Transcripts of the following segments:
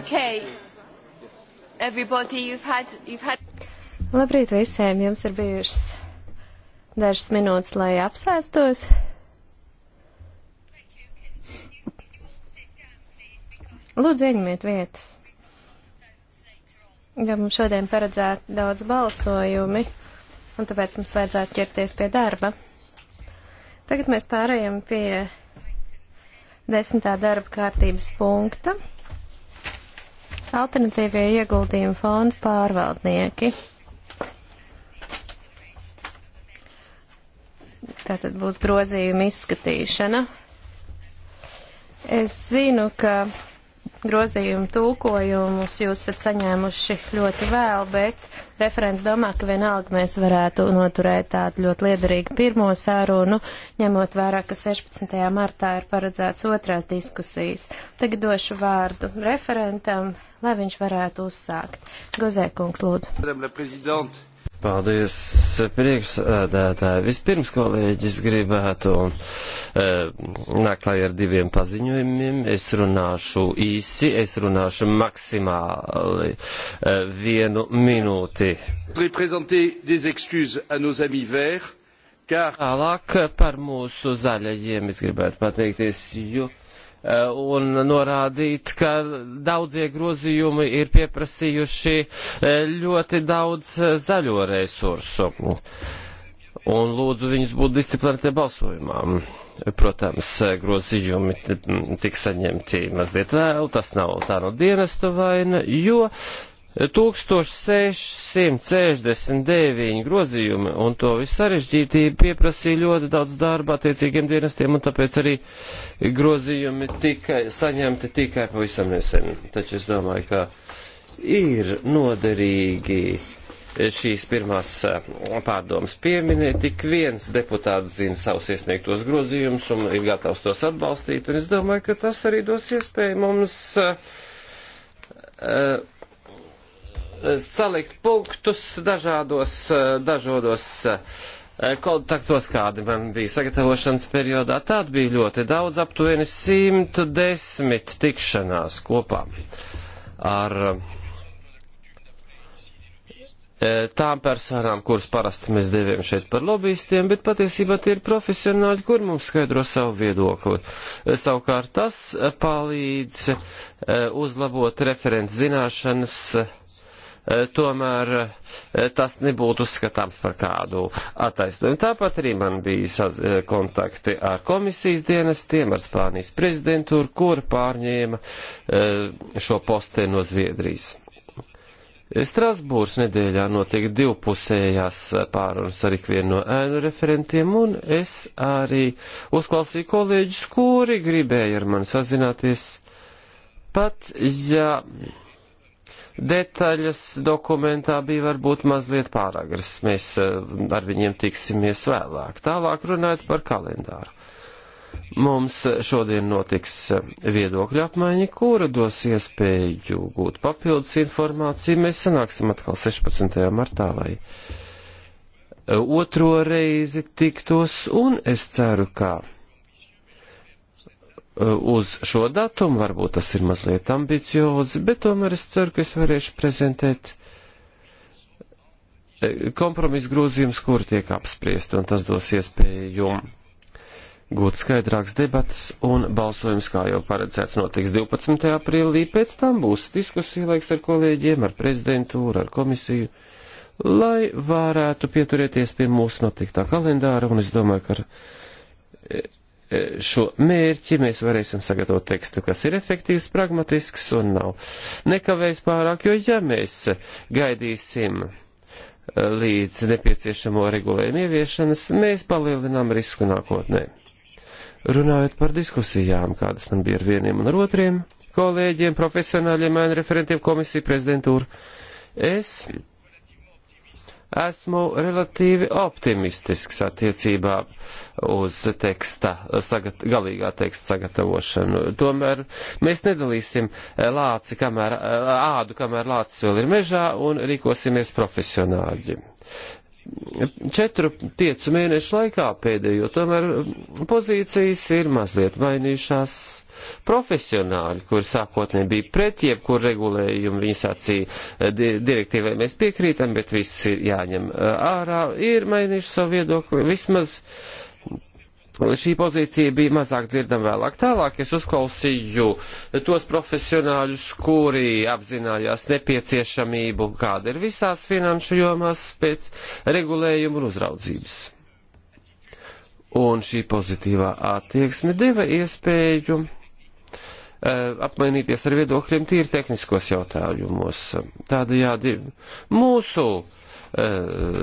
Okay. Everybody, you've had, you've had... Labrīt visiem! Jums ir bijušas dažas minūtes, lai apsēstos. Lūdzu, ieņemiet vietas. Ja mums šodien paredzēti daudz balsojumi, un tāpēc mums vajadzētu ķerties pie darba. Tagad mēs pārējām pie desmitā darba kārtības punkta - alternatīvie ieguldījuma fonda pārvaldnieki. Tātad būs grozījuma izskatīšana. Es zinu, ka grozījumu tulkojumus jūs esat saņēmuši ļoti vēl, bet referents domā, ka vienalga mēs varētu noturēt tādu ļoti liederīgu pirmo sarunu, ņemot vērā, ka 16. martā ir paredzēts otrās diskusijas. Tagad došu vārdu referentam, lai viņš varētu uzsākt. Gozē kungs, lūdzu. Paldies, priekšsēdētāji. Vispirms kolēģis gribētu e, naklai ar diviem paziņojumiem. Es runāšu īsi, es runāšu maksimāli e, vienu minūti. Tālāk par mūsu zaļajiem es gribētu pateikties, jo. Jū Eh, un norādīt, ka daudzie grozījumi ir pieprasījuši eh, ļoti daudz eh, zaļo resursu. Un lūdzu viņus būt disciplinētiem balsojumam. Protams, grozījumi tiks saņemti mazliet vēl, tas nav tā no dienesta vaina, jo uh, 1669 grozījumi, un to visarežģītību pieprasīja ļoti daudz darba attiecīgiem dienestiem, un tāpēc arī grozījumi tikai saņemti tikai pavisam nesen. Taču es domāju, ka ir noderīgi šīs pirmās eh, pārdomas pieminēt. Tik viens deputāts zina savus iesniegtos grozījumus un ir gatavs tos atbalstīt, un es domāju, ka tas arī dos iespēju mums. Uh, uh, salikt punktus dažādos, dažādos eh, kontaktos, kādi man bija sagatavošanas periodā. Tād bija ļoti daudz, aptuveni 110 tikšanās kopā ar eh, tām personām, kuras parasti mēs deviem šeit par lobbyistiem, bet patiesībā tie ir profesionāļi, kur mums skaidro savu viedokli. Eh, savukārt tas palīdz uzlabot referents zināšanas Eh, tomēr eh, tas nebūtu uzskatāms par kādu attaisnojumu. Tāpat arī man bija eh, kontakti ar komisijas dienestiem, ar Spānijas prezidentūru, kura pārņēma šo posteni no Zviedrijas. Strasbūras nedēļā notiek divpusējās pārunas ar ikvienu no ēnu referentiem, un es arī uzklausīju kolēģus, kuri gribēja ar mani sazināties, pat ja detaļas dokumentā bija varbūt mazliet pāragras. Mēs eh, ar viņiem tiksimies vēlāk. Tālāk runājot par kalendāru. Mums šodien notiks eh, viedokļa apmaiņa, kura dos iespēju gūt papildus informāciju. Mēs sanāksim atkal 16. martā, lai eh, otro reizi tiktos, un es ceru, ka Uh, uz šo datumu, varbūt tas ir mazliet ambiciozi, bet tomēr es ceru, ka es varēšu prezentēt uh, kompromisu grūzījumus, kur tiek apspriest, un tas dos iespēju jums gūt skaidrāks debats un balsojums, kā jau paredzēts, notiks 12. aprīlī, pēc tam būs diskusija laiks ar kolēģiem, ar prezidentūru, ar komisiju, lai varētu pieturēties pie mūsu noteiktā kalendāra, un es domāju, ka ar eh, E, šo mērķi, mēs varēsim sagatavot tekstu, kas ir efektīvs, pragmatisks un nav nekavējis pārāk, jo ja mēs gaidīsim e, līdz nepieciešamo regulējumu ieviešanas, mēs palielinām risku nākotnē. Runājot par diskusijām, kādas man bija ar vieniem un ar otriem, kolēģiem, profesionāļiem, mēnereferentiem, komisiju prezidentūru, es esmu relatīvi optimistisks attiecībā uz teksta, sagat, galīgā teksta sagatavošanu. Tomēr mēs nedalīsim lāci, kamēr, ādu, kamēr lācis vēl ir mežā, un rīkosimies profesionāļi četru, piecu mēnešu laikā pēdējo, tomēr pozīcijas ir mazliet mainījušās profesionāļi, kur sākotnēji bija pret jebkur regulējumu, viņi sacīja eh, direktīvai mēs piekrītam, bet viss ir jāņem eh, ārā, ir mainījuši savu viedokli, vismaz šī pozīcija bija mazāk dzirdama vēlāk. Tālāk es uzklausīju tos profesionāļus, kuri apzinājās nepieciešamību, kāda ir visās finanšu jomās pēc regulējuma un uzraudzības. Un šī pozitīvā attieksme deva iespēju Eh, apmainīties ar viedokļiem tīri tehniskos jautājumos. Tādējādi mūsu eh,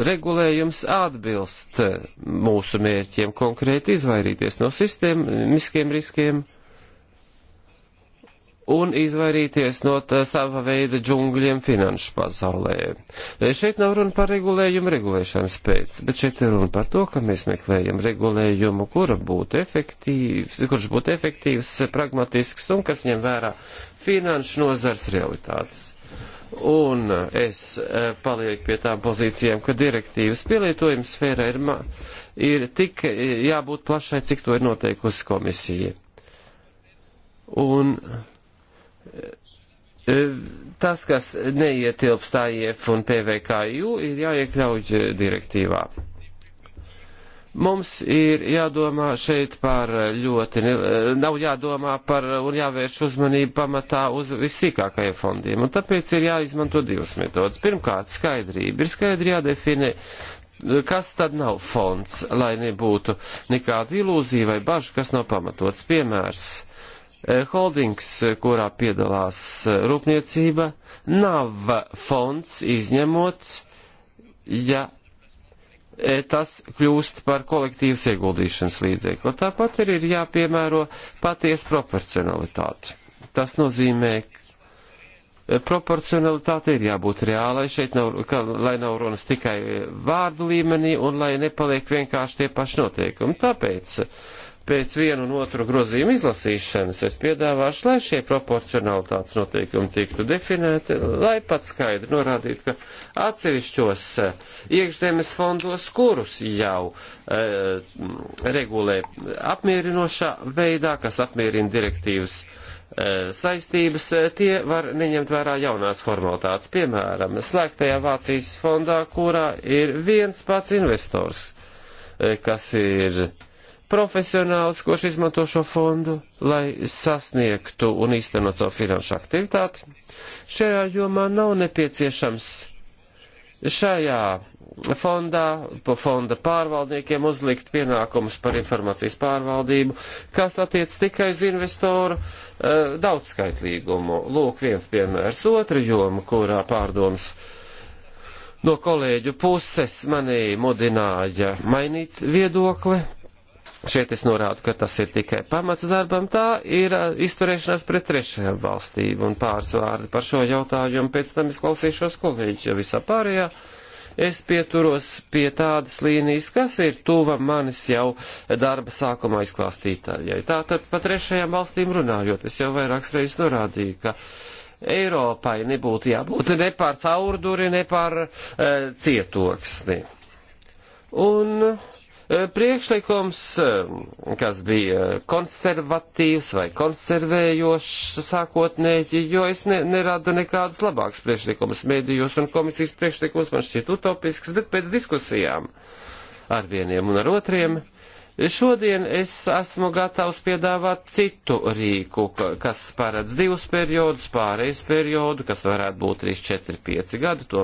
regulējums atbilst eh, mūsu mērķiem konkrēti izvairīties no sistēmiskiem riskiem un izvairīties no sava veida džungļiem finanšu pasaulē. E, šeit nav runa par regulējumu regulēšanas pēc, bet šeit ir runa par to, ka mēs meklējam regulējumu, kura būtu efektīvs, kurš būtu efektīvs, pragmatisks un kas ņem vērā finanšu nozars realitātes. Un es e, palieku pie tām pozīcijām, ka direktīvas pielietojuma sfēra ir, ir tik e, jābūt plašai, cik to ir noteikusi komisija. Un uh, E, tas, kas neietilpst AIF un PVKU, ir jāiekļauj direktīvā. Mums ir jādomā šeit par ļoti, nav jādomā par un jāvērš uzmanību pamatā uz vissīkākajiem fondiem, un tāpēc ir jāizmanto divas metodas. Pirmkārt, skaidrība. Ir skaidri jādefinē, kas tad nav fonds, lai nebūtu nekāda ilūzija vai bažu, kas nav pamatots. Piemērs Eh, holdings, eh, kurā piedalās eh, rūpniecība, nav fonds izņemot, ja tas kļūst par kolektīvas ieguldīšanas līdzekli. Tāpat arī ir jāpiemēro paties proporcionalitāte. Tas nozīmē, proporcionalitāte ir jābūt reālai šeit, nav, ka, lai nav runas tikai vārdu līmenī un lai nepaliek vienkārši tie paši noteikumi. Tāpēc pēc vienu un otru grozījumu izlasīšanas es piedāvāšu, lai šie proporcionalitātes noteikumi tiktu definēti, lai pat skaidri norādītu, ka atsevišķos eh, iekšzemes fondos, kurus jau e, regulē apmierinošā veidā, kas apmierina direktīvas e, saistības, tie var neņemt vērā jaunās formalitātes, piemēram, slēgtajā Vācijas fondā, kurā ir viens pats investors, e, kas ir profesionāls, kurš izmanto šo fondu, lai sasniegtu un īstenot savu finanšu aktivitāti. Šajā jomā nav nepieciešams šajā fondā, po fonda pārvaldniekiem uzlikt pienākumus par informācijas pārvaldību, kas attiec tikai uz investoru uh, daudzskaitlīgumu. Lūk, viens piemērs, otra joma, kurā pārdoms no kolēģu puses manī mudināja mainīt viedokli, Šeit es norādu, ka tas ir tikai pamats darbam, tā ir izturēšanās pret trešajām valstīm un pāris vārdi par šo jautājumu, pēc tam es klausīšos kolēģi, jo visā pārējā es pieturos pie tādas līnijas, kas ir tuva manis jau darba sākumā izklāstītājai. Tātad par trešajām valstīm runājot, es jau vairākas reizes norādīju, ka Eiropai nebūtu jābūt ne pār caurduri, ne pār e, cietoksni. Un Eh, priekšlikums, eh, kas bija konservatīvs vai konservējošs sākotnēji, jo es ne, neradu nekādus labākus priekšlikumus mēdījos un komisijas priekšlikumus man šķiet utopisks, bet pēc diskusijām ar vieniem un ar otriem. Uh, Šodien es esmu gatavs piedāvāt citu rīku, kas paredz divus periodus, pārejas periodu, kas varētu būt 3, 4, 5 gadi, to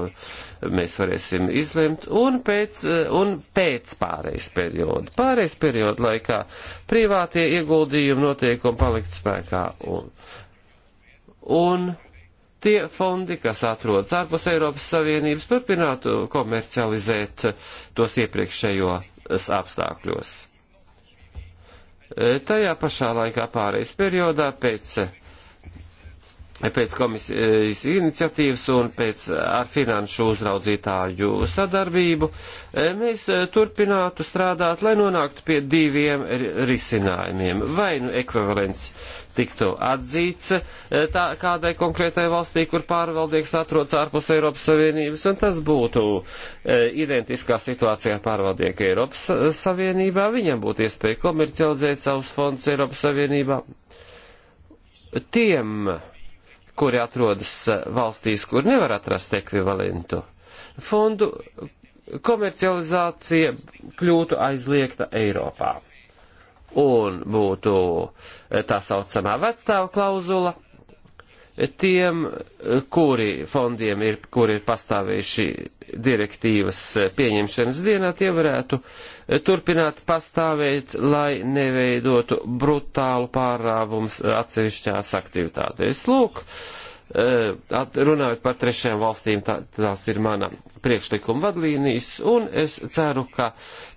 mēs varēsim izlemt, un pēc, un pēc pārejas periodu. Pārejas periodu laikā privātie ieguldījumi noteikumi palikt spēkā. Un, un tie fondi, kas atrodas ārpus Eiropas Savienības, turpinātu komercializēt tos iepriekšējos apstākļos. Tajā pašā laikā pārejas periodā pēc, pēc komisijas iniciatīvas un pēc ar finanšu uzraudzītāju sadarbību mēs turpinātu strādāt, lai nonāktu pie diviem risinājumiem. Vai nu ekvivalents tiktu atzīts e, tā, kādai konkrētai valstī, kur pārvaldnieks atrodas ārpus Eiropas Savienības, un tas būtu e, identiskā situācija ar pārvaldnieku Eiropas Savienībā. Viņam būtu iespēja komercializēt savus fondus Eiropas Savienībā. Tiem, kuri atrodas e, valstīs, kur nevar atrast ekvivalentu, fondu komercializācija kļūtu aizliegta Eiropā un būtu tā saucamā vecstāva klauzula, tiem, kuri fondiem ir, kuri ir pastāvējuši direktīvas pieņemšanas dienā, tie varētu turpināt pastāvēt, lai neveidotu brutālu pārāvums atsevišķās aktivitātēs. Lūk, uh, Eh, runājot par trešajām valstīm, tā, tās ir mana priekšlikuma vadlīnijas, un es ceru, ka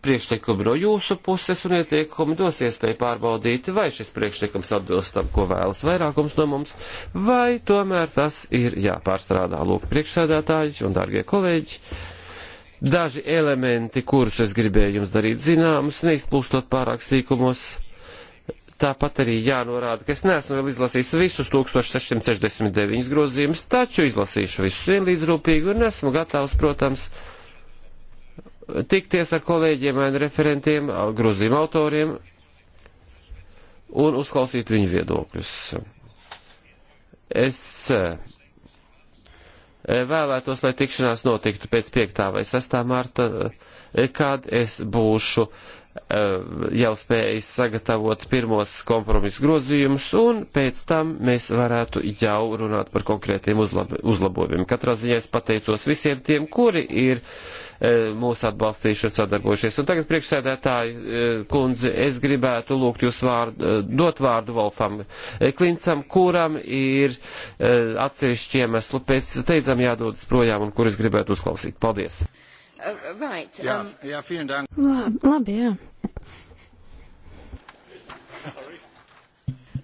priekšlikumi no jūsu puses un ieteikumi dos iespēju pārbaudīt, vai šis priekšlikums atbilst tam, ko vēlas vairākums no mums, vai tomēr tas ir jāpārstrādā. Lūk, priekšsēdētāji un dārgie kolēģi, daži elementi, kurus es gribēju jums darīt zināmus, neizplūstot pārāk sīkumos Tāpat arī jānorāda, ka es neesmu vēl izlasījis visus 1669 grozījumus, taču izlasīšu visus vienlīdzrūpīgi un esmu gatavs, protams, tikties ar kolēģiem, ar referentiem, grozījuma autoriem un uzklausīt viņu viedokļus. Es eh, vēlētos, lai tikšanās notiktu pēc 5. vai 6. marta, eh, kad es būšu Eh, jau spējis sagatavot pirmos kompromisu grozījumus, un pēc tam mēs varētu jau runāt par konkrētiem uzlab uzlabojumiem. Katrā ziņā es pateicos visiem tiem, kuri ir e, mūs atbalstījuši un sadarbojušies. Un tagad, priekšsēdētāji e, kundze, es gribētu lūgt jūs vārdu, e, dot vārdu Volfam Klincam, kuram ir atsevišķi iemeslu pēc steidzam jādodas projām un kur es gribētu uzklausīt. Paldies! Uh, right. Um... Jā, jā, vielen dank. La, labi, jā.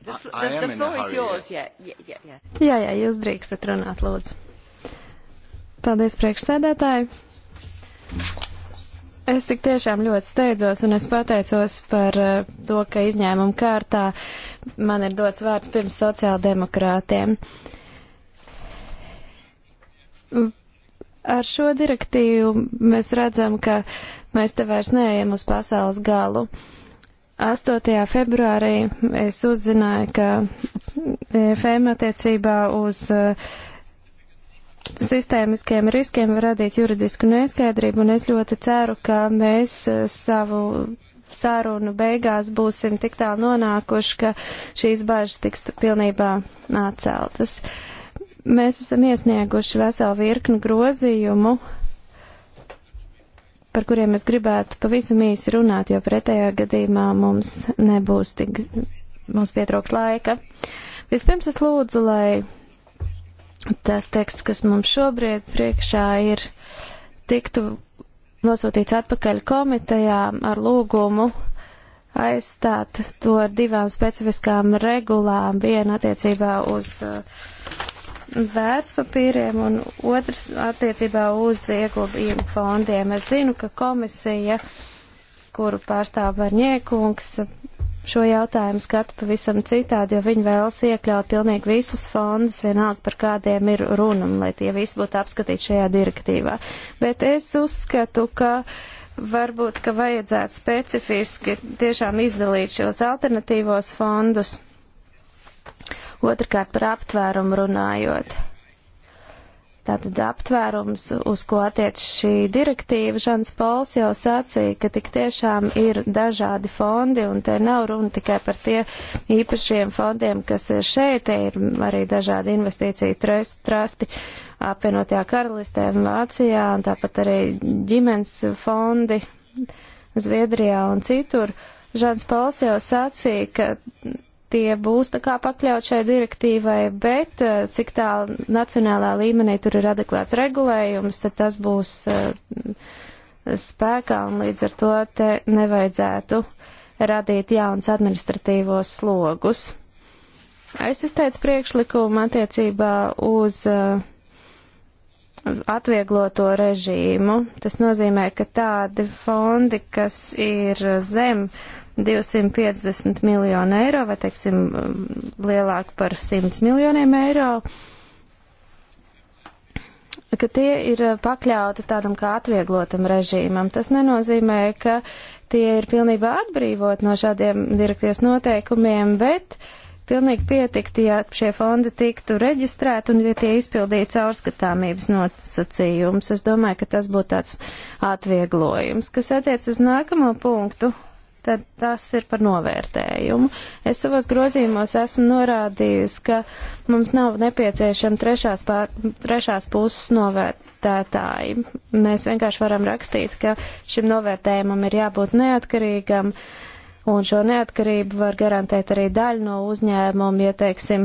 The, the, the, the floor is yours, jā. Yeah. Yeah, yeah, yeah. Jā, jā, jūs drīkstat runāt, lūdzu. Paldies, priekšsēdētāji. Es tik tiešām ļoti steidzos un es pateicos par eh, to, ka izņēmuma kārtā man ir dots vārds pirms sociāldemokrātiem. Ar šo direktīvu mēs redzam, ka mēs te vairs neejam uz pasaules galu. 8. februārī es uzzināju, ka e FM attiecībā uz uh, sistēmiskiem riskiem var radīt juridisku neskaidrību, un es ļoti ceru, ka mēs uh, savu sarunu beigās būsim tik tālu nonākuši, ka šīs bažas tiks pilnībā atceltas. Uh, Mēs esam iesnieguši veselu virkni grozījumu, par kuriem es gribētu pavisam īsi runāt, jo pretējā gadījumā mums nebūs tik, mums pietrūks laika. Vispirms es lūdzu, lai tas teksts, kas mums šobrīd priekšā ir, tiktu nosūtīts atpakaļ komitejā ar lūgumu aizstāt to ar divām specifiskām regulām, viena attiecībā uz uh, vērtspapīriem un otrs attiecībā uz ieguldījumu fondiem. Es zinu, ka komisija, kuru pārstāv Barņiekungs, šo jautājumu skata pavisam citādi, jo viņi vēlas iekļaut pilnīgi visus fondus, vienalga par kādiem ir runa, lai tie visi būtu apskatīti šajā direktīvā. Bet es uzskatu, ka varbūt, ka vajadzētu specifiski tiešām izdalīt šos alternatīvos fondus Otrakārt par aptvērumu runājot. Tātad aptvērums, uz ko attiec šī direktīva, Žans Pols jau sacīja, ka tik tiešām ir dažādi fondi, un te nav runa tikai par tie īpašiem fondiem, kas ir šeit, te ir arī dažādi investīcija trasti apvienotajā karalistē un Vācijā, un tāpat arī ģimenes fondi Zviedrijā un citur. Žans Pols jau sacīja, ka tie būs tā kā pakļaut šai direktīvai, bet eh, cik tālu nacionālā līmenī tur ir adekvāts regulējums, tad tas būs eh, spēkā un līdz ar to te nevajadzētu radīt jauns administratīvos slogus. Es izteicu priekšlikumu attiecībā uz uh, atviegloto režīmu. Tas nozīmē, ka tādi fondi, kas ir zem 250 miljonu eiro, vai teiksim lielāk par 100 miljoniem eiro, ka tie ir pakļauti tādam kā atvieglotam režīmam. Tas nenozīmē, ka tie ir pilnībā atbrīvot no šādiem direktīvas noteikumiem, bet pilnīgi pietiktu, ja šie fondi tiktu reģistrēti un ja tie izpildītu caurskatāmības nosacījumus. Es domāju, ka tas būtu tāds atvieglojums, kas attiec uz nākamo punktu, tad tas ir par novērtējumu. Es savos grozījumos esmu norādījusi, ka mums nav nepieciešama trešās, pār, trešās puses novērtētāji. Mēs vienkārši varam rakstīt, ka šim novērtējumam ir jābūt neatkarīgam. Un šo neatkarību var garantēt arī daļa no uzņēmuma, ja, teiksim,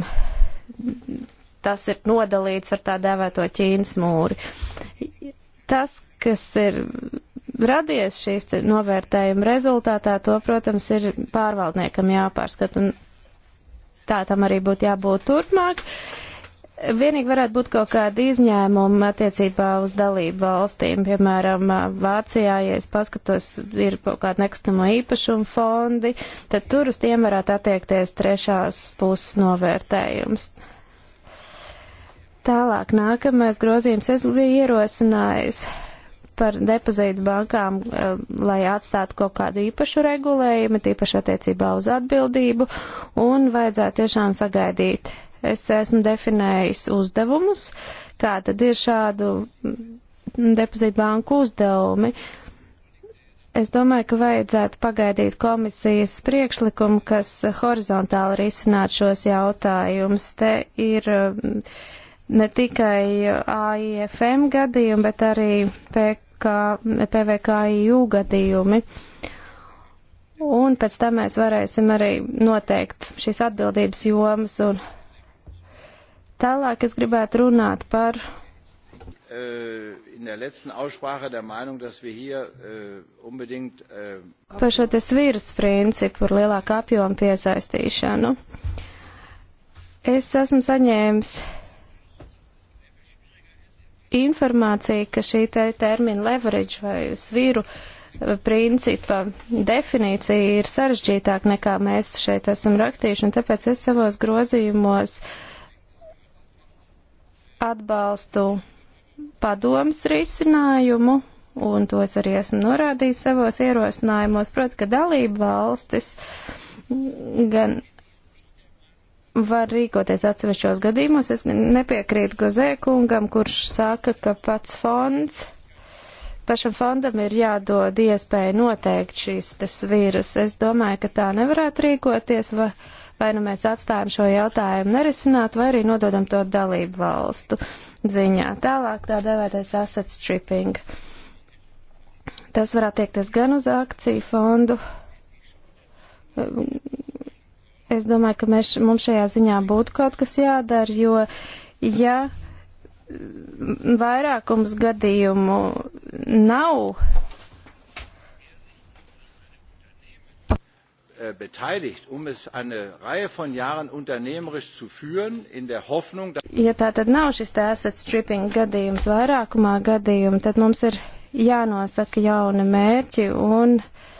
tas ir nodalīts ar tā dēvēto Ķīnas mūri. Tas, kas ir radies šīs novērtējuma rezultātā, to, protams, ir pārvaldniekam jāpārskat, un tā tam arī būtu jābūt turpmāk. Vienīgi varētu būt kaut kāda izņēmuma attiecībā uz dalību valstīm. Piemēram, Vācijā, ja es paskatos, ir kaut kāda nekustamo īpašumu fondi, tad tur uz tiem varētu attiekties trešās puses novērtējums. Tālāk nākamais grozījums es biju ierosinājis par depozītu bankām, eh, lai atstātu kaut kādu īpašu regulējumu, tīpaši attiecībā uz atbildību, un vajadzētu tiešām sagaidīt. Es esmu definējis uzdevumus, kā tad ir šādu mm, depozītu banku uzdevumi. Es domāju, ka vajadzētu pagaidīt komisijas priekšlikumu, kas horizontāli risinātu šos jautājumus. Te ir mm, ne tikai AIFM gadījumi, bet arī PK kā PVKIU gadījumi. Un pēc tam mēs varēsim arī noteikt šīs atbildības jomas. Un tālāk es gribētu runāt par. Äh, Meinung, hier, äh, unbedingt, äh, par šo te svīras principu par lielāku apjomu piesaistīšanu. Es esmu saņēmis informācija, ka šī te termina leverage vai svīru eh, principa definīcija ir sarežģītāk nekā mēs šeit esam rakstījuši, un tāpēc es savos grozījumos atbalstu padomas risinājumu, un tos arī esmu norādījis savos ierosinājumos, proti, ka dalība valstis gan var rīkoties atsevišķos gadījumos. Es nepiekrītu Gozē kungam, kurš saka, ka pats fonds, pašam fondam ir jādod iespēja noteikt šīs tas vīrus. Es domāju, ka tā nevarētu rīkoties. Va, vai nu mēs atstājam šo jautājumu nerisināt, vai arī nododam to dalību valstu ziņā. Tālāk tā devētais asset stripping. Tas var attiekties gan uz akciju fondu, Es domāju, ka mēs, mums šajā ziņā būtu kaut kas jādara, jo ja vairākums gadījumu nav. Äh, beteiligt, um es eine Reihe von Jahren unternehmerisch zu führen, in der Hoffnung, dass... Ja tā tad nav šis te asset stripping gadījums vairākumā gadījumu, tad mums ir jānosaka jauni mērķi un uh,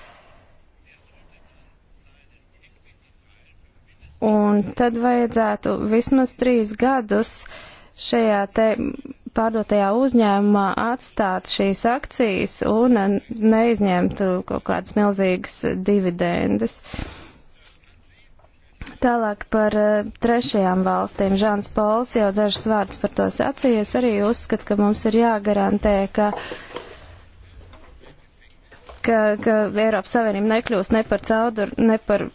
un tad vajadzētu vismaz trīs gadus šajā te pārdotajā uzņēmumā atstāt šīs akcijas un neizņemt kaut kādas milzīgas dividendes. Tālāk par eh, trešajām valstīm. Žāns Pols jau dažas vārdas par to sacīja. Es arī uzskatu, ka mums ir jāgarantē, ka ka, ka Eiropas Savienība nekļūst ne par caudur, ne par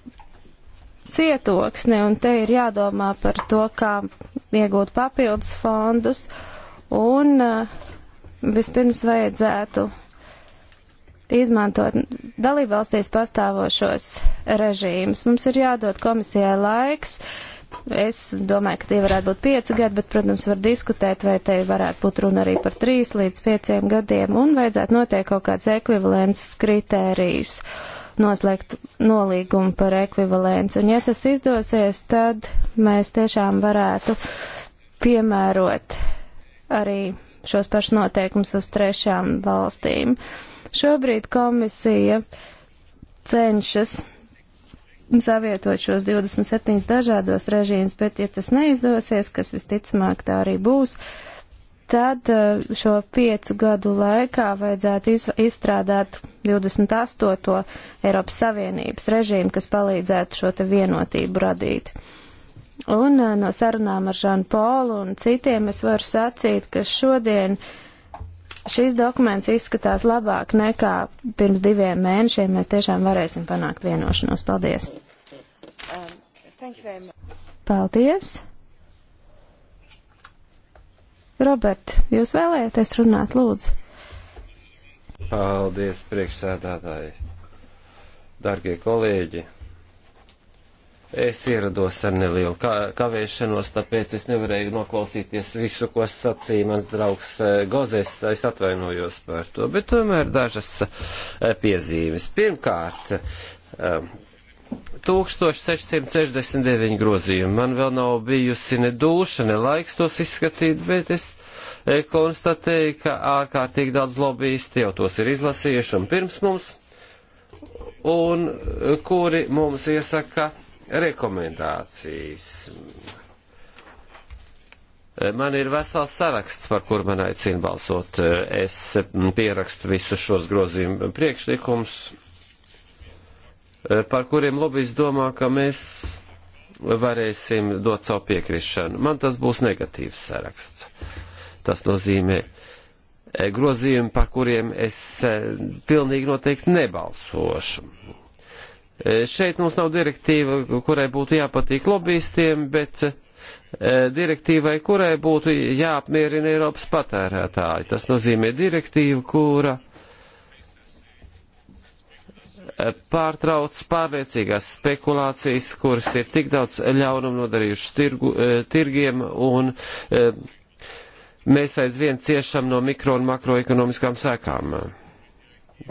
cietoksni, un te ir jādomā par to, kā iegūt papildus fondus, un uh, vispirms vajadzētu izmantot dalībvalstīs pastāvošos režīmus. Mums ir jādod komisijai laiks. Es domāju, ka tie varētu būt pieci gadi, bet, protams, var diskutēt, vai te varētu būt runa arī par trīs līdz pieciem gadiem, un vajadzētu noteikt kaut kāds ekvivalents kritērijus. Uh, noslēgt nolīgumu par ekvivalenci. Un ja tas izdosies, tad mēs tiešām varētu piemērot arī šos pašus noteikumus uz trešām valstīm. Šobrīd komisija cenšas savietot šos 27 dažādos režīmus, bet ja tas neizdosies, kas visticamāk tā arī būs, uh, tad eh, šo piecu gadu laikā vajadzētu izstrādāt 28. Eiropas Savienības režīmu, kas palīdzētu šo te vienotību radīt. Un eh, no sarunām ar Žanu Polu un citiem es varu sacīt, ka šodien šīs dokuments izskatās labāk nekā pirms diviem mēnešiem. Mēs tiešām varēsim panākt vienošanos. Paldies! Um, Paldies! Robert, jūs vēlēties runāt, lūdzu? Paldies, priekšsēdētāji. Dargie kolēģi, Es ierados ar nelielu kavēšanos, tāpēc es nevarēju noklausīties visu, ko sacīja mans draugs eh, Gozes. Es atvainojos par to, bet tomēr dažas eh, piezīmes. Pirmkārt, eh, 1669 grozījumi. Man vēl nav bijusi ne dūša, ne laiks tos izskatīt, bet es e, konstatēju, ka ārkārtīgi daudz lobbyisti jau tos ir izlasījuši un pirms mums, un e, kuri mums iesaka rekomendācijas. E, man ir vesels saraksts, par kuru man aicina balsot. Es pierakstu visus šos grozījumu priekšlikumus Eh, par kuriem lobbyisti domā, ka mēs varēsim dot savu piekrišanu. Man tas būs negatīvs saraksts. Tas nozīmē eh, grozījumi, par kuriem es eh, pilnīgi noteikti nebalsošu. Šeit mums nav direktīva, kurai būtu jāpatīk lobbyistiem, bet direktīvai, kurai būtu jāapmierina Eiropas patērētāji. Tas nozīmē direktīvu, kura pārtrauc pārliecīgās spekulācijas, kuras ir tik daudz ļaunumu nodarījušas tirgu, e, tirgiem un e, mēs aizvien ciešam no mikro un makroekonomiskām sekām.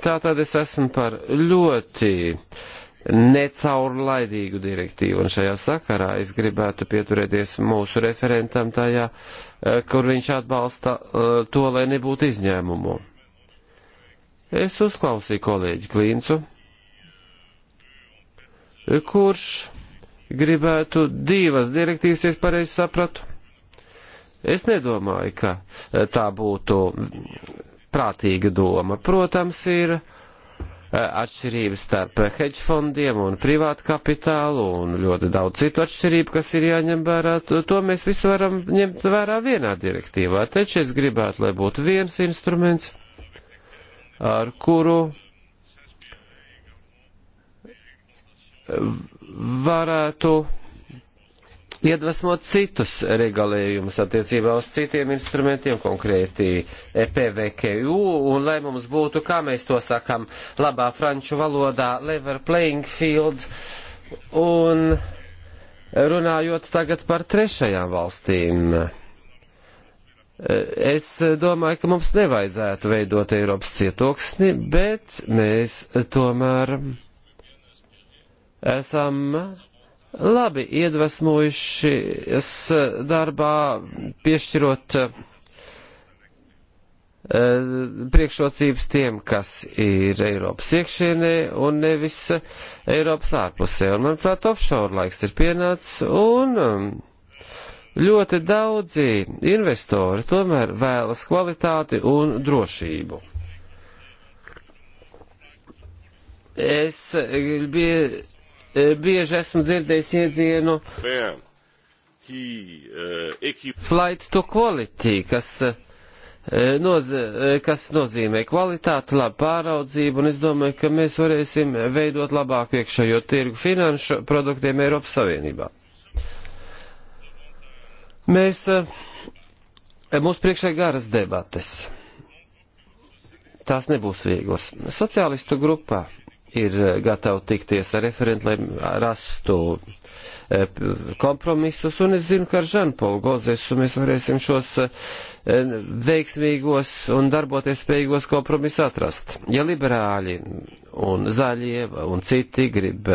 Tātad es esmu par ļoti necaurlaidīgu direktīvu, un šajā sakarā es gribētu pieturēties mūsu referentam tajā, e, kur viņš atbalsta to, lai nebūtu izņēmumu. Es uzklausīju kolēģi Klīncu, kurš gribētu divas direktīvas, ja es pareizi sapratu. Es nedomāju, ka e, tā būtu prātīga doma. Protams, ir e, atšķirības starp hedge fondiem un privātu kapitālu un ļoti daudz citu atšķirību, kas ir jāņem vērā. To mēs visu varam ņemt vērā vienā direktīvā. Taču es gribētu, lai būtu viens instruments, ar kuru varētu iedvesmot citus regulējumus attiecībā uz citiem instrumentiem, konkrēti EPVKU, un lai mums būtu, kā mēs to sakam, labā franču valodā, lever playing fields, un runājot tagad par trešajām valstīm. Es domāju, ka mums nevajadzētu veidot Eiropas cietoksni, bet mēs tomēr esam labi iedvesmojušies darbā, piešķirot e, priekšrocības tiem, kas ir Eiropas iekšienē un nevis Eiropas ārpusē. Un, manuprāt, offshore laiks ir pienācis un um, ļoti daudzi investori tomēr vēlas kvalitāti un drošību. Es biju Eh, bieži esmu dzirdējis iedzienu eh, flight to quality, kas, eh, noz, kas nozīmē kvalitāti, labu pāraudzību, un es domāju, ka mēs varēsim veidot labāku iekšējo tirgu finanšu produktiem Eiropas Savienībā. Mēs, mums priekšā ir garas debates. Tās nebūs vieglas. Sociālistu grupā ir eh, gatavi tikties ar referentu, lai rastu eh, kompromisus, un es zinu, ka ar Žanpolu Gozesu mēs varēsim šos eh, veiksmīgos un darboties spējīgos kompromisus atrast. Ja liberāļi un zaļie un citi grib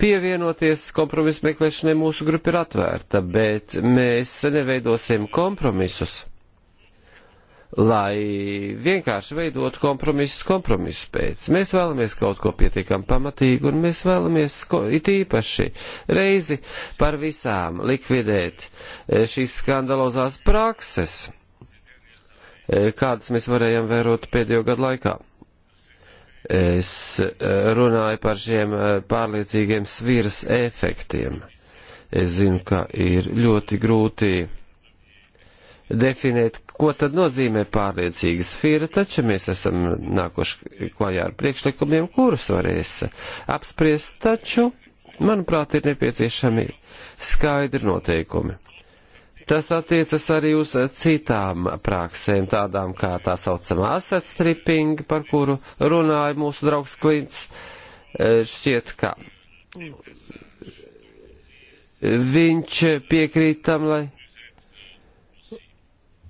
pievienoties kompromisu meklēšanai, mūsu grupa ir atvērta, bet mēs neveidosim kompromisus lai vienkārši veidotu kompromisus kompromisu pēc. Mēs vēlamies kaut ko pietiekam pamatīgu, un mēs vēlamies ko, it īpaši reizi par visām likvidēt e, šīs skandalozās prakses, e, kādas mēs varējām vērot pēdējo gadu laikā. Es e, runāju par šiem pārliecīgiem svīras efektiem. Es zinu, ka ir ļoti grūti definēt, ko tad nozīmē pārliecīga sfīra, taču mēs esam nākoši klajā ar priekšlikumiem, kurus varēs apspriest, taču, manuprāt, ir nepieciešami skaidri noteikumi. Tas attiecas arī uz citām praksēm, tādām kā tā saucamā asset stripping, par kuru runāja mūsu draugs Klints. E, šķiet, ka viņš piekrīt tam, lai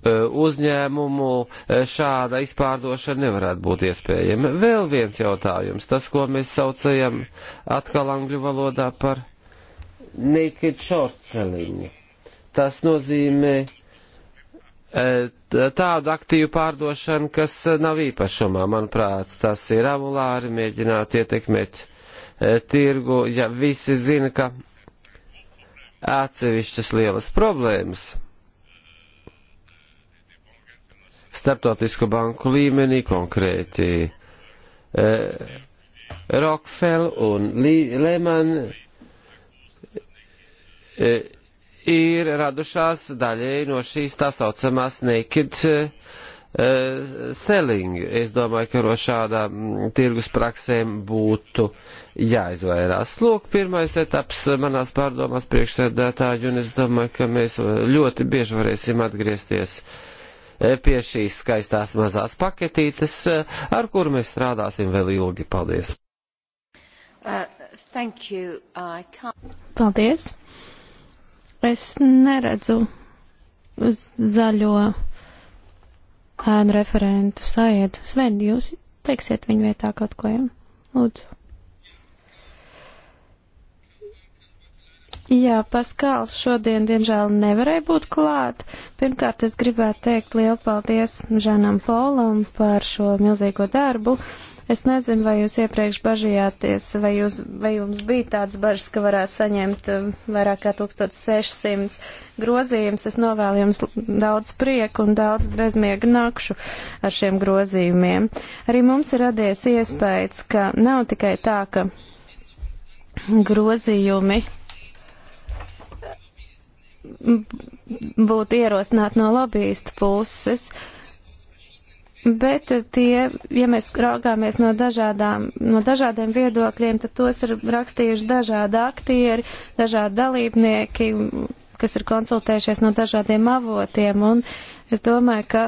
Eh, uzņēmumu eh, šāda izpārdošana nevarētu būt iespējama. Vēl viens jautājums, tas, ko mēs saucam atkal angļu valodā par naked short selling. Tas nozīmē eh, tādu aktīvu pārdošanu, kas nav īpašumā, manuprāt, tas ir avulāri mēģināt ietekmēt tirgu, ja visi zina, ka atsevišķas lielas problēmas starptautisko banku līmenī, konkrēti eh, Rockefeller un Lehman eh, ir radušās daļēji no šīs tā saucamās naked eh, selling. Es domāju, ka no šādām mm, tirgus praksēm būtu jāizvairās. Lūk, pirmais etaps manās pārdomās priekšsēdētāju, un es domāju, ka mēs ļoti bieži varēsim atgriezties uh, E, pie šīs skaistās mazās paketītes, e, ar kuru mēs strādāsim vēl ilgi. Paldies! Uh, uh, Paldies! Es neredzu zaļo ēnu referentu saiedu. Sven, jūs teiksiet viņu vietā kaut ko, ja? Lūdzu. Jā, Paskāls šodien, diemžēl, nevarēja būt klāt. Pirmkārt, es gribētu teikt lielu paldies Žanam Polam par šo milzīgo darbu. Es nezinu, vai jūs iepriekš bažījāties, vai, jūs, vai jums bija tāds bažas, ka varētu saņemt um, vairāk kā 1600 grozījumus. Es novēlu jums daudz prieku un daudz bezmiega nakšu ar šiem grozījumiem. Arī mums ir radies iespējas, ka nav tikai tā, ka grozījumi būtu ierosināti no lobbyistu puses. Bet tie, ja mēs raugāmies no, dažādām, no dažādiem viedokļiem, tad tos ir rakstījuši dažādi aktieri, dažādi dalībnieki, kas ir konsultējušies no dažādiem avotiem. Un es domāju, ka,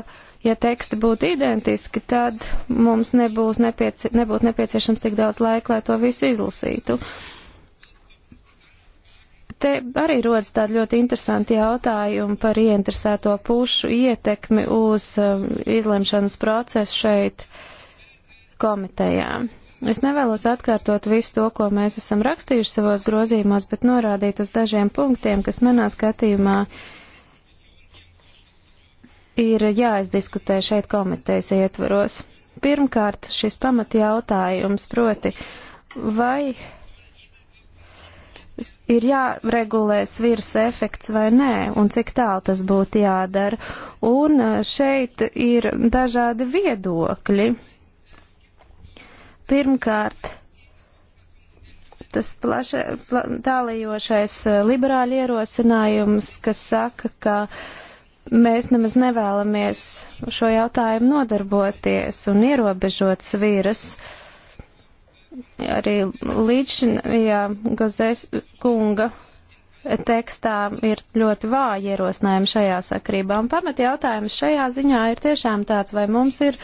ja teksti būtu identiski, tad mums nebūs nepieci nebūtu nepieciešams tik daudz laika, lai to visu izlasītu. Uh, Te arī rodas tādi ļoti interesanti jautājumi par ieinteresēto pušu ietekmi uz um, izlemšanas procesu šeit komitejā. Es nevēlos atkārtot visu to, ko mēs esam rakstījuši savos grozījumos, bet norādīt uz dažiem punktiem, kas manā skatījumā ir jāizdiskutē šeit komitejas ietvaros. Pirmkārt, šis pamatjautājums proti, vai ir jāregulē svirs efekts vai nē, un cik tālu tas būtu jādara. Un eh, šeit ir dažādi viedokļi. Pirmkārt, tas plaša, pla, tālajošais eh, liberāļu ierosinājums, kas saka, ka mēs nemaz nevēlamies šo jautājumu nodarboties un ierobežot sviras. Uh, arī līdzinājā Gozēs kunga tekstā ir ļoti vāji ierosinājumi šajā sakrībā. Un pamat jautājums šajā ziņā ir tiešām tāds, vai mums ir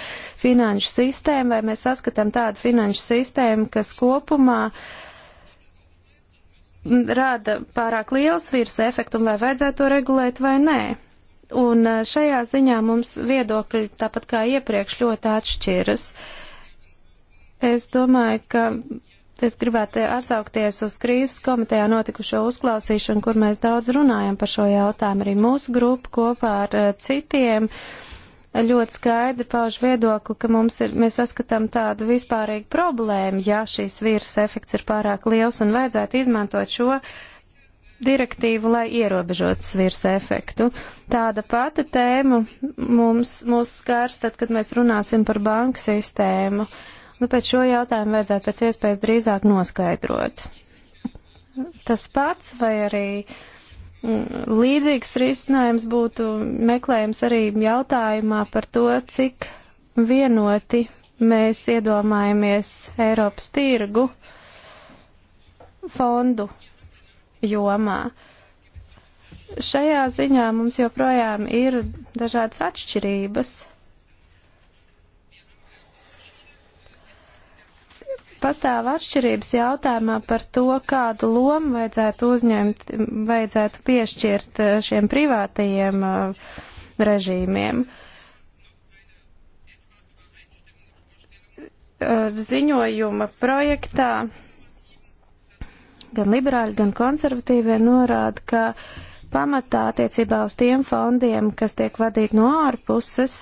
finanšu sistēma, vai mēs saskatām tādu finanšu sistēmu, kas kopumā rada pārāk liels virs efektu un vai vajadzētu to regulēt vai nē. Un eh, šajā ziņā mums viedokļi, tāpat kā iepriekš, ļoti atšķiras. Uh, Es domāju, ka es gribētu atsaukties uz krīzes komitejā notikušo uzklausīšanu, kur mēs daudz runājam par šo jautājumu. Arī mūsu grupa kopā ar eh, citiem ļoti skaidri pauž viedokli, ka mums ir, mēs saskatām tādu vispārīgu problēmu, ja šīs vīrusa efekts ir pārāk liels un vajadzētu izmantot šo direktīvu, lai ierobežotu svirs efektu. Tāda pati tēma mums, mūs skārs tad, kad mēs runāsim par banku sistēmu. Uh, Nu, pēc šo jautājumu vajadzētu pēc iespējas drīzāk noskaidrot. Tas pats vai arī mm, līdzīgs risinājums būtu meklējums arī jautājumā par to, cik vienoti mēs iedomājamies Eiropas tirgu fondu jomā. Šajā ziņā mums joprojām ir dažādas atšķirības Pastāv atšķirības jautājumā par to, kādu lomu vajadzētu uzņemt, vajadzētu piešķirt eh, šiem privātajiem eh, režīmiem. Eh, ziņojuma projektā gan liberāļi, gan konservatīvie norāda, ka pamatā attiecībā uz tiem fondiem, kas tiek vadīti no ārpuses,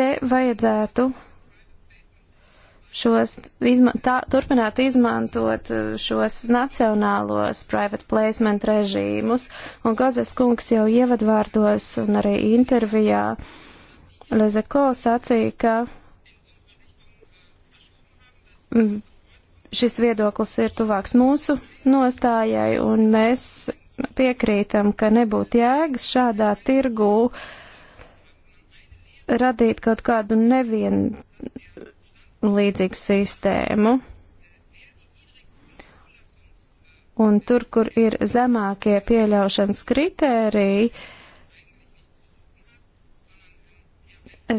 te vajadzētu šos, izma, tā, turpināt izmantot uh, šos nacionālos private placement režīmus. Un Gozes kungs jau ievadvārdos un arī intervijā Lezeko sacīja, ka mm, šis viedoklis ir tuvāks mūsu nostājai un mēs piekrītam, ka nebūtu jēgas šādā tirgū radīt kaut kādu nevien līdzīgu sistēmu. Un tur, kur ir zemākie pieļaušanas kritēriji,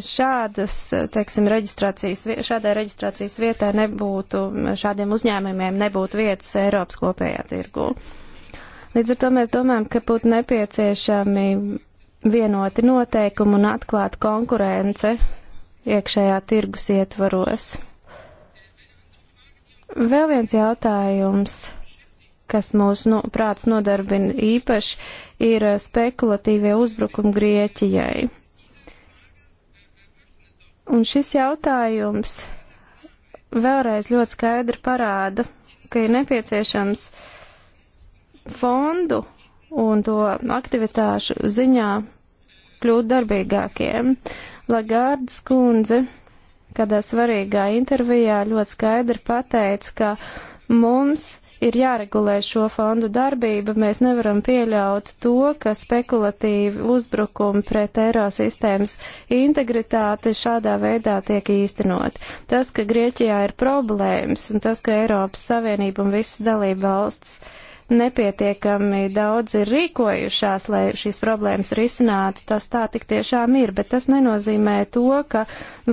šādas, teiksim, reģistrācijas, šādai reģistrācijas vietai nebūtu, šādiem uzņēmumiem nebūtu vietas Eiropas kopējā tirgū. Līdz ar to mēs domājam, ka būtu nepieciešami vienoti noteikumi un atklāt konkurence iekšējā tirgus ietvaros. Vēl viens jautājums, kas mūs no, nu, prāts nodarbina īpaši, ir spekulatīvie uzbrukumi Grieķijai. Un šis jautājums vēlreiz ļoti skaidri parāda, ka ir nepieciešams fondu un to aktivitāšu ziņā kļūt darbīgākiem. Lagārdas kundze kādā svarīgā intervijā ļoti skaidri pateica, ka mums ir jāregulē šo fondu darbība. Mēs nevaram pieļaut to, ka spekulatīvi uzbrukumi pret eiro sistēmas integritāti šādā veidā tiek īstenot. Tas, ka Grieķijā ir problēmas un tas, ka Eiropas Savienība un visas dalība valsts uh, nepietiekami daudz ir rīkojušās, lai šīs problēmas risinātu. Tas tā tik tiešām ir, bet tas nenozīmē to, ka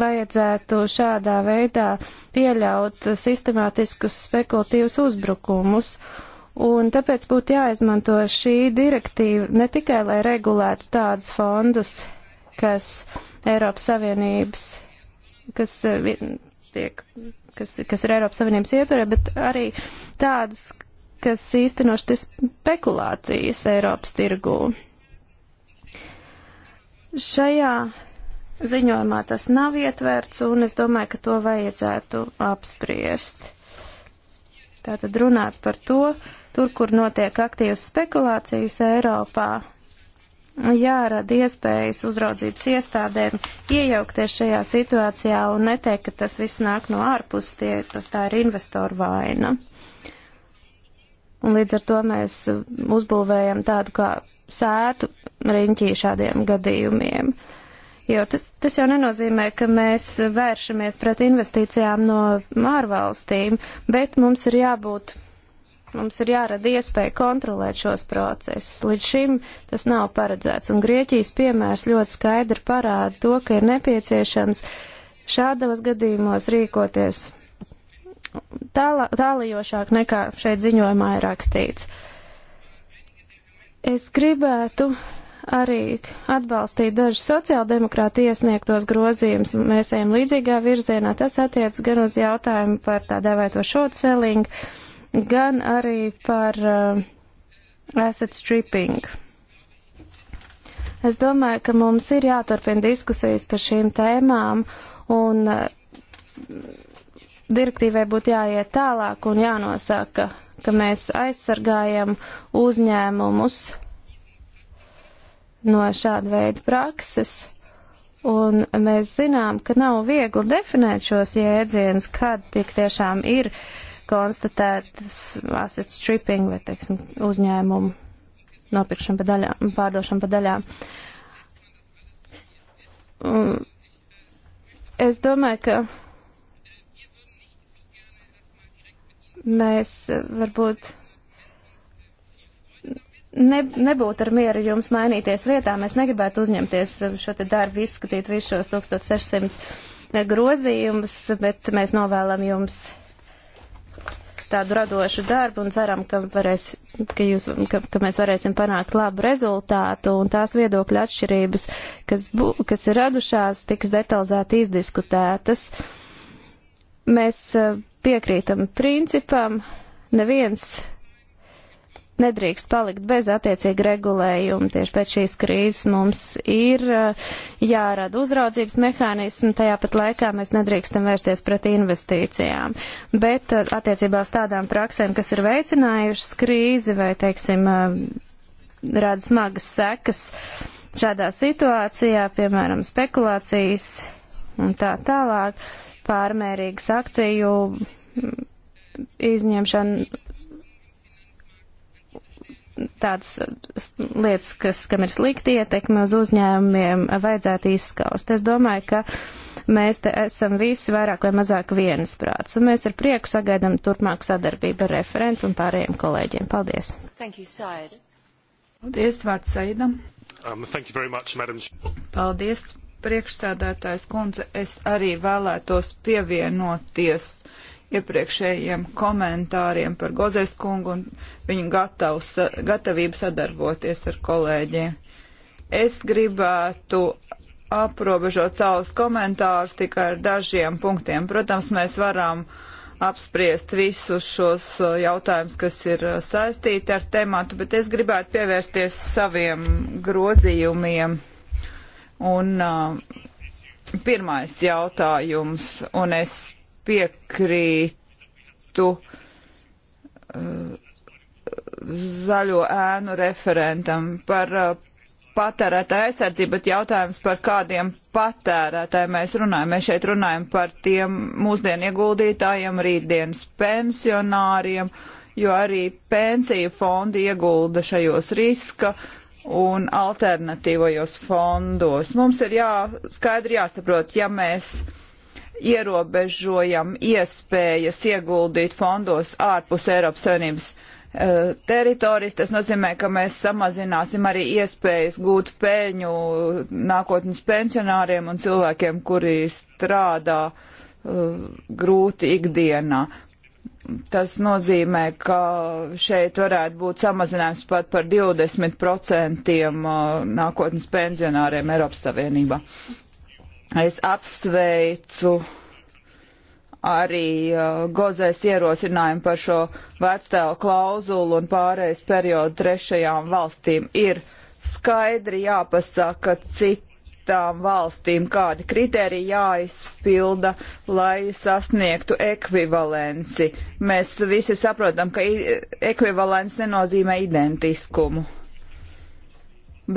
vajadzētu šādā veidā pieļaut sistemātiskus spekulatīvus uzbrukumus. Un tāpēc būtu jāizmanto šī direktīva ne tikai, lai regulētu tādus fondus, kas Eiropas Savienības, kas, eh, tiek, kas, kas ir Eiropas Savienības ietvarē, bet arī tādus, kas īstenoši spekulācijas Eiropas tirgū. Šajā ziņojumā tas nav ietverts, un es domāju, ka to vajadzētu apspriest. Tātad runāt par to, tur, kur notiek aktīvas spekulācijas Eiropā, jārada iespējas uzraudzības iestādēm iejaukties šajā situācijā un neteikt, ka tas viss nāk no ārpus, tie, tas tā ir investoru vaina. Un līdz ar to mēs uzbūvējam tādu kā sētu riņķī šādiem gadījumiem. Jo tas, tas jau nenozīmē, ka mēs vēršamies pret investīcijām no ārvalstīm, bet mums ir jābūt, mums ir jārada iespēja kontrolēt šos procesus. Līdz šim tas nav paredzēts, un Grieķijas piemērs ļoti skaidri parāda to, ka ir nepieciešams šādos gadījumos rīkoties tāla, tālijošāk nekā šeit ziņojumā ir rakstīts. Es gribētu arī atbalstīt dažus sociāldemokrāti iesniegtos grozījumus. Mēs ejam līdzīgā virzienā. Tas attiec gan uz jautājumu par tā dēvēto short selling, gan arī par uh, asset stripping. Es domāju, ka mums ir jāturpina diskusijas par šīm tēmām un uh, direktīvai būtu jāiet tālāk un jānosaka, ka mēs aizsargājam uzņēmumus no šāda veida prakses. Un mēs zinām, ka nav viegli definēt šos jēdzienus, kad tik tiešām ir konstatētas asset stripping vai, teiksim, uzņēmumu nopirkšana pa daļām, pārdošana pa daļām. Un es domāju, ka mēs varbūt ne, nebūtu ar mieru jums mainīties vietā, mēs negribētu uzņemties šo te darbu, izskatīt visus šos 1600 grozījumus, bet mēs novēlam jums tādu radošu darbu un ceram, ka, varēs, ka, jūs, ka, ka mēs varēsim panākt labu rezultātu un tās viedokļa atšķirības, kas, bū, kas ir radušās, tiks detalizēti izdiskutētas. Mēs uh, piekrītam principam, neviens nedrīkst palikt bez attiecīga regulējuma. Tieši pēc šīs krīzes mums ir eh, jārada uzraudzības mehānismi, tajā pat laikā mēs nedrīkstam vērsties pret investīcijām. Bet eh, attiecībā uz tādām praksēm, kas ir veicinājušas krīzi vai, teiksim, eh, rada smagas sekas šādā situācijā, piemēram, spekulācijas un tā tālāk, pārmērīgas akciju izņemšana tādas lietas, kas, kam ir slikti ietekme uz uzņēmumiem, vajadzētu izskaust. Es domāju, ka mēs te esam visi vairāk vai mazāk viensprāts, un mēs ar prieku sagaidām turpmāku sadarbību ar referentu un pārējiem kolēģiem. Paldies! Thank you, Said. Paldies, vārds Saidam! Um, thank you very much, Madam. Paldies, priekšsēdētājs kundze. Es arī vēlētos pievienoties iepriekšējiem komentāriem par Gozēs kungu un viņu gatavs, gatavību sadarboties ar kolēģiem. Es gribētu aprobežot savus komentārus tikai ar dažiem punktiem. Protams, mēs varam apspriest visus šos uh, jautājumus, kas ir uh, saistīti ar tematu, bet es gribētu pievērsties saviem grozījumiem. Un uh, pirmais jautājums, un es piekrītu uh, zaļo ēnu referentam par uh, patērētāja aizsardzību, bet jautājums par kādiem patērētājiem mēs runājam. Mēs šeit runājam par tiem mūsdienu ieguldītājiem, rītdienas pensionāriem, jo arī pensiju fondi iegulda šajos riska un alternatīvajos fondos. Mums ir jā, skaidri jāsaprot, ja mēs ierobežojam iespējas ieguldīt fondos ārpus Eiropas Savienības uh, teritorijas. Tas nozīmē, ka mēs samazināsim arī iespējas gūt peļņu nākotnes pensionāriem un cilvēkiem, kuri strādā uh, grūti ikdienā. Tas nozīmē, ka šeit varētu būt samazinājums pat par 20% eh, nākotnes pensionāriem Eiropas Savienībā. Es apsveicu arī uh, Gozēs ierosinājumu par šo vectēlu klauzulu un pārējais periodu trešajām valstīm ir skaidri jāpasaka citām valstīm, kādi kriteriji jāizpilda, lai sasniegtu ekvivalenci. Mēs visi saprotam, ka ekvivalents nenozīmē identiskumu,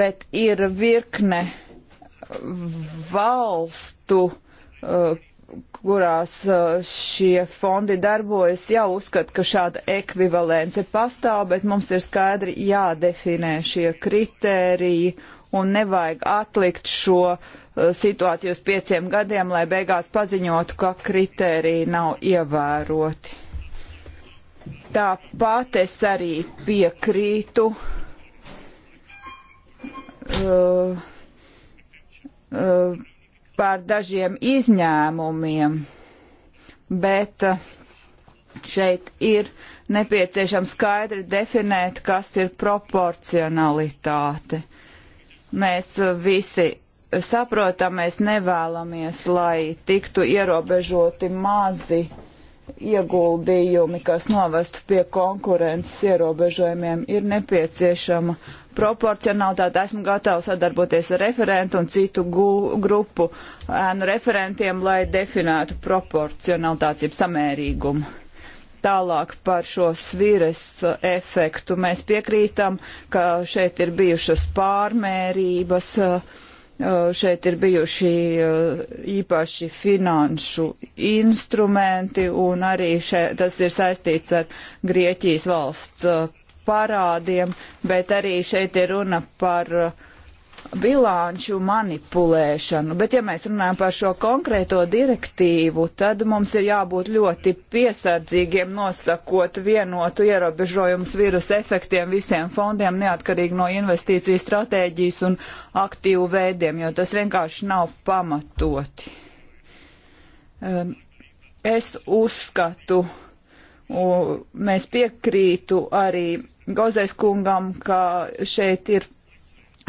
bet ir virkne valstu, eh, kurās eh, šie fondi darbojas, jau uzskata, ka šāda ekvivalence pastāv, bet mums ir skaidri jādefinē šie kritēriji un nevajag atlikt šo eh, situāciju uz pieciem gadiem, lai beigās paziņotu, ka kritēriji nav ievēroti. Tāpat es arī piekrītu. Uh, Uh, par dažiem izņēmumiem, bet uh, šeit ir nepieciešams skaidri definēt, kas ir proporcionalitāte. Mēs uh, visi saprotam, mēs nevēlamies, lai tiktu ierobežoti mazi ieguldījumi, kas novestu pie konkurences ierobežojumiem, ir nepieciešama proporcionalitāti. Esmu gatava sadarboties ar referentu un citu gu, grupu ēnu referentiem, lai definētu proporcionalitātes, jeb samērīgumu. Tālāk par šo svires uh, efektu mēs piekrītam, ka šeit ir bijušas pārmērības, uh, uh, šeit ir bijuši īpaši finanšu instrumenti un arī še, tas ir saistīts ar Grieķijas valsts parādiem, bet arī šeit ir runa par uh, bilanču manipulēšanu. Bet ja mēs runājam par šo konkrēto direktīvu, tad mums ir jābūt ļoti piesardzīgiem nosakot vienotu ierobežojumus vīrusu efektiem visiem fondiem, neatkarīgi no investīciju stratēģijas un aktīvu veidiem, jo tas vienkārši nav pamatoti. Um, es uzskatu, mēs piekrītu arī Gozais kungam, ka šeit ir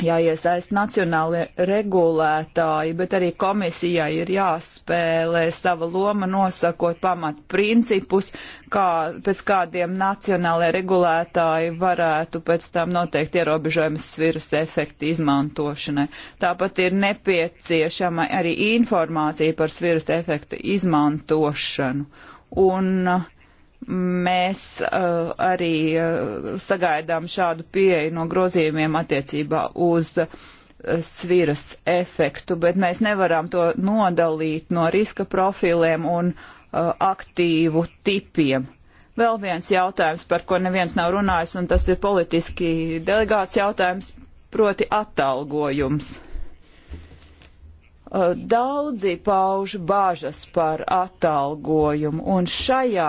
jāiesaist nacionāli regulētāji, bet arī komisijai ir jāspēlē sava loma nosakot pamat principus, kā, pēc kādiem nacionālai regulētāji varētu pēc tam noteikt ierobežojumus virus efektu izmantošanai. Tāpat ir nepieciešama arī informācija par virus efektu izmantošanu. Un uh, mēs uh, arī uh, sagaidām šādu pieeju no grozījumiem attiecībā uz uh, sviras efektu, bet mēs nevaram to nodalīt no riska profiliem un uh, aktīvu tipiem. Vēl viens jautājums, par ko neviens nav runājis, un tas ir politiski delegāts jautājums, proti atalgojums. Uh, Eh, daudzi pauž bāžas par atalgojumu, un šajā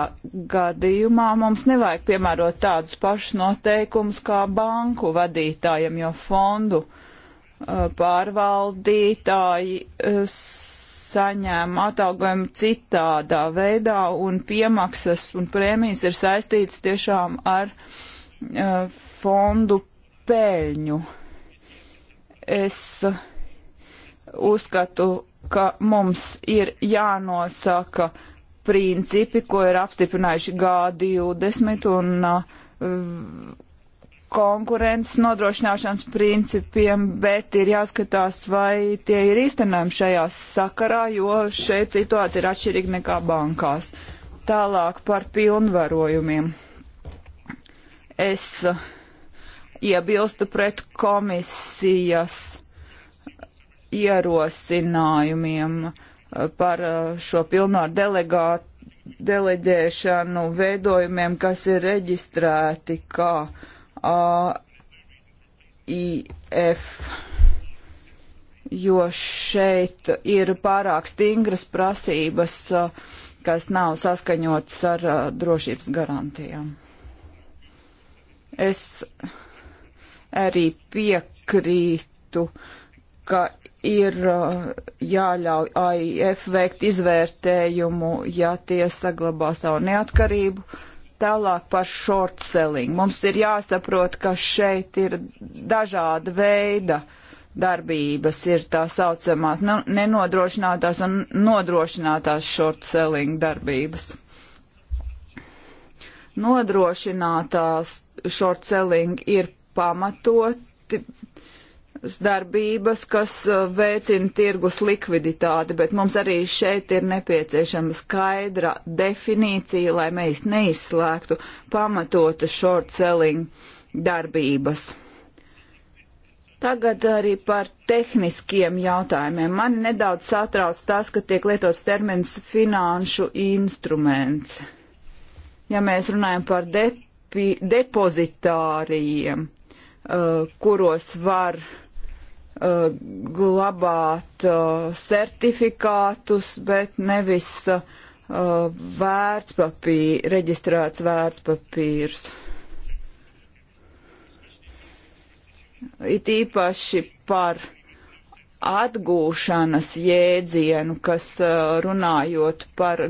gadījumā mums nevajag piemērot tādus pašus noteikumus kā banku vadītājiem, jo fondu eh, pārvaldītāji eh, saņēma atalgojumu citādā veidā, un piemaksas un prēmijas ir saistītas tiešām ar uh, fondu peļņu. Es uh, uzskatu, ka mums ir jānosaka principi, ko ir apstiprinājuši G20 un uh, konkurences nodrošināšanas principiem, bet ir jāskatās, vai tie ir īstenojami šajā sakarā, jo šeit situācija ir atšķirīga nekā bankās. Tālāk par pilnvarojumiem. Es uh, iebilstu pret komisijas ierosinājumiem eh, par eh, šo pilnvaru delegātu deleģēšanu veidojumiem, kas ir reģistrēti kā AIF, jo šeit ir pārāk stingras prasības, eh, kas nav saskaņotas ar drošības garantijām. Es arī piekrītu, ka ir uh, jāļauj AIF veikt izvērtējumu, ja tie saglabā savu neatkarību. Tālāk par short selling. Mums ir jāsaprot, ka šeit ir dažāda veida darbības, ir tā saucamās nenodrošinātās un nodrošinātās short selling darbības. Nodrošinātās short selling ir pamatoti darbības, kas uh, veicina tirgus likviditāti, bet mums arī šeit ir nepieciešama skaidra definīcija, lai mēs neizslēgtu pamatota short selling darbības. Tagad arī par tehniskiem jautājumiem. Man nedaudz satrauc tas, ka tiek lietots termins finanšu instruments. Ja mēs runājam par depi, depozitāriem, uh, kuros var uh, Uh, glabāt uh, certifikātus, bet nevis uh, vērtspapīri, reģistrēts vērtspapīrs. It īpaši par atgūšanas jēdzienu, kas runājot par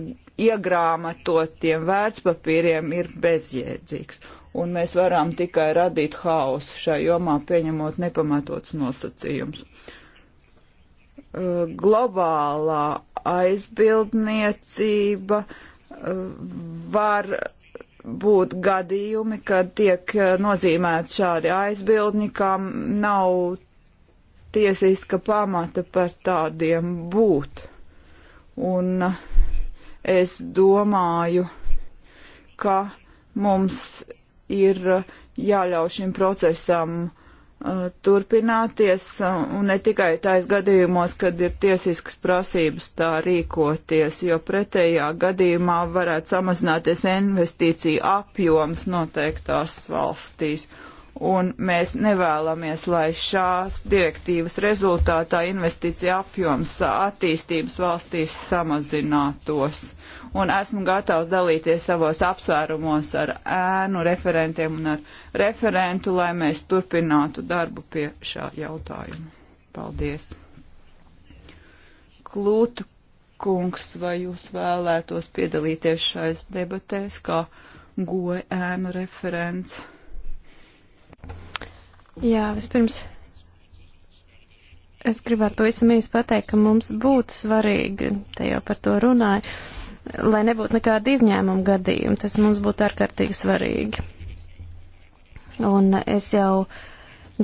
iegrāmatotiem vērtspapīriem ir bezjēdzīgs. Un mēs varam tikai radīt hausu šai jomā, pieņemot nepamatots nosacījums. Uh, globālā aizbildniecība uh, var būt gadījumi, kad tiek uh, nozīmēti šādi aizbildņi, kam nav tiesiska pamata par tādiem būt. Un uh, Es domāju, ka mums ir jāļauj šim procesam uh, turpināties, uh, un ne tikai tais gadījumos, kad ir tiesiskas prasības tā rīkoties, jo pretējā gadījumā varētu samazināties investīcija apjoms noteiktās valstīs un mēs nevēlamies, lai šās direktīvas rezultātā investīcija apjoms attīstības valstīs samazinātos. Un esmu gatavs dalīties savos apsvērumos ar ēnu referentiem un ar referentu, lai mēs turpinātu darbu pie šā jautājuma. Paldies! Klūtu kungs, vai jūs vēlētos piedalīties šais debatēs kā goja ēnu referents? Jā, vispirms es gribētu pavisam īsi pateikt, ka mums būtu svarīgi, te jau par to runāju, lai nebūtu nekāda izņēmuma gadījuma. Tas mums būtu ārkārtīgi svarīgi. Un es jau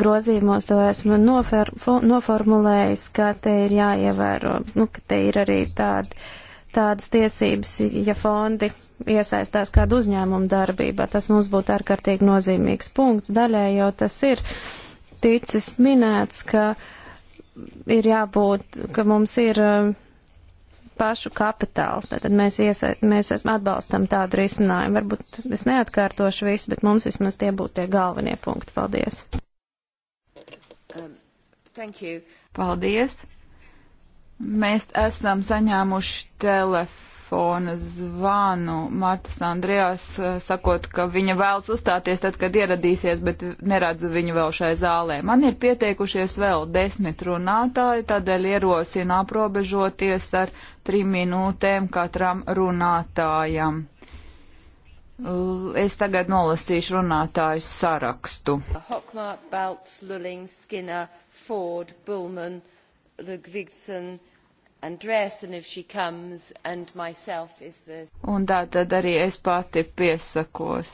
grozījumos to esmu nofer, noformulējis, ka te ir jāievēro, nu, ka te ir arī tādi, tādas tiesības, ja fondi iesaistās kāda uzņēmuma darbībā. Tas mums būtu ārkārtīgi nozīmīgs punkts. Daļai jau tas ir ticis minēts, ka ir jābūt, ka mums ir uh, pašu kapitāls, tad mēs, iesa, mēs atbalstam tādu risinājumu. Varbūt es neatkārtošu visu, bet mums vismaz tie būtu tie galvenie punkti. Paldies! Um, Paldies! Mēs esam saņēmuši telefonu telefona zvanu Martas Andrejās, eh, sakot, ka viņa vēlas uzstāties tad, kad ieradīsies, bet neredzu viņu vēl šai zālē. Man ir pieteikušies vēl desmit runātāji, tādēļ ierosinu aprobežoties ar trim minūtēm katram runātājam. Es tagad nolasīšu runātāju sarakstu. Hokmar, Balts, Lulling, Skinner, Ford, Bullman, Ludvigsen, and dress, and if she comes, and myself is the... Un tā tad arī es pati piesakos.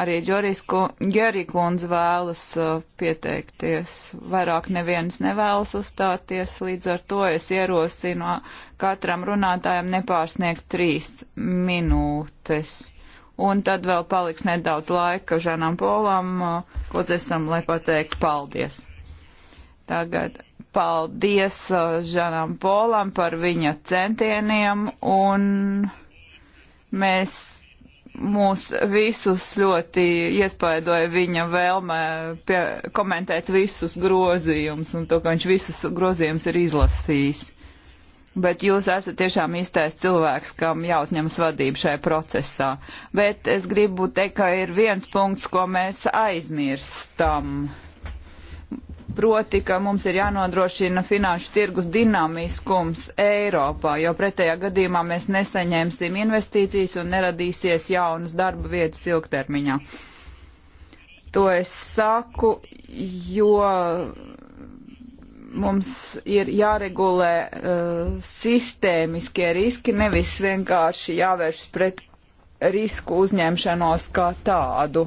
Arī Gjori kundze vēlas uh, pieteikties. Vairāk neviens nevēlas uzstāties, līdz ar to es ierosinu katram runātājam nepārsniegt trīs minūtes. Un tad vēl paliks nedaudz laika Žanam Polam, uh, ko dzesam, lai pateikt paldies. Tagad Paldies uh, Žanam Polam par viņa centieniem un mēs mūs visus ļoti iespaidoja viņa vēlme pie, komentēt visus grozījumus un to, ka viņš visus grozījumus ir izlasījis. Bet jūs esat tiešām īstais cilvēks, kam jāuzņemas vadība šajā procesā. Bet es gribu teikt, ka ir viens punkts, ko mēs aizmirstam. Uh, proti, ka mums ir jānodrošina finanšu tirgus dinamiskums Eiropā, jo pretējā gadījumā mēs nesaņemsim investīcijas un neradīsies jaunas darba vietas ilgtermiņā. To es saku, jo mums ir jāregulē uh, sistēmiskie riski, nevis vienkārši jāvēršas pret risku uzņemšanos kā tādu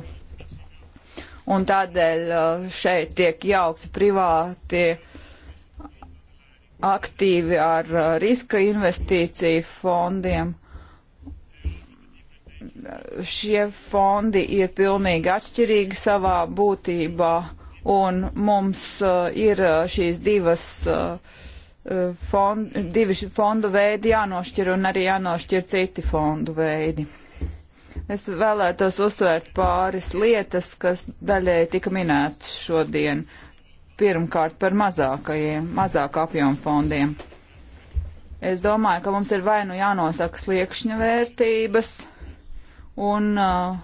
un tādēļ uh, šeit tiek jaukti privāti aktīvi ar uh, riska investīciju fondiem. Šie fondi ir pilnīgi atšķirīgi savā būtībā, un mums uh, ir šīs divas fond, divi fondu veidi jānošķir un arī jānošķir citi fondu veidi. Es vēlētos uzsvērt pāris lietas, kas daļai tika minētas šodien. Pirmkārt par mazākajiem, mazāk apjomu fondiem. Es domāju, ka mums ir vai nu jānosaka sliekšņa vērtības, un uh,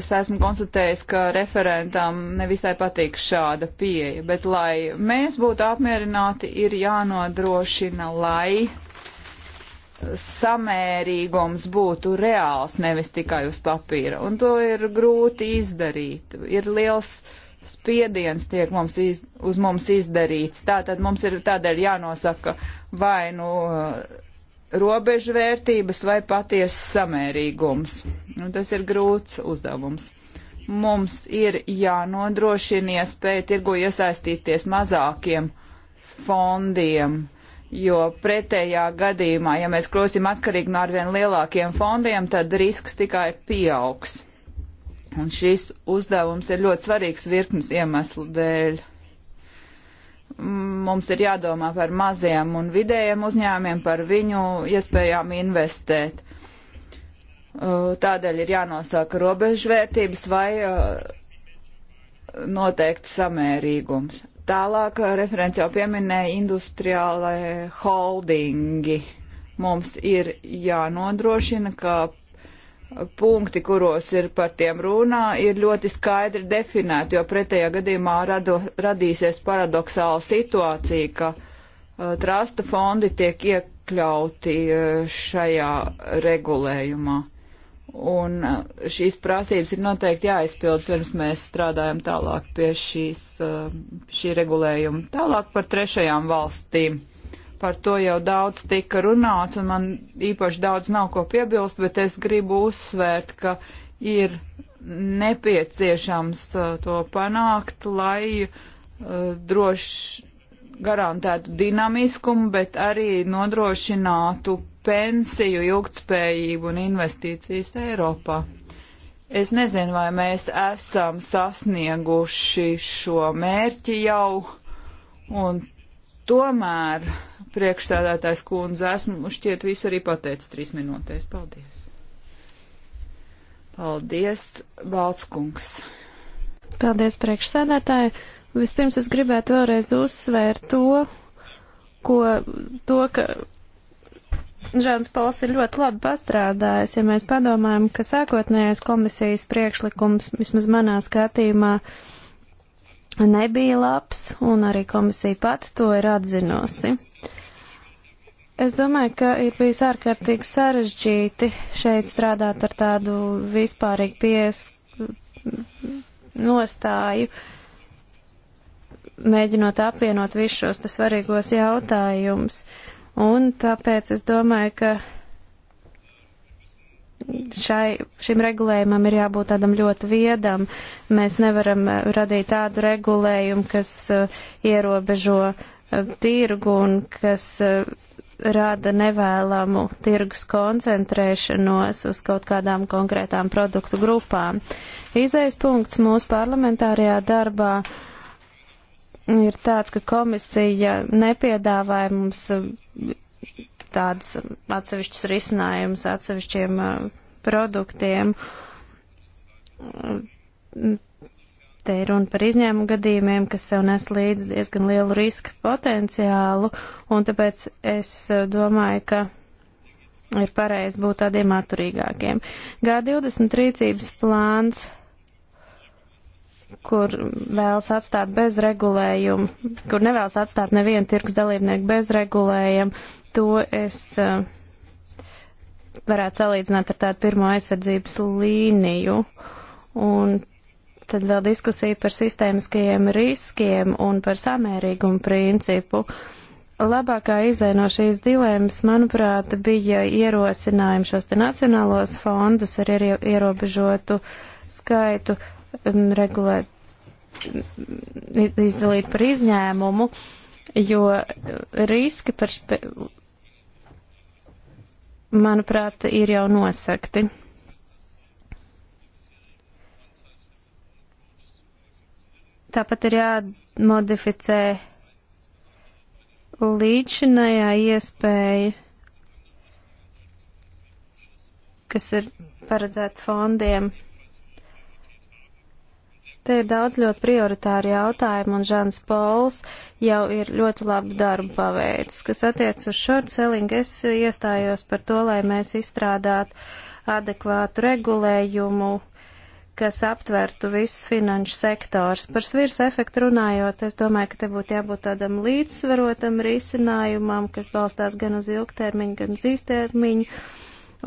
es esmu konstatējis, ka referentam nevisai patīk šāda pieeja, bet lai mēs būtu apmierināti, ir jānodrošina, lai uh, samērīgums būtu reāls, nevis tikai uz papīra. Un to ir grūti izdarīt. Ir liels spiediens tiek mums iz, uz mums izdarīts. Tātad mums ir tādēļ jānosaka vai nu uh, robežvērtības vai patiesas samērīgums. Un tas ir grūts uzdevums. Mums ir jānodrošina iespēja tirgu iesaistīties mazākiem fondiem jo pretējā gadījumā, ja mēs kļūsim atkarīgi no arvien lielākiem fondiem, tad risks tikai pieaugs. Un šis uzdevums ir ļoti svarīgs virknes iemeslu dēļ. Mums ir jādomā par maziem un vidējiem uzņēmiem, par viņu iespējām investēt. Uh, tādēļ ir jānosaka robežvērtības vai uh, noteikti samērīgums. Tālāk eh, referents jau pieminēja industriālai holdingi. Mums ir jānodrošina, ka punkti, kuros ir par tiem runā, ir ļoti skaidri definēti, jo pretējā gadījumā rado, radīsies paradoxāla situācija, ka uh, eh, trasta fondi tiek iekļauti uh, šajā regulējumā. Uh, Un uh, šīs prasības ir noteikti jāizpild, pirms mēs strādājam tālāk pie šīs, uh, šī regulējuma. Tālāk par trešajām valstīm. Par to jau daudz tika runāts, un man īpaši daudz nav ko piebilst, bet es gribu uzsvērt, ka ir nepieciešams uh, to panākt, lai droši garantētu dinamiskumu, bet arī nodrošinātu pensiju, ilgtspējību un investīcijas Eiropā. Es nezinu, vai mēs esam sasnieguši šo mērķi jau, un tomēr priekšstādātājs kundze esmu šķiet visu arī pateicis trīs minūtēs. Paldies! Paldies, Baltskungs! Paldies, priekšsēdētāji! Vispirms es gribētu vēlreiz uzsvērt to, ko, to, ka Žāns Pols ir ļoti labi pastrādājis, ja mēs padomājam, ka sākotnējais komisijas priekšlikums, vismaz manā skatījumā, nebija labs, un arī komisija pati to ir atzinusi. Es domāju, ka ir bijis ārkārtīgi sarežģīti šeit strādāt ar tādu vispārīgu pies nostāju, mēģinot apvienot visus šos svarīgos jautājumus. Uh, Un tāpēc es domāju, ka šai, šim regulējumam ir jābūt tādam ļoti viedam. Mēs nevaram eh, radīt tādu regulējumu, kas eh, ierobežo eh, tirgu un kas rada nevēlamu tirgus koncentrēšanos uz kaut kādām konkrētām produktu grupām. Izais punkts mūsu parlamentārajā darbā ir tāds, ka komisija nepiedāvāja mums uh, tādus atsevišķus risinājumus atsevišķiem uh, produktiem. Uh, te ir runa par izņēmumu gadījumiem, kas sev nes līdzi diezgan lielu riska potenciālu, un tāpēc es domāju, ka ir pareizi būt tādiem atturīgākiem. G20 rīcības plāns kur vēlas atstāt bez regulējumu, kur nevēlas atstāt nevienu tirgus dalībnieku bez regulējumu, to es uh, varētu salīdzināt ar tādu pirmo aizsardzības līniju. Un tad vēl diskusija par sistēmiskajiem riskiem un par samērīgumu principu. Labākā izē no šīs dilemmas, manuprāt, bija ierosinājumi šos te nacionālos fondus ar ierobežotu skaitu regulēt, izdalīt par izņēmumu, jo riski par spē, manuprāt, ir jau nosakti. Tāpat ir jāmodificē līdzinājā iespēja, kas ir paredzēta fondiem Te ir daudz ļoti prioritāri jautājumi, un Žans Pols jau ir ļoti labu darbu paveicis. Kas attiec uz short selling, es iestājos par to, lai mēs izstrādātu adekvātu regulējumu, kas aptvertu visus finanšu sektors. Par svirs efektu runājot, es domāju, ka te būtu jābūt tādam līdzsvarotam risinājumam, kas balstās gan uz ilgtermiņu, gan uz īstermiņu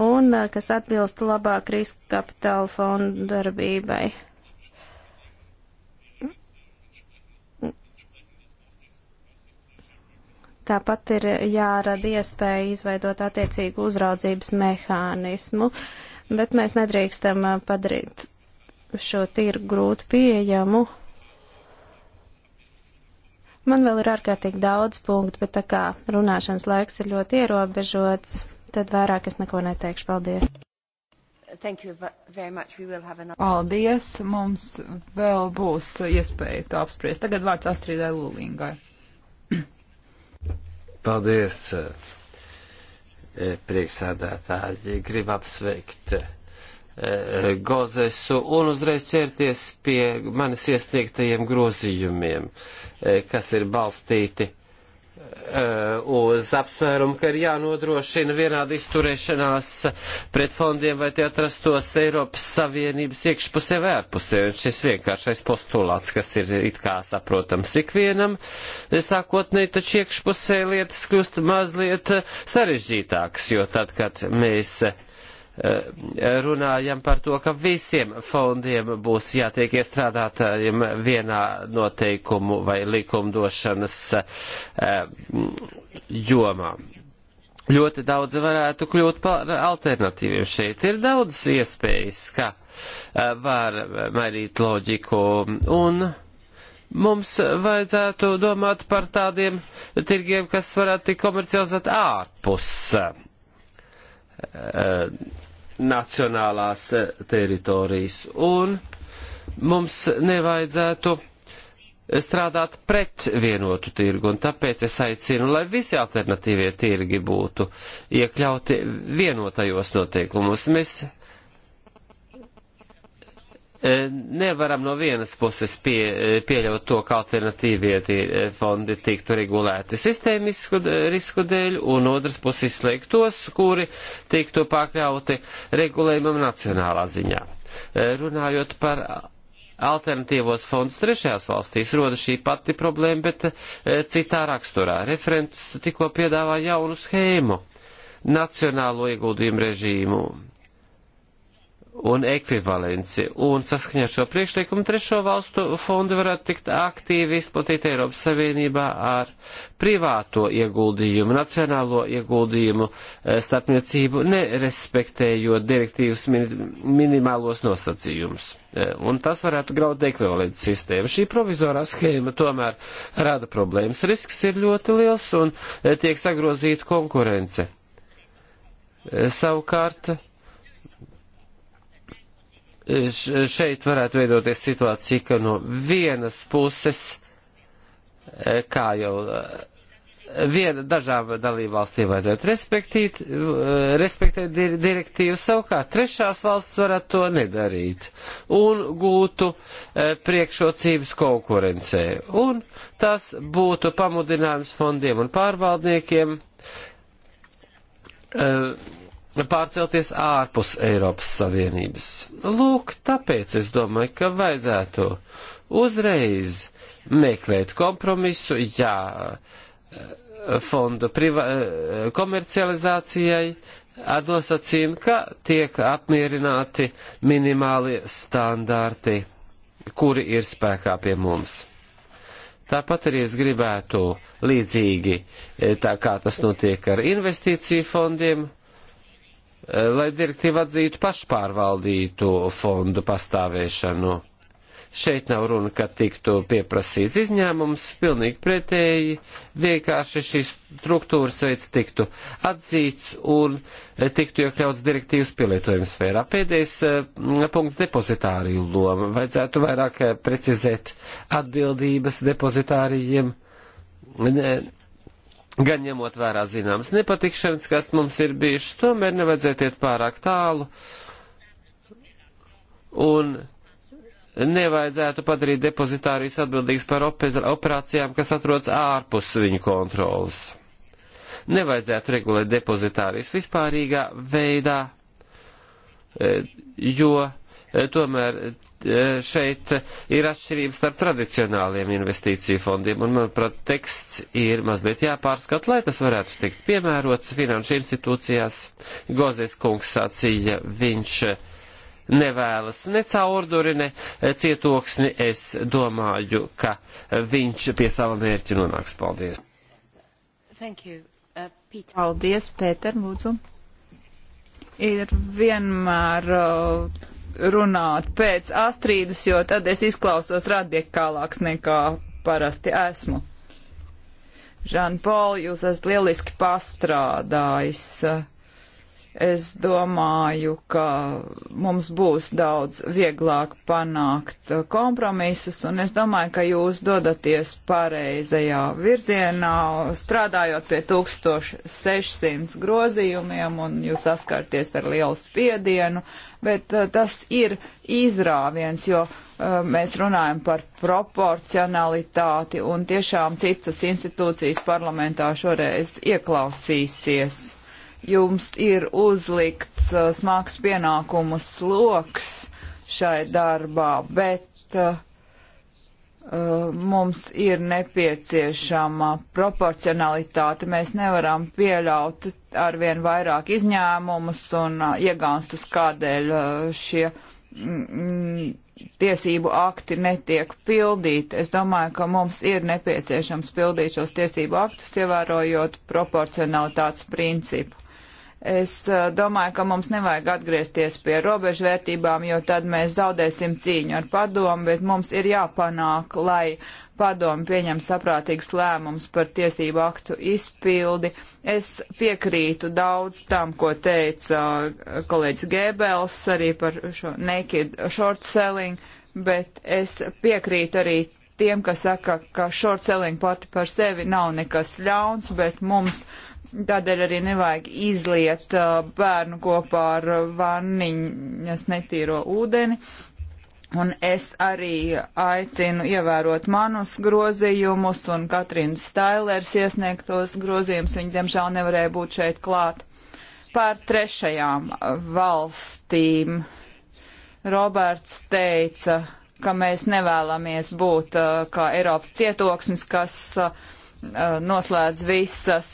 un uh, kas atbilstu labāk riska kapitāla fondu darbībai. Tāpat ir jārada iespēja izveidot attiecīgu uzraudzības mehānismu, bet mēs nedrīkstam uh, padarīt šo tirgu grūti pieejamu. Man vēl ir ārkārtīgi daudz punktu, bet tā kā runāšanas laiks ir ļoti ierobežots, tad vairāk es neko neteikšu. Paldies! Another... Paldies! Mums vēl būs iespēja to apspriest. Tagad vārds Astridai Lulīngai. Paldies, eh, priekšsēdētāji. Gribu apsveikt eh, Gozesu un uzreiz ķerties pie manis iesniegtajiem grozījumiem, eh, kas ir balstīti Uh, uz apsvērumu, ka ir jānodrošina vienāda izturēšanās pret fondiem, vai tie atrastos Eiropas Savienības iekšpusē vai ārpusē. Un šis vienkāršais postulāts, kas ir it kā saprotams ikvienam, sākotnēji taču iekšpusē lietas kļūst mazliet sarežģītākas, jo tad, kad mēs Eh, runājam par to, ka visiem fondiem būs jātiek iestrādātājiem vienā noteikumu vai likumdošanas eh, jomā. Ļoti daudz varētu kļūt par alternatīviem šeit. Ir daudz iespējas, ka eh, var mainīt loģiku un mums vajadzētu domāt par tādiem tirgiem, kas varētu tik komercializēt ārpus nacionālās eh, teritorijas. Un mums nevajadzētu strādāt pret vienotu tirgu, un tāpēc es aicinu, lai visi alternatīvie tirgi būtu iekļauti vienotajos noteikumos. Mēs E, nevaram no vienas puses pie, e, pieļaut to, ka alternatīvie e, fondi tiktu regulēti sistēmisku risku dēļ, un otras puses izslēgt tos, kuri tiktu pakļauti regulējumam nacionālā ziņā. Runājot par alternatīvos fondus trešajās valstīs, roda šī pati problēma, bet citā raksturā. Referents tikko piedāvā jaunu schēmu nacionālo ieguldījumu režīmu un ekvivalenci. Un saskaņā ar šo priekšlikumu trešo valstu fondu varētu tikt aktīvi izplatīt Eiropas Savienībā ar privāto ieguldījumu, nacionālo ieguldījumu eh, starpniecību, nerespektējot direktīvas minimālos nosacījumus. Eh, un tas varētu graut ekvivalents sistēmu. Šī provizorā schēma tomēr rada problēmas. Risks ir ļoti liels un eh, tiek sagrozīta konkurence. Savukārt, šeit varētu veidoties situācija, ka no vienas puses, e, kā jau e, viena dažām dalībvalstīm vajadzētu respektīt, e, respektēt direktīvu, savukārt trešās valsts varētu to nedarīt un gūtu priekšrocības konkurencē. Un tas būtu pamudinājums fondiem un pārvaldniekiem Nu, pārcelties ārpus Eiropas Savienības. Lūk, tāpēc es domāju, ka vajadzētu uzreiz meklēt kompromisu, jā, fondu priva, komercializācijai ar nosacījumu, ka tiek apmierināti minimālie standarti, kuri ir spēkā pie mums. Tāpat arī es gribētu līdzīgi, tā kā tas notiek ar investīciju fondiem, Eh, lai direktīva atzītu pašpārvaldītu fondu pastāvēšanu. Šeit nav runa, ka tiktu pieprasīts izņēmums, pilnīgi pretēji, vienkārši šīs struktūras veids tiktu atzīts un eh, tiktu iekļauts direktīvas pielietojuma sfērā. Pēdējais eh, punkts - depozitāriju loma. Vajadzētu vairāk precizēt atbildības depozitārijiem. Ne, gan ņemot vērā zināmas nepatikšanas, kas mums ir bijušas, tomēr nevajadzētu iet pārāk tālu un nevajadzētu padarīt depozitārijas atbildīgs par operācijām, kas atrodas ārpus viņu kontrolas. Nevajadzētu regulēt depozitārijas vispārīgā veidā, eh, jo tomēr e, šeit ir atšķirības starp tradicionāliem investīciju fondiem, un, manuprāt, teksts ir mazliet jāpārskat, lai tas varētu tikt piemērots finanšu institūcijās. Gozes kungs sacīja, viņš nevēlas ne caurduri, ne cietoksni. Es domāju, ka viņš pie sava mērķa nonāks. Paldies! Thank you. Uh, Peter. Paldies, Pēter, lūdzu. Ir vienmēr uh, runāt pēc Astrīdas, jo tad es izklausos radikālāks nekā parasti esmu. Žanpol, jūs esat lieliski pastrādājis. Uh, Es domāju, ka mums būs daudz vieglāk panākt uh, kompromisus, un es domāju, ka jūs dodaties pareizajā virzienā, strādājot pie 1600 grozījumiem, un jūs saskarties ar lielu spiedienu, bet uh, tas ir izrāviens, jo uh, mēs runājam par proporcionalitāti, un tiešām citas institūcijas parlamentā šoreiz ieklausīsies jums ir uzlikts uh, smags pienākumu sloks šai darbā, bet uh, uh, mums ir nepieciešama proporcionalitāte. Mēs nevaram pieļaut arvien vairāk izņēmumus un uh, iegānstus, kādēļ uh, šie mm, mm, tiesību akti netiek pildīti. Es domāju, ka mums ir nepieciešams pildīt šos tiesību aktus, ievērojot proporcionalitātes principu Es domāju, ka mums nevajag atgriezties pie robežvērtībām, jo tad mēs zaudēsim cīņu ar padomu, bet mums ir jāpanāk, lai padomu pieņem saprātīgus lēmumus par tiesību aktu izpildi. Es piekrītu daudz tam, ko teica kolēģis Gēbels arī par šo naked short selling, bet es piekrītu arī tiem, kas saka, ka short selling pati par sevi nav nekas ļauns, bet mums Tādēļ arī nevajag izliet uh, bērnu kopā ar vanniņas netīro ūdeni. Un es arī aicinu ievērot manus grozījumus un Katrīnas Stailers iesniegtos grozījumus. Viņa, diemžēl, nevarēja būt šeit klāt. Par trešajām valstīm Roberts teica, ka mēs nevēlamies būt uh, kā Eiropas cietoksnis, kas uh, noslēdz visas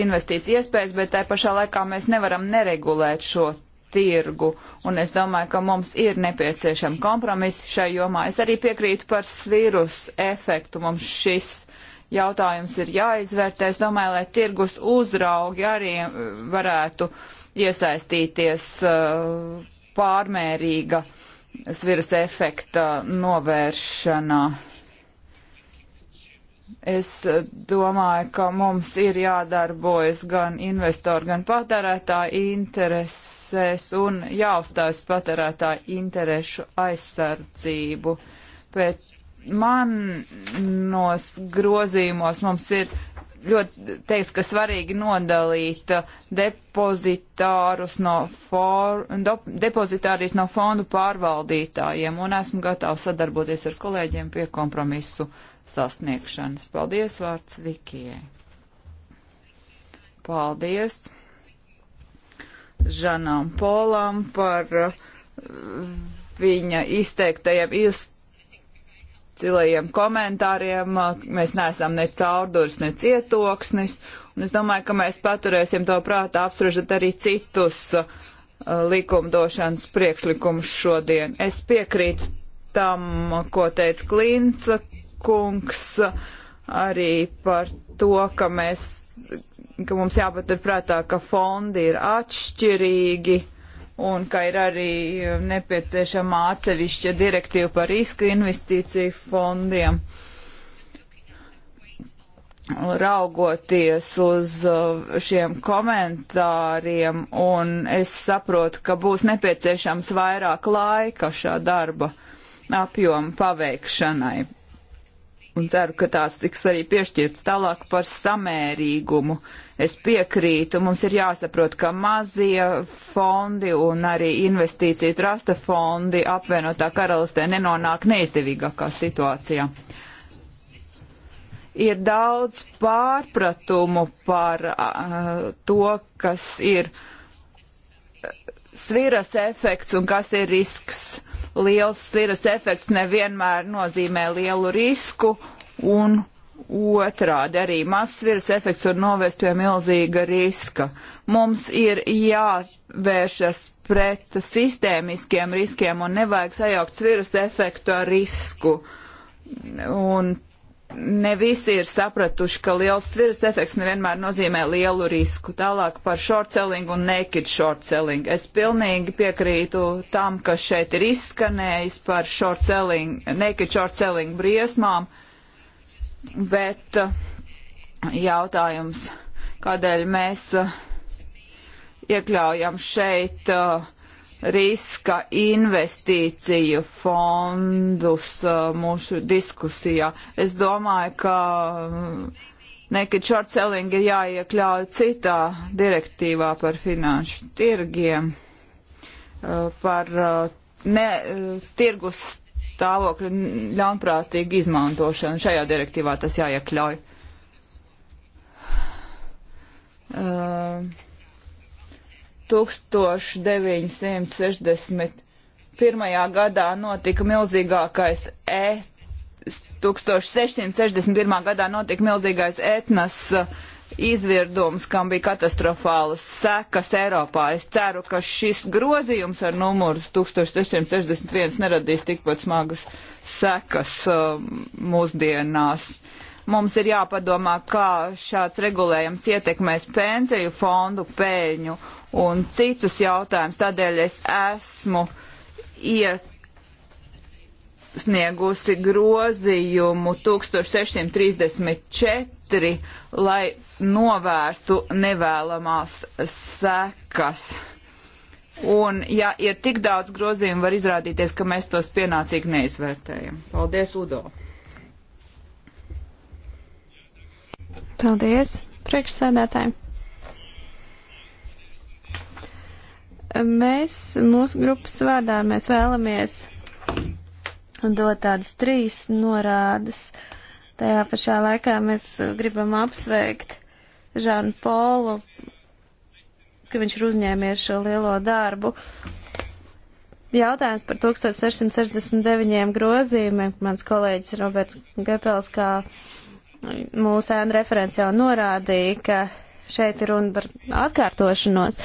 investīcijas iespējas, bet tai pašā laikā mēs nevaram neregulēt šo tirgu. Un es domāju, ka mums ir nepieciešama kompromisa šai jomā. Es arī piekrītu par svirus efektu. Mums šis jautājums ir jāizvērtē. Es domāju, lai tirgus uzraugi arī varētu iesaistīties pārmērīga svirus efekta novēršanā. Es eh, domāju, ka mums ir jādarbojas gan investoru, gan patērētāju interesēs un jāuzstājas patērētāju interesu aizsardzību. Bet manos grozījumos mums ir ļoti teiks, ka svarīgi nodalīt eh, depozitārus no, for, depozitārijas no fondu pārvaldītājiem, un esmu gatavs sadarboties ar kolēģiem pie kompromisu sasniegšanas. Paldies vārds Vikijai. Paldies Žanam Polam par uh, viņa izteiktajiem izcilajiem komentāriem. Uh, mēs neesam ne caurdurs, ne cietoksnis. Un es domāju, ka mēs paturēsim to prātā apspriežot arī citus uh, likumdošanas priekšlikumus šodien. Es piekrītu tam, ko teica Klīnca kungs arī par to, ka mēs, ka mums jāpaturprātā, ka fondi ir atšķirīgi un ka ir arī nepieciešama atsevišķa direktīva par riska investīciju fondiem. Raugoties uz uh, šiem komentāriem, un es saprotu, ka būs nepieciešams vairāk laika šā darba apjoma paveikšanai un ceru, ka tās tiks arī piešķirts tālāk par samērīgumu. Es piekrītu, mums ir jāsaprot, ka mazie fondi un arī investīcija trasta fondi apvienotā karalistē nenonāk neizdevīgākā situācijā. Ir daudz pārpratumu par uh, to, kas ir sviras efekts un kas ir risks liels siras efekts nevienmēr nozīmē lielu risku un otrādi arī mazs virs efekts var novest pie milzīga riska. Mums ir jāvēršas pret sistēmiskiem riskiem un nevajag sajaukt virs efektu ar risku. Un ne visi ir sapratuši, ka liels sviras efekts nevienmēr nozīmē lielu risku. Tālāk par short selling un naked short selling. Es pilnīgi piekrītu tam, kas šeit ir izskanējis par short selling, naked short selling briesmām, bet uh, jautājums, kādēļ mēs uh, iekļaujam šeit uh, riska investīciju fondus uh, mūsu diskusijā. Es domāju, ka mm, nekad short selling ir jāiekļauj citā direktīvā par finanšu tirgiem, uh, par uh, ne, tirgus stāvokļu ļaunprātīgu izmantošanu. Šajā direktīvā tas jāiekļauj. Uh, 1961. gadā notika milzīgākais e, 1661. gadā notika milzīgais etnas uh, izvirdums, kam bija katastrofālas sekas Eiropā. Es ceru, ka šis grozījums ar numuru 1661 neradīs tikpat smagas sekas um, mūsdienās. Uh, Mums ir jāpadomā, kā šāds regulējums ietekmēs pensiju fondu pēļņu un citus jautājumus. Tādēļ es esmu iesniegusi grozījumu 1634, lai novērstu nevēlamās sekas. Un, ja ir tik daudz grozījumu, var izrādīties, ka mēs tos pienācīgi neizvērtējam. Paldies, Udo! Paldies, priekšsēdētāji. Mēs, mūsu grupas vārdā, mēs vēlamies dot tādas trīs norādes. Tajā pašā laikā mēs gribam apsveikt Žānu Polu, ka viņš ir uzņēmies šo lielo darbu. Jautājums par 1669 grozījumiem, mans kolēģis Roberts Gepels, kā mūsu ēna referents jau norādīja, ka šeit ir runa par atkārtošanos.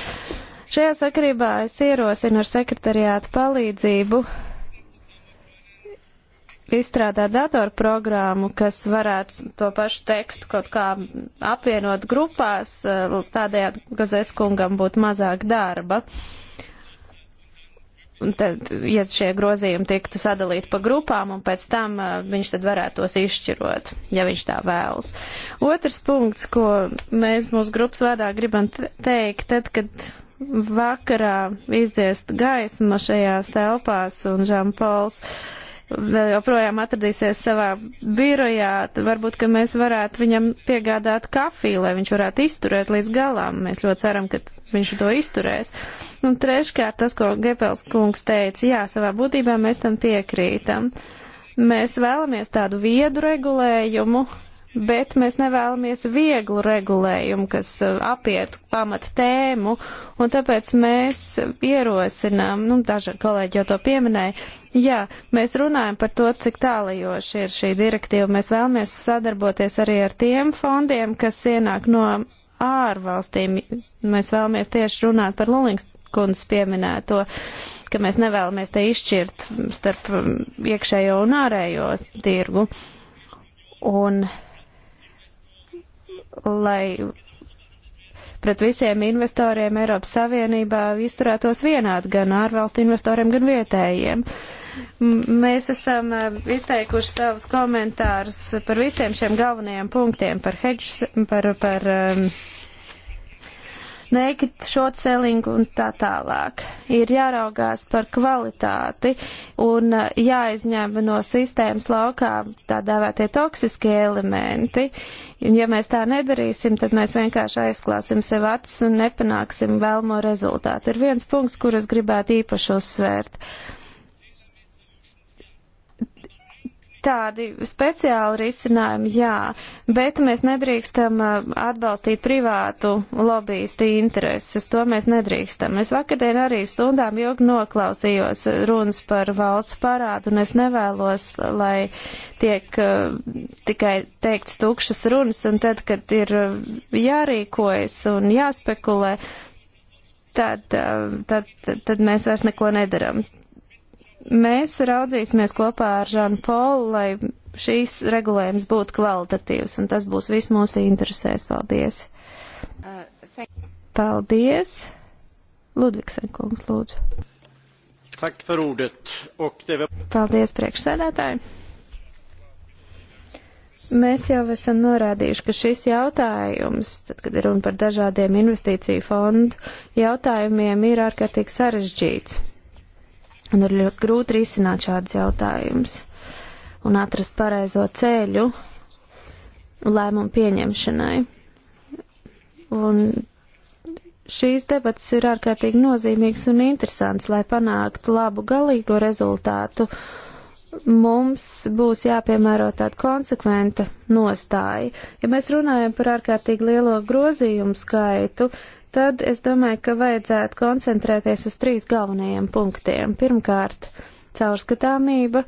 Šajā sakarībā es ierosinu ar sekretariātu palīdzību izstrādāt datorprogrammu, kas varētu to pašu tekstu kaut kā apvienot grupās, tādējādi Gazēs kungam būtu mazāk darba. Uh, Un tad, ja šie grozījumi tiktu sadalīti pa grupām, un pēc tam uh, viņš tad varētu tos izšķirot, ja viņš tā vēlas. Otrs punkts, ko mēs mūsu grupas vārdā gribam teikt, tad, kad vakarā izdziest gaisma šajās telpās un Žampols vēl joprojām atradīsies savā birojā, varbūt, ka mēs varētu viņam piegādāt kafiju, lai viņš varētu izturēt līdz galām. Mēs ļoti ceram, ka viņš to izturēs. Un nu, treškārt tas, ko Gepels kungs teica, jā, savā būtībā mēs tam piekrītam. Mēs vēlamies tādu viedu regulējumu, bet mēs nevēlamies vieglu regulējumu, kas eh, apietu pamat tēmu, un tāpēc mēs ierosinām, nu, daži kolēģi jau to pieminēja, jā, mēs runājam par to, cik tālajoši ir šī direktīva, mēs vēlamies sadarboties arī ar tiem fondiem, kas ienāk no ārvalstīm. Mēs vēlamies tieši runāt par Lulings kundzes pieminēto, ka mēs nevēlamies te izšķirt starp um, iekšējo un ārējo tirgu. Un lai pret visiem investoriem Eiropas Savienībā izturētos vienādi gan ārvalstu investoriem, gan vietējiem. Mēs esam eh, izteikuši savus komentārus par visiem šiem galvenajiem punktiem, par hedžus, par, par um, naked short selling un tā tālāk. Ir jāraugās par kvalitāti un uh, jāizņem no sistēmas laukā tā dēvētie toksiskie elementi. Un ja mēs tā nedarīsim, tad mēs vienkārši aizklāsim sev acis un nepanāksim vēlmo rezultātu. Ir viens punkts, kur es gribētu īpaši uzsvērt. Uh, tādi speciāli risinājumi, jā, bet mēs nedrīkstam uh, atbalstīt privātu lobbyistu intereses, to mēs nedrīkstam. Es vakardien arī stundām ilgi noklausījos runas par valsts parādu, un es nevēlos, lai tiek uh, tikai teikts tukšas runas, un tad, kad ir uh, jārīkojas un jāspekulē, tad, tad, uh, tad, tad mēs vairs neko nedaram. Mēs raudzīsimies kopā ar Žanu Polu, lai šīs regulējums būtu kvalitatīvs, un tas būs viss mūsu interesēs. Paldies! Paldies! Ludvigsen kungs, lūdzu. Paldies, priekšsēdētāji! Mēs jau esam norādījuši, ka šis jautājums, tad, kad ir runa par dažādiem investīciju fondu jautājumiem, ir ārkārtīgi sarežģīts. Un ir ļoti grūti risināt šādus jautājumus un atrast pareizo ceļu lēmumu pieņemšanai. Un šīs debatas ir ārkārtīgi nozīmīgas un interesants, lai panāktu labu galīgo rezultātu. Mums būs jāpiemēro tāda konsekventa nostāja. Ja mēs runājam par ārkārtīgi lielo grozījumu skaitu, tad es domāju, ka vajadzētu koncentrēties uz trīs galvenajiem punktiem. Pirmkārt, caurskatāmība.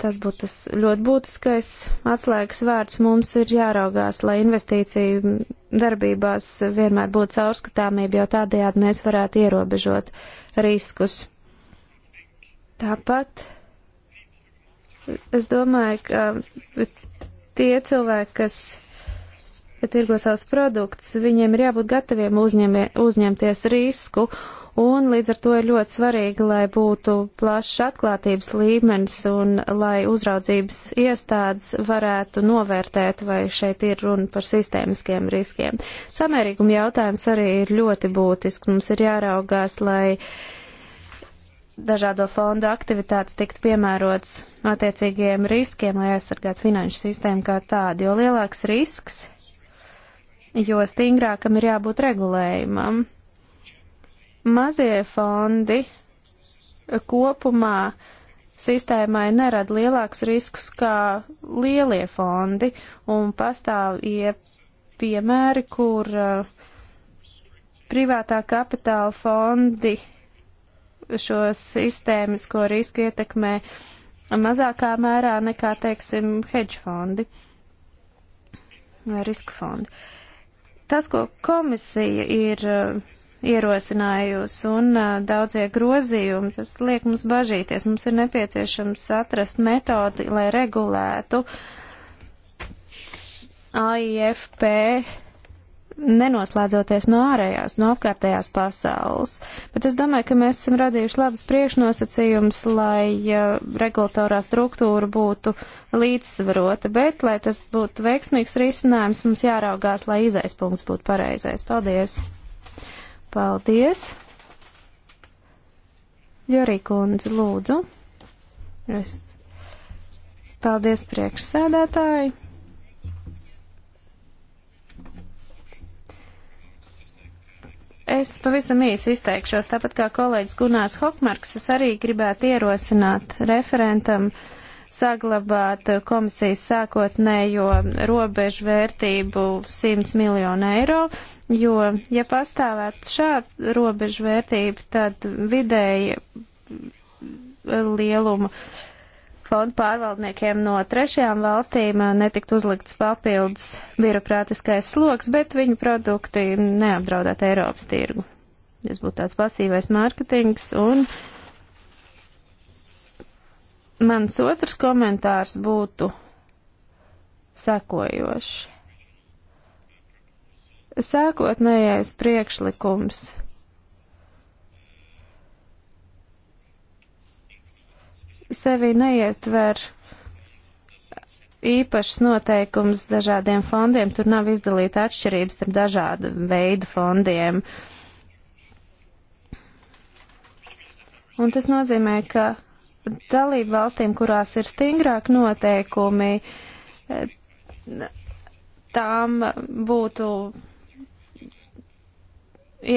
Tas būtu tas ļoti būtiskais atslēgas vārds. Mums ir jāraugās, lai investīciju darbībās vienmēr būtu caurskatāmība, jo tādējādi mēs varētu ierobežot riskus. Tāpat es domāju, ka tie cilvēki, kas ja tirgo savus produktus, viņiem ir jābūt gataviem uzņemie, uzņemties risku, un līdz ar to ir ļoti svarīgi, lai būtu plašs atklātības līmenis un lai uzraudzības iestādes varētu novērtēt, vai šeit ir runa par sistēmiskiem riskiem. Samērīguma jautājums arī ir ļoti būtisks. Mums ir jāraugās, lai dažādo fondu aktivitātes tiktu piemērots attiecīgiem riskiem, lai aizsargātu finanšu sistēmu kā tādu, jo lielāks risks jo stingrākam ir jābūt regulējumam. Mazie fondi kopumā sistēmai nerada lielākus riskus kā lielie fondi, un pastāv piemēri, kur uh, privātā kapitāla fondi šo sistēmisko risku ietekmē mazākā mērā nekā, teiksim, hedge fondi vai riska fondi. Uh, Tas, ko komisija ir eh, ierosinājusi un eh, daudzie grozījumi, tas liek mums bažīties. Mums ir nepieciešams atrast metodi, lai regulētu AIFP nenoslēdzoties no ārējās, no apkārtējās pasaules. Bet es domāju, ka mēs esam radījuši labas priekšnosacījumus, lai uh, regulatorā struktūra būtu līdzsvarota, bet, lai tas būtu veiksmīgs risinājums, mums jāraugās, lai izaispunkts būtu pareizais. Paldies! Paldies! Jorī kundze, lūdzu. Es... Paldies priekšsēdētāji! Es pavisam īsi izteikšos, tāpat kā kolēģis Gunārs Hokmarks, es arī gribētu ierosināt referentam saglabāt komisijas sākotnējo robežu vērtību 100 miljonu eiro, jo, ja pastāvētu šāda robežu vērtība, tad vidēji lieluma uh, fondu pārvaldniekiem no trešajām valstīm eh, netikt uzlikts papildus birokrātiskais sloks, bet viņu produkti neapdraudētu Eiropas tirgu. Tas būtu tāds pasīvais mārketings. Un mans otrs komentārs būtu sekojošs. Sākotnējais priekšlikums sevi neietver īpašs noteikums dažādiem fondiem, tur nav izdalīta atšķirības starp dažādu veidu fondiem. Un tas nozīmē, ka dalību valstīm, kurās ir stingrāk noteikumi, tām būtu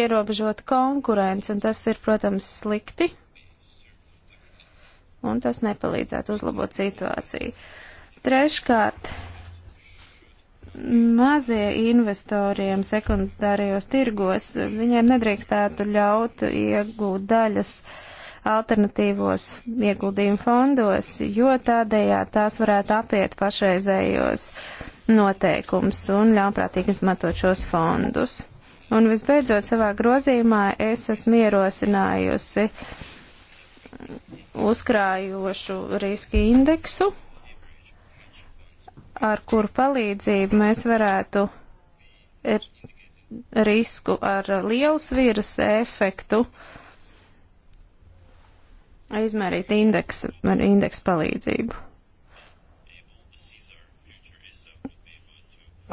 ierobežota konkurence, un tas ir, protams, slikti un tas nepalīdzētu uzlabot situāciju. Treškārt, mazie investoriem sekundārajos tirgos, viņiem nedrīkstētu ļaut iegūt daļas alternatīvos ieguldījumu fondos, jo tādējā tās varētu apiet pašreizējos noteikums un ļaunprātīgi izmantot šos fondus. Un visbeidzot, savā grozījumā es esmu ierosinājusi uzkrājošu riski indeksu, ar kuru palīdzību mēs varētu er, risku ar lielu svīras efektu izmērīt indeksu, ar indeksu palīdzību.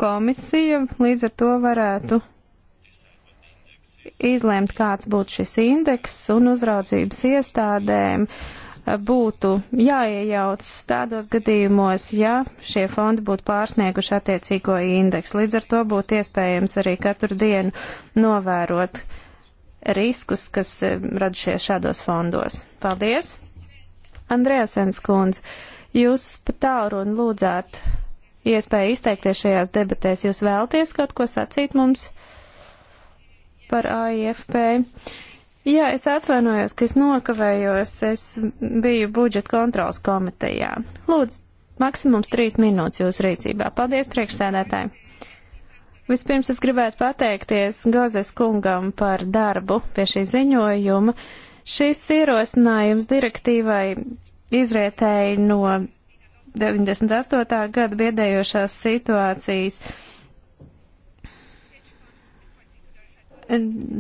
Komisija līdz ar to varētu. Mm izlēmt, kāds būtu šis indeks, un uzraudzības iestādēm būtu jāiejauc tādos gadījumos, ja šie fondi būtu pārsnieguši attiecīgo indeksu. Līdz ar to būtu iespējams arī katru dienu novērot riskus, kas eh, radušies šādos fondos. Paldies! Andrēsens kundze, jūs pa tālu un lūdzāt iespēju izteikties šajās debatēs. Jūs vēlties kaut ko sacīt mums? Uh, par AIFP. Jā, es atvainojos, ka es nokavējos, es biju budžeta kontrols komitejā. Lūdzu, maksimums trīs minūtes jūsu rīcībā. Paldies, priekšsēdētāji! Vispirms es gribētu pateikties Gozes kungam par darbu pie šī ziņojuma. Šis ierosinājums direktīvai izrietēja no 98. gada biedējošās situācijas. Uh,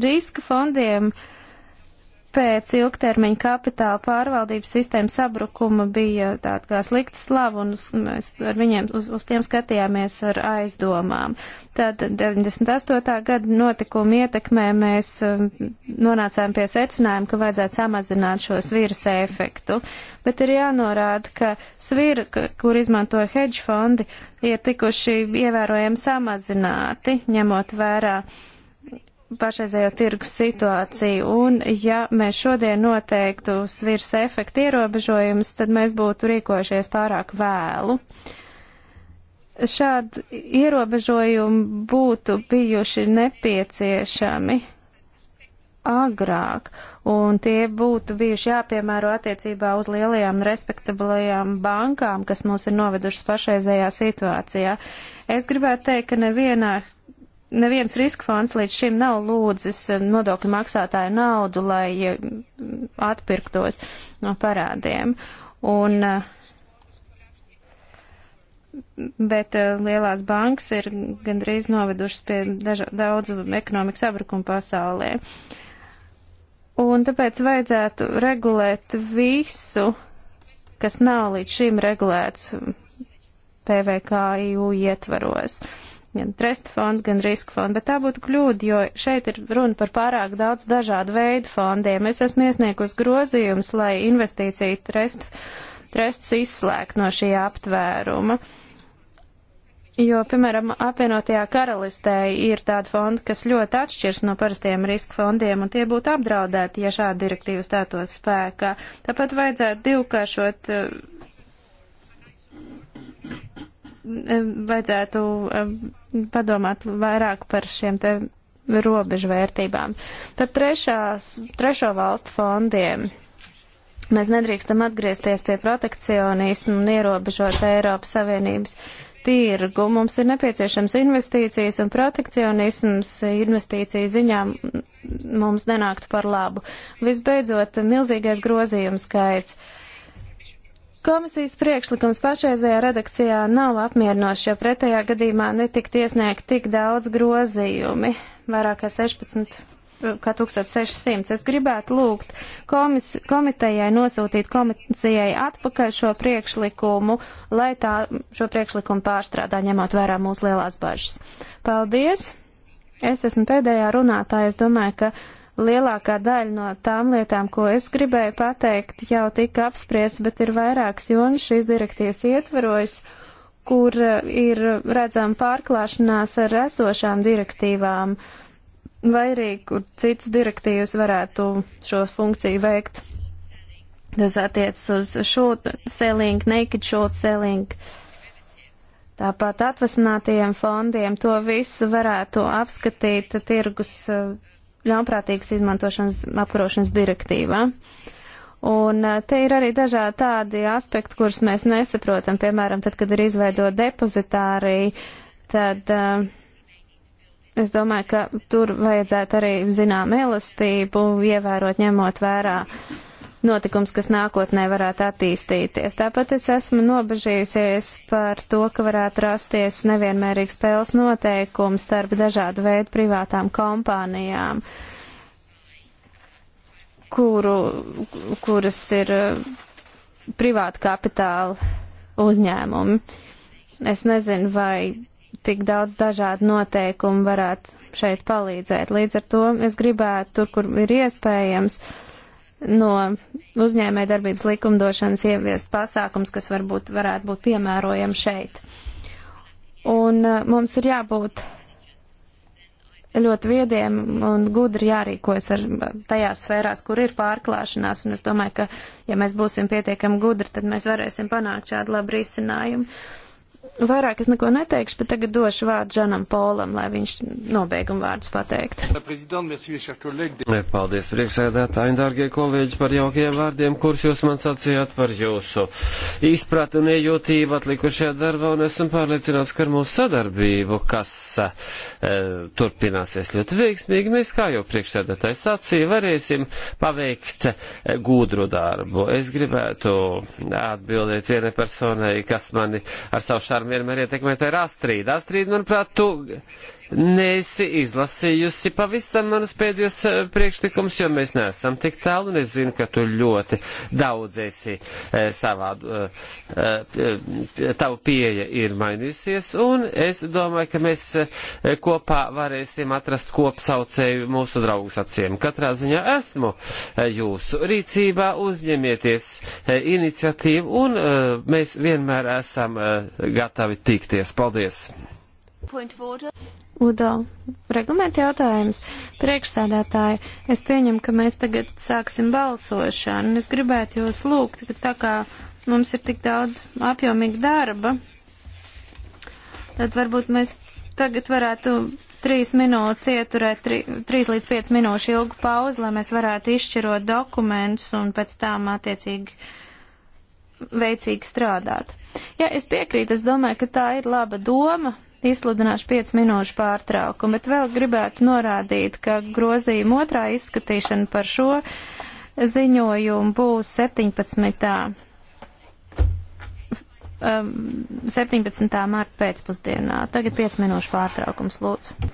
riska fondiem pēc ilgtermiņa kapitāla pārvaldības sistēmas sabrukuma bija tāda kā slikta slava, un mēs ar viņiem, uz, uz tiem skatījāmies ar aizdomām. Tad 98. gada notikuma ietekmē mēs um, nonācām pie secinājuma, ka vajadzētu samazināt šo sviras efektu. Bet ir jānorāda, ka svira, kur izmantoja hedge fondi, ir tikuši ievērojami samazināti, ņemot vērā uh, pašreizējo tirgus situāciju. Un ja mēs šodien noteiktu svirs efektu ierobežojumus, tad mēs būtu rīkojušies pārāk vēlu. Šādi ierobežojumi būtu bijuši nepieciešami agrāk, un tie būtu bijuši jāpiemēro attiecībā uz lielajām respektabilajām bankām, kas mūs ir novedušas pašreizējā situācijā. Es gribētu teikt, ka nevienā neviens riska fonds līdz šim nav lūdzis eh, nodokļu maksātāju naudu, lai eh, atpirktos no parādiem. Un, eh, bet lielās bankas ir gandrīz novedušas pie daža, daudzu ekonomikas sabrukumu pasaulē. Un tāpēc vajadzētu regulēt visu, kas nav līdz šim regulēts PVKIU ietvaros. Uh, gan trust fondu, gan riska fondu, bet tā būtu kļūda, jo šeit ir runa par pārāk daudz dažādu veidu fondiem. Es esmu iesniegus grozījums, lai investīcija trust, trusts izslēgt no šī aptvēruma. Jo, piemēram, apvienotajā karalistē ir tāda fonda, kas ļoti atšķirs no parastiem riska fondiem, un tie būtu apdraudēti, ja šāda direktīva stātos spēkā. Tāpat vajadzētu divkāršot vajadzētu padomāt vairāk par šiem te robežvērtībām. Par trešās, trešo valstu fondiem. Mēs nedrīkstam atgriezties pie protekcionismu un ierobežot Eiropas Savienības tirgu. Mums ir nepieciešams investīcijas un protekcionisms investīciju ziņā mums nenāktu par labu. Visbeidzot, milzīgais grozījums skaits. Uh, Komisijas priekšlikums pašreizajā redakcijā nav apmierinošs, jo pretējā gadījumā netikt iesniegt tik daudz grozījumi, vairāk kā 16, kā 1600. Es gribētu lūgt komis, komitejai nosūtīt komisijai atpakaļ šo priekšlikumu, lai tā šo priekšlikumu pārstrādā, ņemot vērā mūsu lielās bažas. Paldies! Es esmu pēdējā runātāja, es domāju, ka lielākā daļa no tām lietām, ko es gribēju pateikt, jau tika apspriests, bet ir vairākas jomas šīs direktīvas ietverojas, kur eh, ir redzama pārklāšanās ar esošām direktīvām, vai arī, kur citas direktīvas varētu šo funkciju veikt. Tas attiecas uz short selling, naked short selling, tāpat atvasinātajiem fondiem. To visu varētu apskatīt tirgus uh, ļaunprātīgas izmantošanas apkarošanas direktīvā. Un eh, te ir arī dažādi tādi aspekti, kurus mēs nesaprotam. Piemēram, tad, kad ir izveidota depozitārija, tad uh, es domāju, ka tur vajadzētu arī zinām elastību, ievērot ņemot vērā uh, notikums, kas nākotnē varētu attīstīties. Tāpat es esmu nobežījusies par to, ka varētu rasties nevienmērīgs spēles noteikums starp dažādu veidu privātām kompānijām, kuru, kuras ir eh, privāta kapitāla uzņēmumi. Es nezinu, vai tik daudz dažādu noteikumu varētu šeit palīdzēt. Līdz ar to es gribētu tur, kur ir iespējams, uh, no uzņēmē darbības likumdošanas ieviest pasākums, kas varbūt varētu būt piemērojami šeit. Un uh, mums ir jābūt ļoti viediem un gudri jārīkojas ar tajās sfērās, kur ir pārklāšanās, un es domāju, ka, ja mēs būsim pietiekami gudri, tad mēs varēsim panākt šādu labu risinājumu. Vairāk es neko neteikšu, bet tagad došu vārdu Žanam Polam, lai viņš nobeigumu vārdus pateiktu. Paldies, priekšsēdētāji, dārgie kolēģi, par jaukajiem vārdiem, kurus jūs man sacījāt par jūsu izpratu un iejūtību atlikušajā darbā, un esam pārliecināts, ka ar mūsu sadarbību, kas e, turpināsies ļoti veiksmīgi, mēs, kā jau priekšsēdētājs sacīja, varēsim paveikt e, gudru darbu. Es gribētu atbildēt vienai personai, kas mani ar savu šarmu vienmēr ietekmēt, ir Astrīda. Astrīda, manuprāt, tu nesi izlasījusi pavisam manus pēdējos eh, priekšlikumus, jo mēs neesam tik tālu, un es zinu, ka tu ļoti daudz esi eh, savā, eh, tavu pieeja ir mainījusies, un es domāju, ka mēs kopā varēsim atrast kopsaucēju mūsu draugus acīm. Katrā ziņā esmu jūsu rīcībā, uzņemieties iniciatīvu, un mēs vienmēr esam gatavi tikties. Paldies! Point of order. Udo, reglamenta jautājums. Priekšsādātāji, es pieņemu, ka mēs tagad sāksim balsošanu. Es gribētu jūs lūgt, ka tā kā mums ir tik daudz apjomīga darba, tad varbūt mēs tagad varētu trīs minūtes ieturēt, tri, trīs līdz piec minūšu ilgu pauzi, lai mēs varētu izšķirot dokumentus un pēc tām attiecīgi veicīgi strādāt. Jā, es piekrītu, es domāju, ka tā ir laba doma, izsludināšu 5 minūšu pārtraukumu, bet vēl gribētu norādīt, ka grozījuma otrā izskatīšana par šo ziņojumu būs 17. 17. Um, marta pēcpusdienā. Tagad 5 minūšu pārtraukums, lūdzu.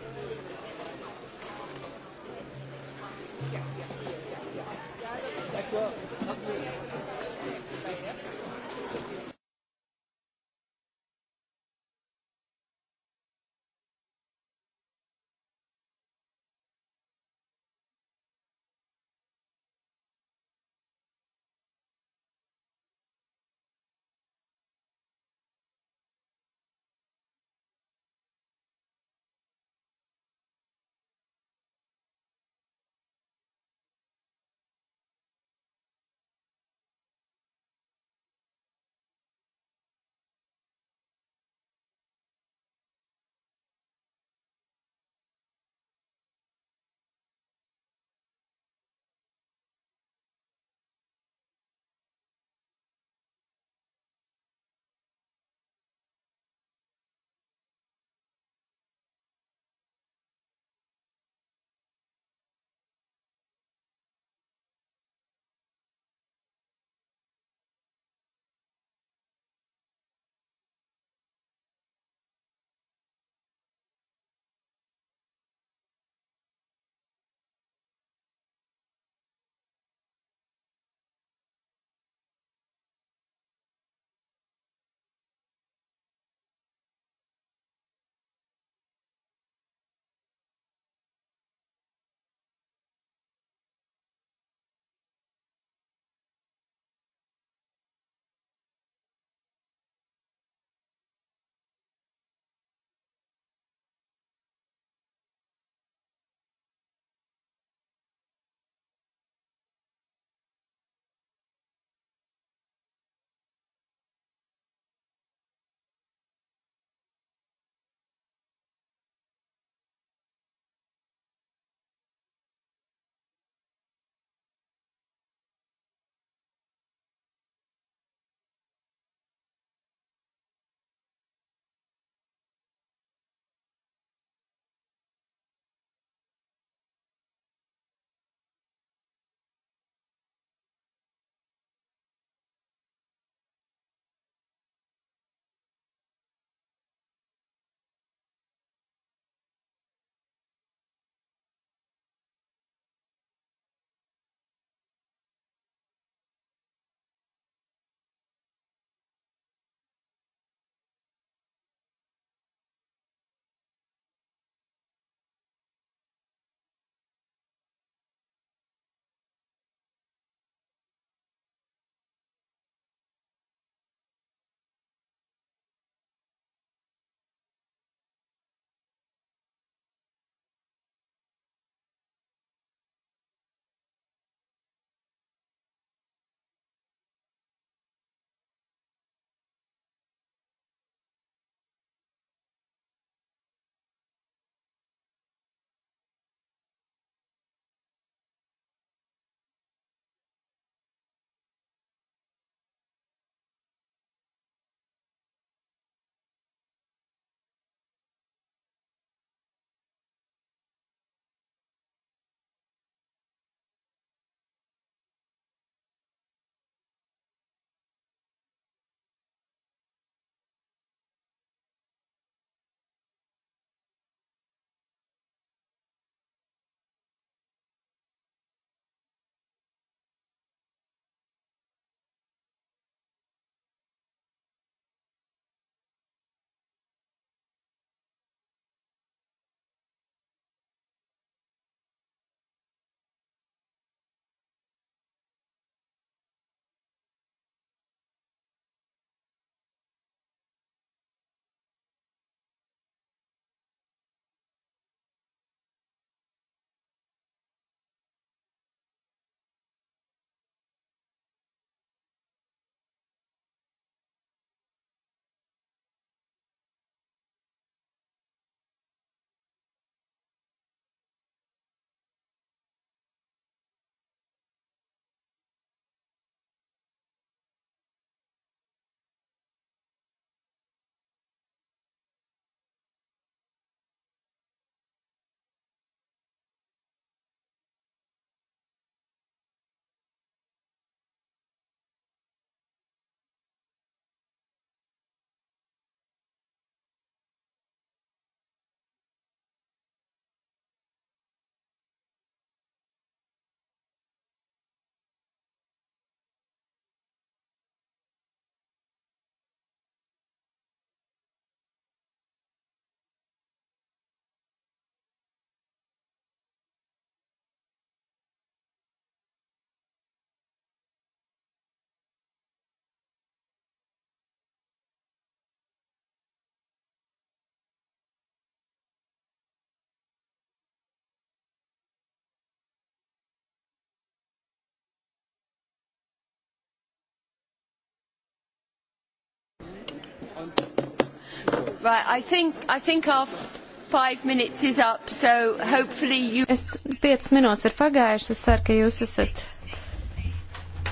Right, I think, I think our five minutes is up, so hopefully you... Es piecas minūtes ir pagājušas, es ceru, ka jūs esat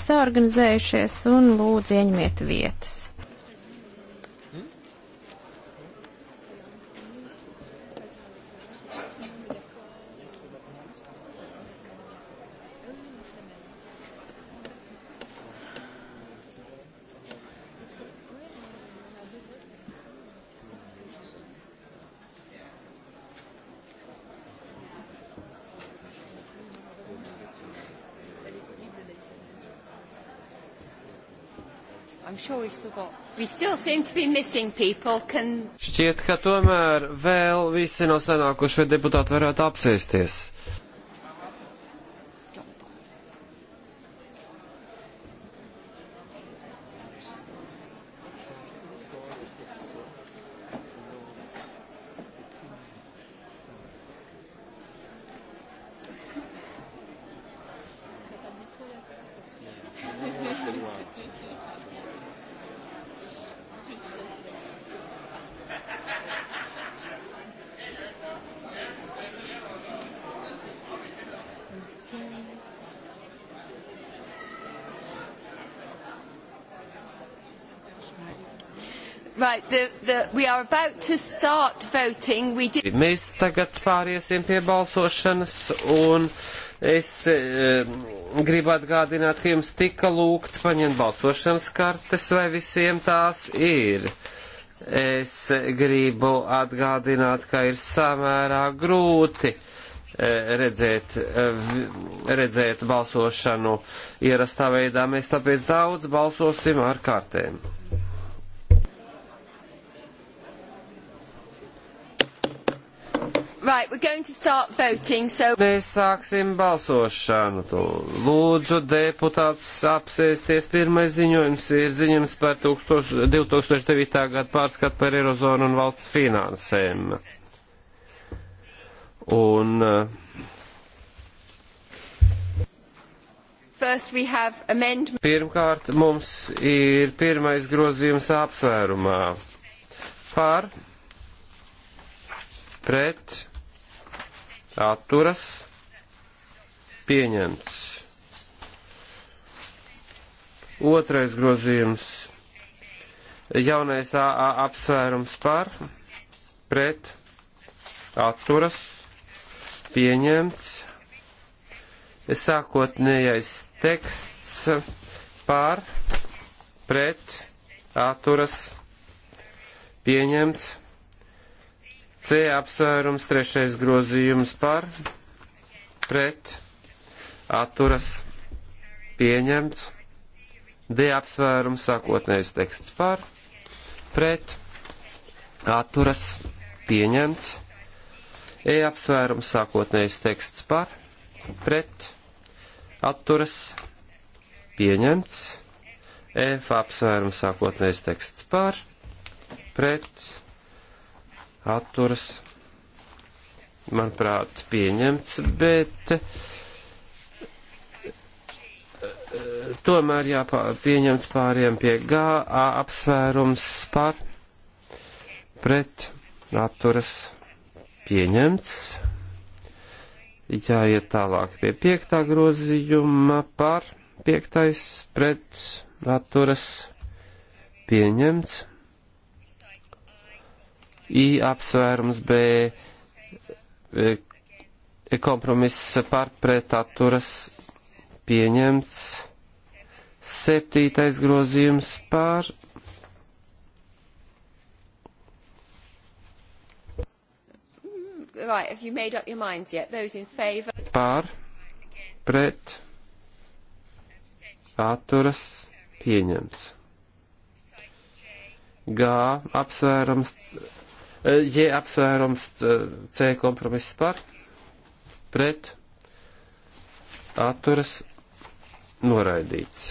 saorganizējušies un lūdzu ieņemiet vietas. Šķiet, ka tomēr vēl visi nav sanākuši, vai deputāti varētu apsēsties. Mēs tagad pāriesim pie balsošanas, un es e, gribu atgādināt, ka jums tika lūgts paņemt balsošanas kartes, vai visiem tās ir. Es gribu atgādināt, ka ir samērā grūti eh, redzēt, eh, redzēt balsošanu ierastā veidā. Mēs tāpēc daudz balsosim ar kartēm. Right, we're going to start voting, so... Mēs sāksim balsošanu. Lūdzu, deputāts apsēsties. Pirmais ziņojums ir ziņojums par 2000, 2009. gadu pārskatu par Eirozonu un valsts finansēm. Un... Eh, First we have amendment. Pirmkārt, mums ir pirmais grozījums apsvērumā. Par pret atturas pieņemts. Otrais grozījums jaunais AA apsvērums par, pret, atturas, pieņemts, sākotnējais teksts par, pret, atturas, pieņemts. C apsvērums, trešais grozījums par, pret, atturas, pieņemts. D apsvērums, sākotnējais teksts par, pret, atturas, pieņemts. E apsvērums, sākotnējais teksts par, pret, atturas, pieņemts. F apsvērums, sākotnējais teksts par, pret, atturas, pieņemts atturas, manuprāt, pieņemts, bet eh, tomēr jāpieņemts pāriem pie G, A apsvērums par pret atturas pieņemts. Jāiet tālāk pie piektā grozījuma par piektais pret atturas pieņemts. I apsvērums B e, e, kompromiss pārpret atturas pieņemts. Septītais grozījums pār. Right, have you made up your minds yet? Those in favour? Pār, pret, atturas, pieņems. G, apsvērams, J apsvērums C kompromiss par pret atturas noraidīts.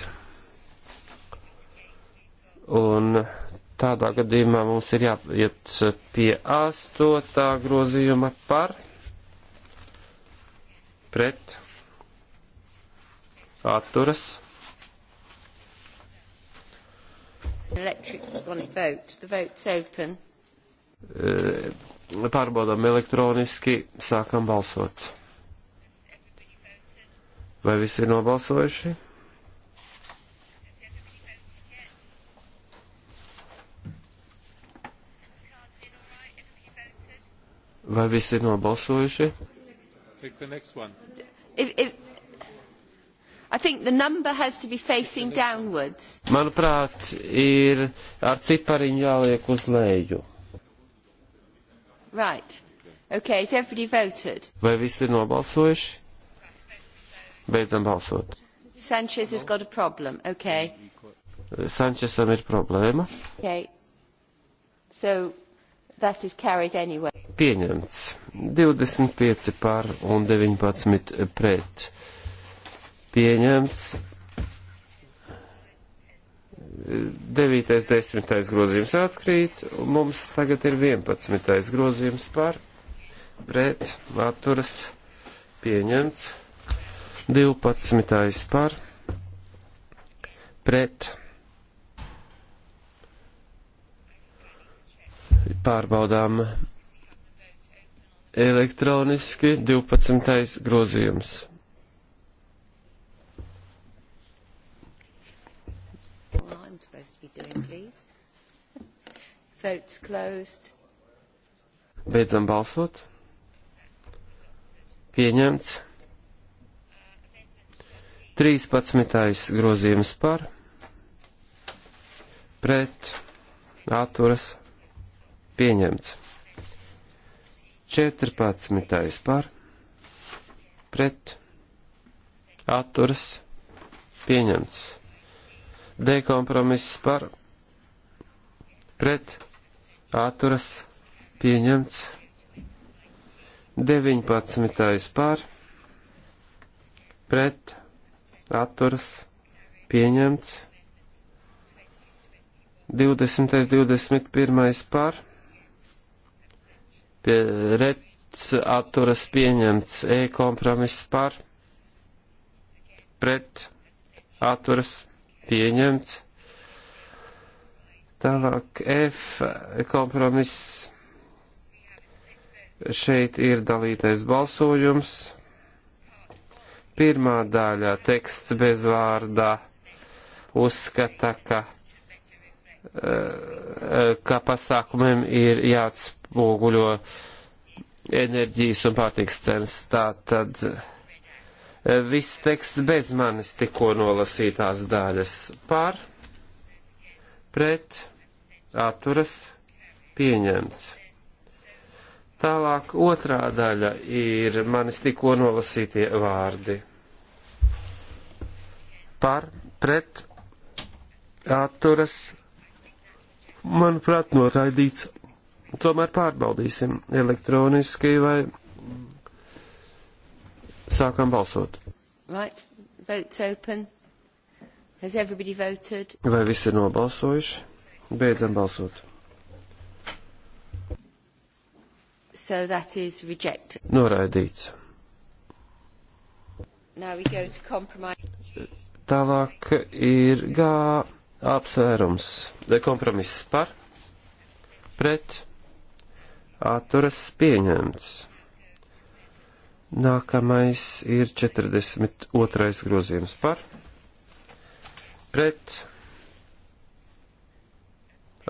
Un tādā gadījumā mums ir jāiet pie astotā grozījuma par pret atturas. Electric vote. The vote's open. Eh, pārbaudām elektroniski, sākam balsot. Vai visi ir nobalsojuši? Vai visi ir nobalsojuši? Take the next one. If, if, I think the number has to be facing downwards. Manuprāt, ir ar cipariņu jāliek uz leju. Right. Okay, has everybody voted? Vai visi ir nobalsojuši? Beidzam balsot. Sanchez has got a problem. Okay. Sančesam ir problēma. Okay. So that is carried anyway. Pieņemts. 25 par un 19 pret. Pieņemts. 9. 10. grozījums atkrīt, un mums tagad ir 11. grozījums par pret atturas pieņemts, 12. par pret pārbaudām elektroniski 12. grozījums. doing, please? Votes closed. Beidzam balsot. Pieņemts. 13. grozījums par, pret, atturas, pieņemts. 14. par, pret, atturas, pieņemts. D kompromiss par pret atturas pieņemts 19. par pret atturas pieņemts 20. 21. par pret atturas pieņemts E kompromiss par pret atturas pieņemts pieņemts. Tālāk F kompromiss. Šeit ir dalītais balsojums. Pirmā daļā teksts bez vārdā uzskata, ka eh, ka pasākumiem ir jāatspoguļo enerģijas un pārtiks cenas. Tā tad viss teksts bez manis tikko nolasītās daļas par, pret, atturas, pieņemts. Tālāk otrā daļa ir manis tikko nolasītie vārdi. Par, pret, atturas, manuprāt, noraidīts. Tomēr pārbaudīsim elektroniski vai Sākam balsot. Right. Votes open. Has everybody voted? Vai visi ir nobalsojuši? Beidzam balsot. So that is rejected. Noraidīts. Now we go to compromise. Tālāk ir gā apsvērums. Kompromiss par, pret, atturas pieņemts. Nākamais ir 42. grozījums par pret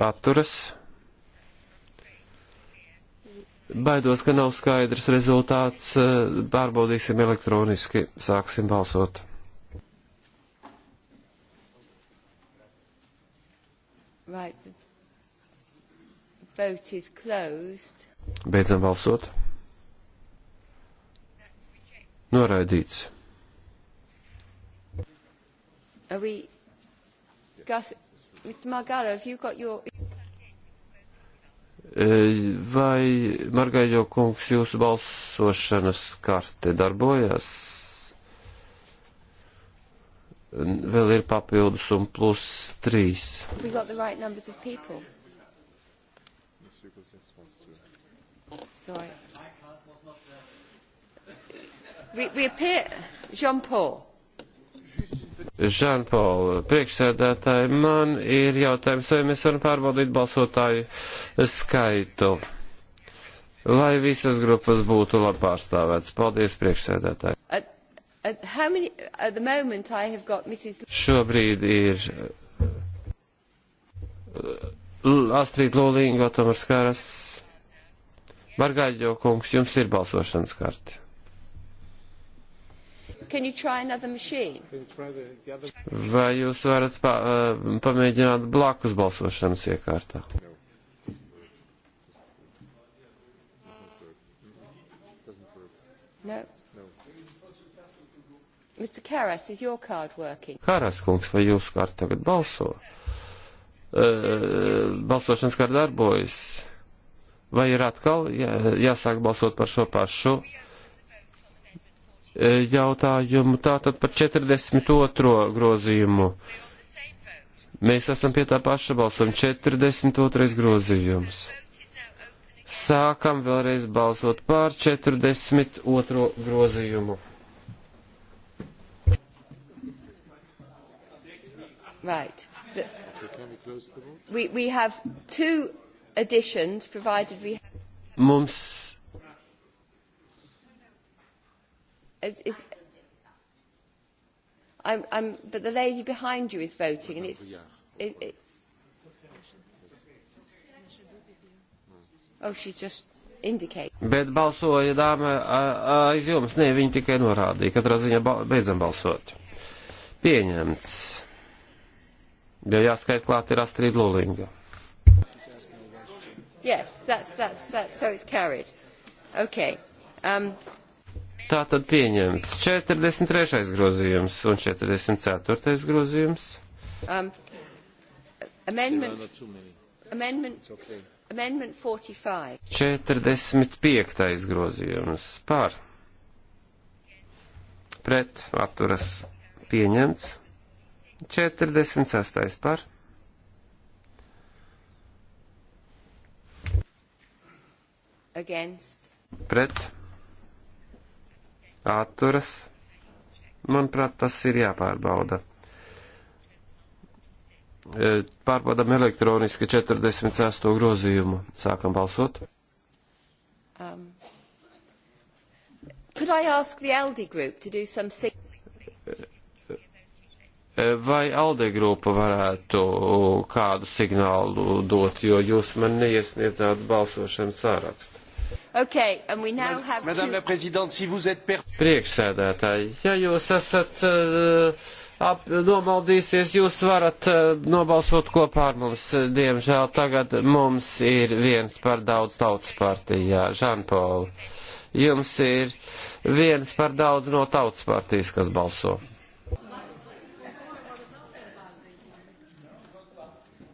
atturas. Baidos, ka nav skaidrs rezultāts. Pārbaudīsim elektroniski. Sāksim balsot. Right. Beidzam balsot. Noraidīts. We... Gus... Margalo, your... E, vai Margaļo kungs jūsu balsošanas karte darbojas? Vēl ir papildus un plus trīs. Right Sorry. We, we appear... Jean-Paul. Žanpola priekšsēdētāji, man ir jautājums, vai mēs varam pārbaudīt balsotāju skaitu, lai visas grupas būtu labi pārstāvētas. Paldies, priekšsēdētāji. At, at many, Mrs... Šobrīd ir uh, Astrid Lolīnga, Tomars Kāras, Margaļo kungs, jums ir balsošanas karti. Vai jūs varat pa, eh, pamēģināt blakus balsošanas iekārtā? No. Mr. Karas, is your card working? Karas kungs, vai jūsu kārta tagad balso? Uh, balsošanas kārta darbojas. Vai ir atkal jā, jāsāk balsot par šo pašu? Jā. E, jautājumu, tātad par 42. grozījumu. Mēs esam pie tā paša balsojuma, 42. grozījums. Sākam vēlreiz balsot pār 42. grozījumu. Right. The, we, we have two additions provided we have. Mums Is, is, I'm, I'm, but the lady behind you is voting, and it's. It, it, oh, she's just indicating. Bet balsoja dāma aiz jums. Nē, viņa tikai norādīja. Katrā ziņā beidzam balsot. Pieņemts. Jo jāskait klāt ir Astrid Lulinga. Yes, that's, that's, that's, so it's carried. Okay. Um, Tā tad pieņemts 43. grozījums un 44. grozījums. Um, amendment, amendment, amendment 45. 45. grozījums par pret atturas pieņemts 46. par. Against. Pret atturas. Manuprāt, tas ir jāpārbauda. E, Pārbaudam elektroniski 48 grozījumu. Sākam balsot. Um, could I ask the ALDE group to do some e, Vai ALDE grupa varētu kādu signālu dot, jo jūs man neiesniedzāt balsošanas sārakstu? Okay, Madame to... la Présidente, si vous êtes per... Priekšsēdētāji, ja jūs esat uh, ap, nomaldīsies, jūs varat uh, nobalsot kopā ar mums. Diemžēl tagad mums ir viens par daudz tautas partijā. Žanpola, jums ir viens par daudz no tautas partijas, kas balso.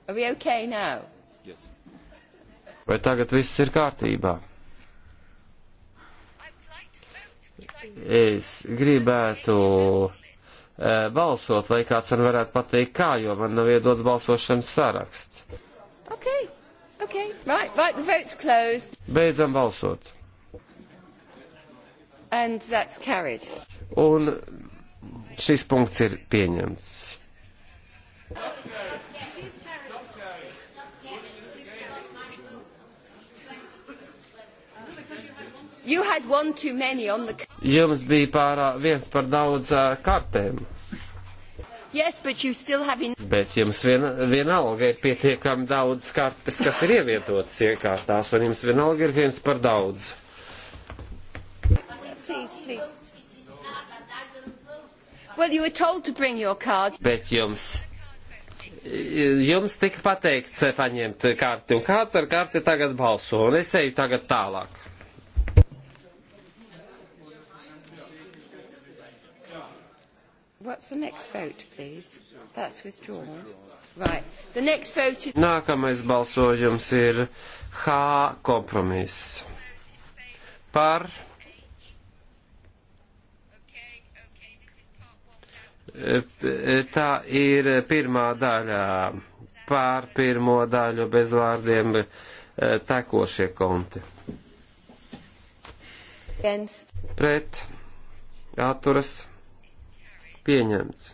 Okay yes. Vai tagad viss ir kārtībā? Es gribētu eh, balsot, vai kāds man varētu pateikt, kā, jo man nav iedots balsošanas saraksts. Okay. Okay. Right. Right. The vote's closed. Beidzam balsot. And that's carried. Un šis punkts ir pieņemts. Okay. The... Jums bija pārā viens par daudz uh, kartēm. Yes, in... Bet jums vien, vienalga ir pietiekami daudz kartes, kas ir ievietotas iekārtās, un jums vienalga ir viens par daudz. Please, please. Well, you were told to bring your card. Bet jums, jums tika pateikts paņemt karti, un kāds ar karti tagad balso, un es eju tagad tālāk. What's the next vote, please? That's withdrawal. Right. The next vote is... Nākamais balsojums ir H kompromiss. Par. Tā ir pirmā daļā. Pār pirmo daļu bez vārdiem eh, tekošie konti. Pret. Atturas pieņemts.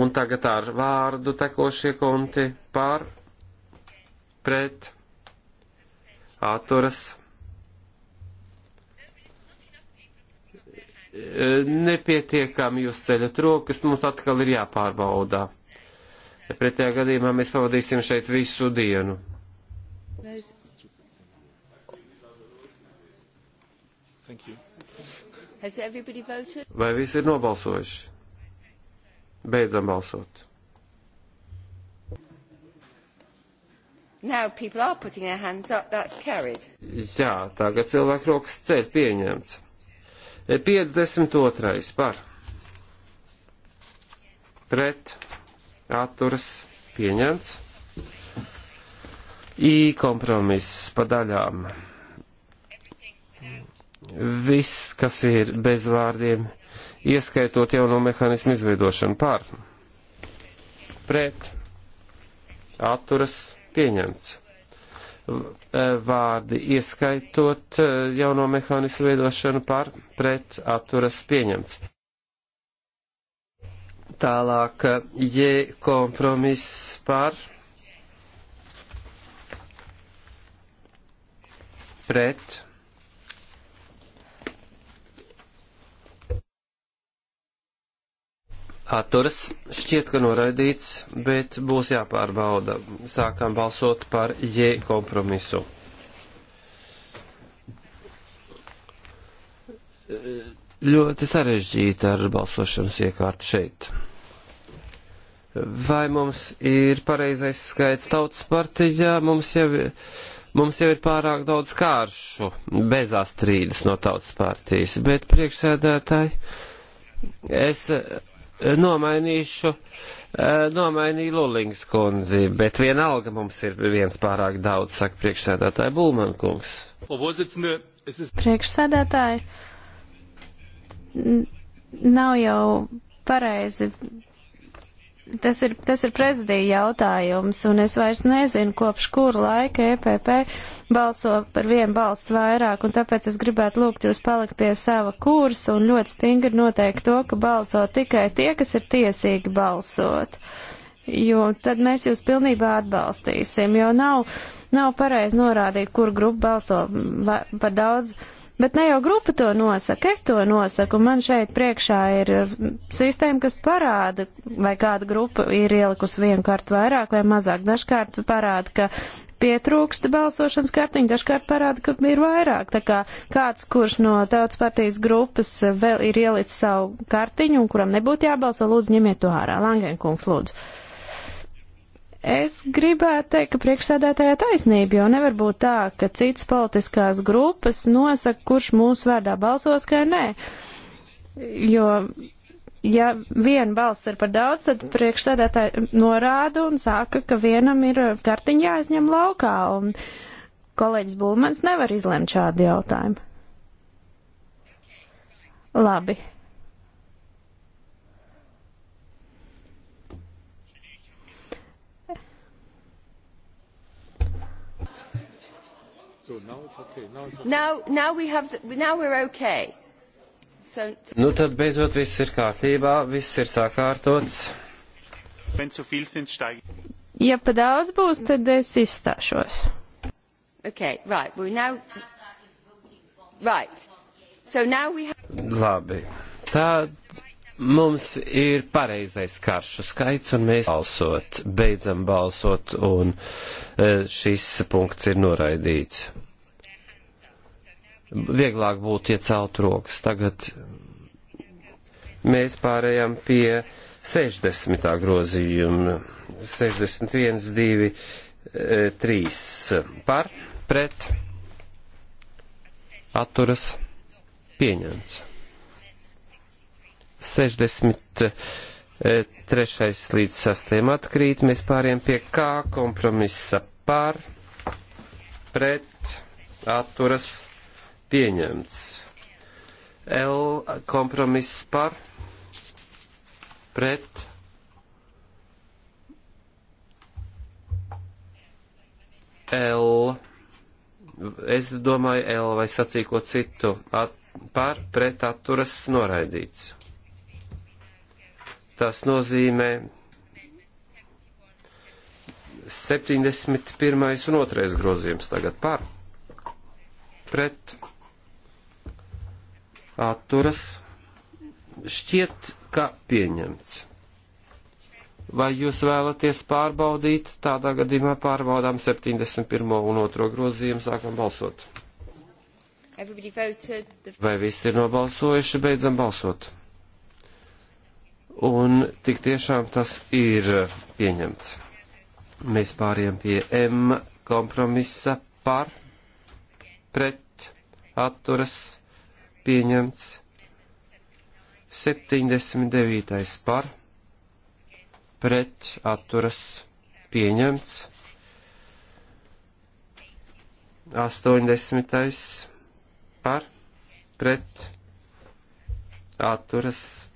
Un tagad ar vārdu tekošie konti pār, pret, atturas. E, Nepietiekami jūs ceļat rokas, mums atkal ir jāpārbaudā. E, pretējā gadījumā mēs pavadīsim šeit visu dienu. Mēs Vai visi ir nobalsojuši? Beidzam balsot. Now people are putting their hands up, that's carried. Jā, tagad cilvēku rokas ceļ pieņemts. 52. E, par. Pret. Atturas pieņemts. I kompromiss pa daļām viss, kas ir bez vārdiem, ieskaitot jauno mehānismu izveidošanu pār. Pret. Atturas pieņemts. E, vārdi ieskaitot e, jauno mehānismu veidošanu pār. Pret. Atturas pieņemts. Tālāk, e, ja kompromiss pār. Pret atturas šķiet, ka noraidīts, bet būs jāpārbauda. Sākām balsot par J kompromisu. Ļoti sarežģīta ar balsošanas iekārtu šeit. Vai mums ir pareizais skaits tautas partijā? Mums jau, mums jau ir pārāk daudz kāršu bez astrīdas no tautas partijas, bet priekšsēdētāji, es Eh, nomainīšu, eh, nomainīju Lulings kundzi, bet vienalga mums ir viens pārāk daudz, saka priekšsēdētāja Bulman kungs. Priekšsēdētāji, nav jau pareizi tas ir, tas ir prezidija jautājums, un es vairs nezinu, kopš kura laika EPP balso par vienu balstu vairāk, un tāpēc es gribētu lūgt jūs palikt pie sava kursa un ļoti stingri noteikt to, ka balso tikai tie, kas ir tiesīgi balsot. Jo tad mēs jūs pilnībā atbalstīsim, jo nav, nav pareizi norādīt, kur grupa balso par daudz Bet ne jau grupa to nosaka, es to nosaku, un man šeit priekšā ir eh, sistēma, kas parāda, vai kāda grupa ir ielikusi vienu kartu vairāk vai mazāk. Dažkārt parāda, ka pietrūkst balsošanas kartiņa, dažkārt parāda, ka ir vairāk. Tā kā kāds, kurš no tautas partijas grupas eh, vēl ir ielicis savu kartiņu un kuram nebūtu jābalso, lūdzu ņemiet to ārā. Langenkungs, lūdzu. Es gribētu teikt, ka priekšsēdētājā taisnība, jo nevar būt tā, ka citas politiskās grupas nosaka, kurš mūsu vārdā balsos, ka nē. Jo, ja viena balss ir par daudz, tad priekšsēdētāji norāda un saka, ka vienam ir kartiņa jāizņem laukā, un kolēģis Bulmans nevar izlemt šādu jautājumu. Labi. So now it's okay. Now it's okay. Now, now we have the, now we're okay. So... Nu tad beidzot viss ir kārtībā, viss ir sakārtots. Ja pa daudz būs, tad es izstāšos. Okay, right. We now... right. So now we have... Labi. Tad Mums ir pareizais karšu skaits, un mēs balsot, beidzam balsot, un e, šis punkts ir noraidīts. Vieglāk būtu iecelt rokas. Tagad mēs pārējām pie 60. grozījuma. 61, 2, 3 par, pret, atturas, pieņemts. 63. līdz 6. atkrīt. Mēs pāriem pie K kompromisa par, pret, atturas, pieņemts. L kompromiss par, pret, L. Es domāju, L vai sacīko citu. At, par, pret, atturas, noraidīts. Tas nozīmē 71. un 2. grozījums tagad par pret atturas šķiet, ka pieņemts. Vai jūs vēlaties pārbaudīt? Tādā gadījumā pārbaudām 71. un 2. grozījumu, sākam balsot. Vai visi ir nobalsojuši, beidzam balsot? Un tik tiešām tas ir pieņemts. Mēs pāriem pie M kompromisa par, pret, atturas, pieņemts. 79. par, pret, atturas, pieņemts. 80. par, pret, atturas, pieņemts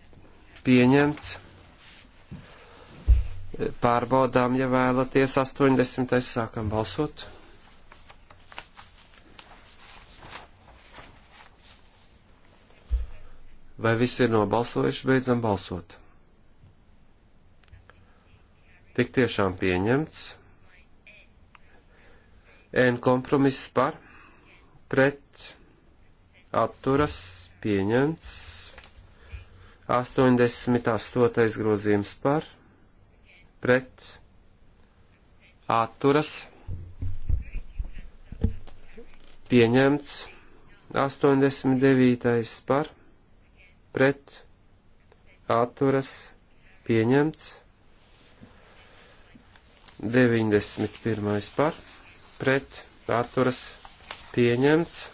pieņemts. Pārbaudām, ja vēlaties, 80. sākam balsot. Vai visi ir nobalsojuši, beidzam balsot? Tik tiešām pieņemts. N kompromiss par, pret, atturas, pieņemts. 88. grozījums par, pret, atturas, pieņemts, 89. par, pret, atturas, pieņemts, 91. par, pret, atturas, pieņemts,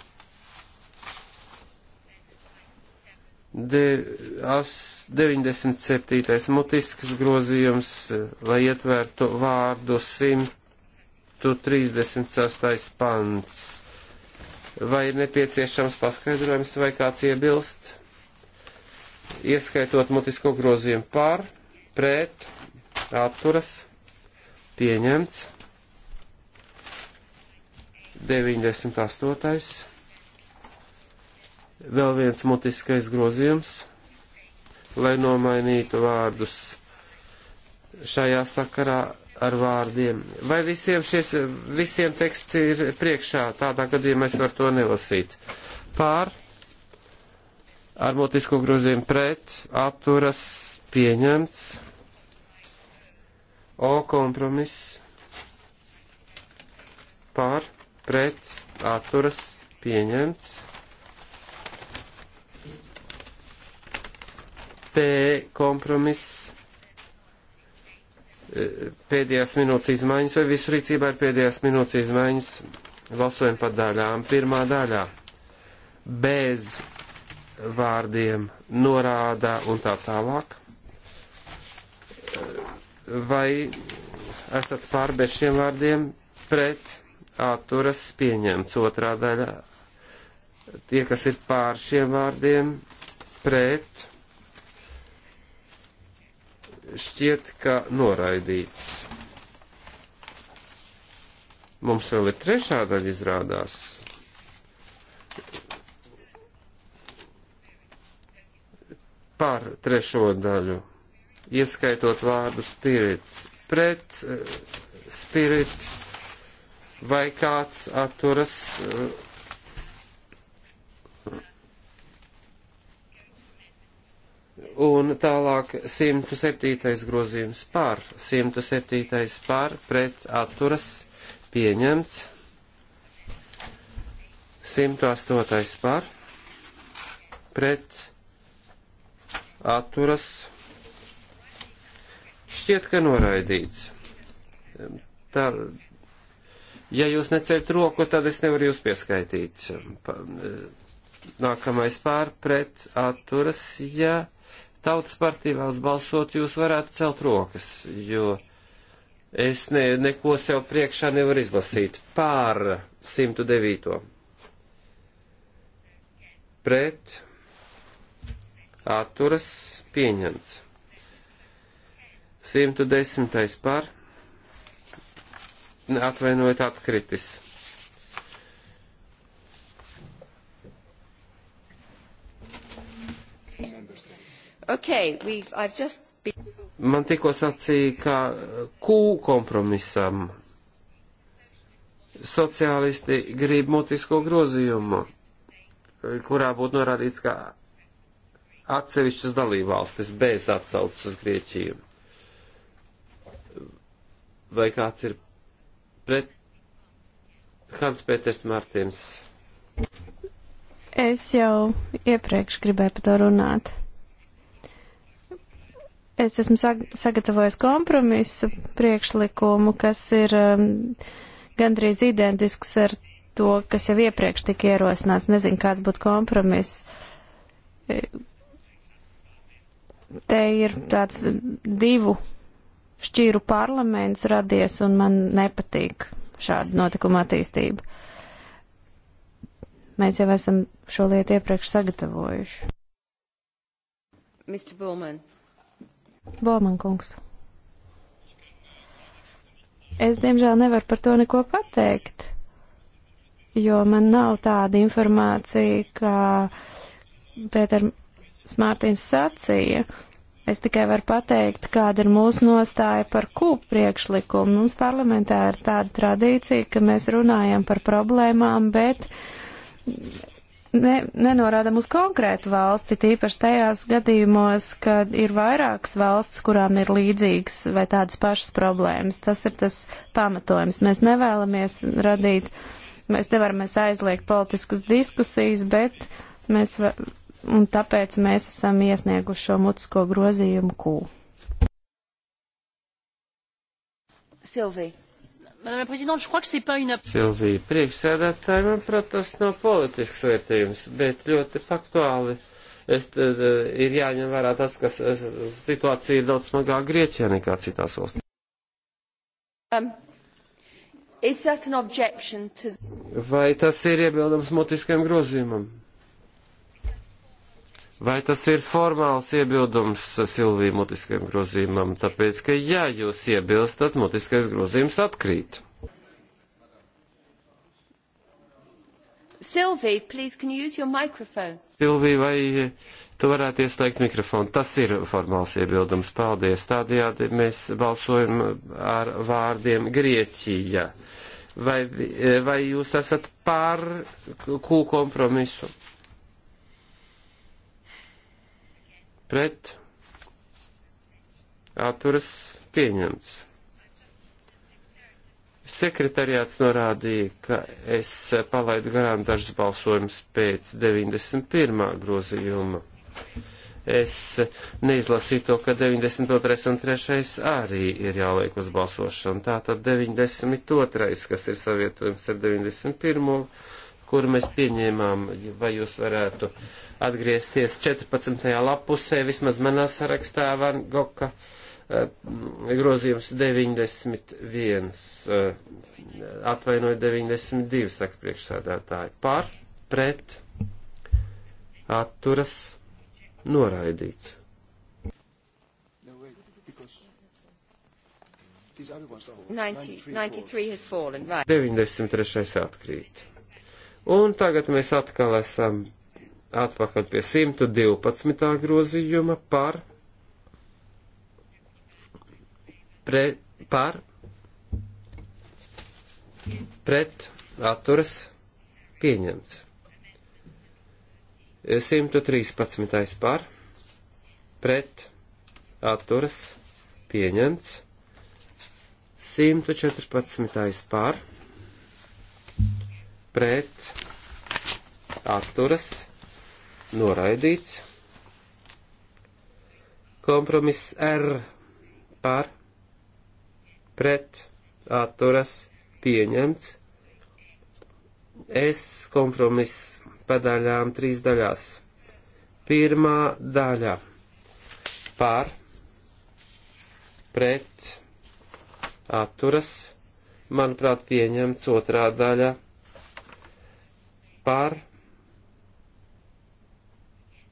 de, as, 97. mutisks grozījums, lai ietvērtu vārdu 136. pants. Vai ir nepieciešams paskaidrojums vai kāds iebilst? Ieskaitot mutisko grozījumu pār, pret, atturas, pieņemts. 98 vēl viens mutiskais grozījums, lai nomainītu vārdus šajā sakarā ar vārdiem. Vai visiem, šies, visiem teksts ir priekšā? Tādā gadījumā es varu to nelasīt. Pār ar mutisko grozījumu pret atturas pieņemts. O kompromiss pār pret atturas pieņemts. P kompromiss e, pēdējās minūtes izmaiņas, vai visu rīcībā ir pēdējās minūtes izmaiņas balsojam par daļām. Pirmā daļā bez vārdiem norāda un tā tālāk. E, vai esat pār bez šiem vārdiem pret atturas pieņemts otrā daļā? Tie, kas ir pār šiem vārdiem pret šķiet, ka noraidīts. Mums vēl ir trešā daļa izrādās. Par trešo daļu, ieskaitot vārdu spirits, pret eh, spirits, vai kāds atturas eh, Un tālāk 107. grozījums par, 107. par, pret atturas pieņemts, 108. par, pret atturas šķiet, ka noraidīts. Tā, ja jūs neceļat roku, tad es nevaru jūs pieskaitīt. Nākamais pār pret atturas, ja tautas partija vēlas balsot, jūs varētu celt rokas, jo es ne, neko sev priekšā nevaru izlasīt. Pār 109. Pret atturas pieņemts. 110. par atvainojiet atkritis. Okay, we've, I've just been... Man tikko sacīja, ka Q kompromisam sociālisti grib mutisko grozījumu, kurā būtu norādīts, ka atsevišķas dalībvalstis bez atsaucas uz Grieķiju. Vai kāds ir pret Hans Pēters Martins? Es jau iepriekš gribēju par to runāt es esmu sagatavojis kompromisu priekšlikumu, kas ir um, gandrīz identisks ar to, kas jau iepriekš tika ierosināts. Nezinu, kāds būtu kompromiss. E, te ir tāds divu šķīru parlaments radies, un man nepatīk šāda notikuma attīstība. Mēs jau esam šo lietu iepriekš sagatavojuši. Mr. Bullman. Bolman kungs. Es, diemžēl, nevaru par to neko pateikt, jo man nav tāda informācija, kā Pēter Smārtiņš sacīja. Es tikai varu pateikt, kāda ir mūsu nostāja par kūpu priekšlikumu. Mums parlamentā ir tāda tradīcija, ka mēs runājam par problēmām, bet ne, nenorādam uz konkrētu valsti, tīpaši tajās gadījumos, kad ir vairākas valsts, kurām ir līdzīgas vai tādas pašas problēmas. Tas ir tas pamatojums. Mēs nevēlamies radīt, mēs nevaramies aizliegt politiskas diskusijas, bet mēs, un tāpēc mēs esam iesnieguši šo mutisko grozījumu kū. Silvija. Madame la Présidente, je crois que c'est pas une... Silvija, priekšsēdētāji, manuprāt, tas nav politisks vērtējums, bet ļoti faktuāli. Es, t, t, ir jāņem vērā tas, ka situācija ir daudz smagāka Grieķijā nekā citās valstīs. Um, to... Vai tas ir iebildums motiskajam grozījumam? Vai tas ir formāls iebildums Silvija mutiskajam grozījumam? Tāpēc, ka ja jūs iebilstat, mutiskais grozījums atkrīt. Silvija, please, can you use your microphone? Silvija, vai tu varētu ieslēgt mikrofonu? Tas ir formāls iebildums. Paldies. Tādējādi mēs balsojam ar vārdiem Grieķija. Vai, vai jūs esat pār kū kompromisu? pret atturas pieņemts. Sekretariāts norādīja, ka es palaidu garām dažus balsojumus pēc 91. grozījuma. Es neizlasīju to, ka 92. un 3. arī ir jāliek uz balsošanu. Tātad 92. kas ir savietojums ar 91 kuru mēs pieņēmām, vai jūs varētu atgriezties 14. lapusē, vismaz manā sarakstā Van Goka eh, grozījums 91, atvainoja 92, saka priekšsādātāji, par, pret, atturas, noraidīts. These other ones 90, 93 has fallen, right. 93. atkrīt. Un tagad mēs atkal esam atpakaļ pie 112. grozījuma par, pre, par pret atturas pieņemts. 113. par pret atturas pieņemts. 114. par pret atturas noraidīts. Kompromiss R par pret atturas pieņemts. S kompromiss padaļām trīs daļās. Pirmā daļa par pret atturas, manuprāt, pieņemts otrā daļa par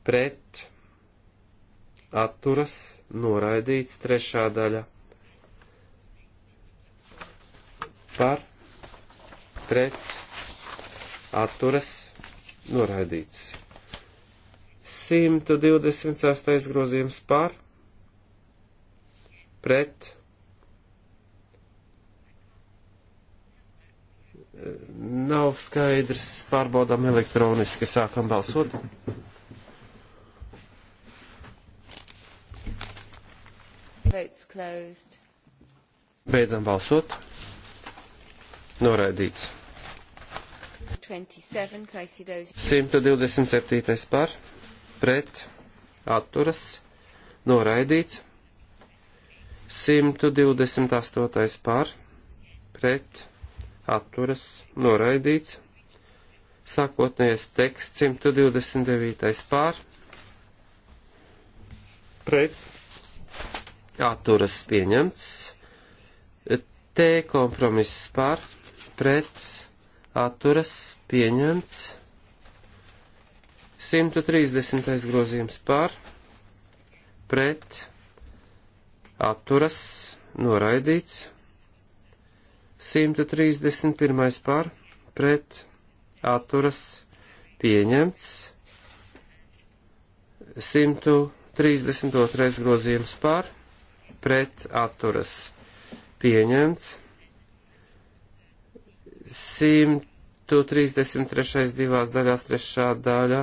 pret atturas noraidīts trešā daļa par pret atturas noraidīts. 126. grozījums par pret nav skaidrs, pārbaudām elektroniski, sākam balsot. Beidzam balsot. Noraidīts. 127. par, pret, atturas, noraidīts. 128. par, pret, atturas atturas noraidīts. Sākotnējais teksts 129. pār pret atturas pieņemts. T kompromiss pār pret atturas pieņemts. 130. grozījums pār pret atturas noraidīts. 131. par pret atturas pieņemts. 132. grozījums par pret atturas pieņemts. 133. divās daļās trešā daļa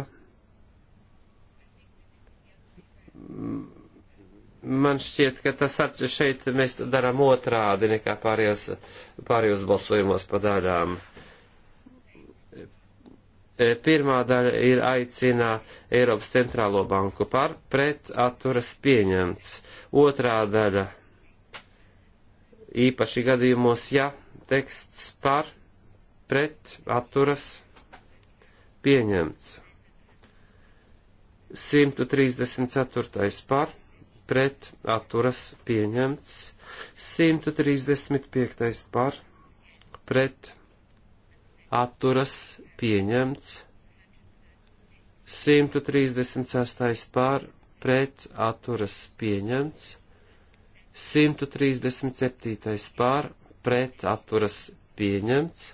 man šķiet, ka tas šeit mēs darām otrādi nekā pārējos, pārējos balsojumos pa daļām. E, pirmā daļa ir aicinā Eiropas centrālo banku par pret atturas pieņemts. Otrā daļa īpaši gadījumos, ja teksts par pret atturas pieņemts. 134. par pret atturas pieņemts, 135. par pret atturas pieņemts, 136. par pret atturas pieņemts, 137. par pret atturas pieņemts,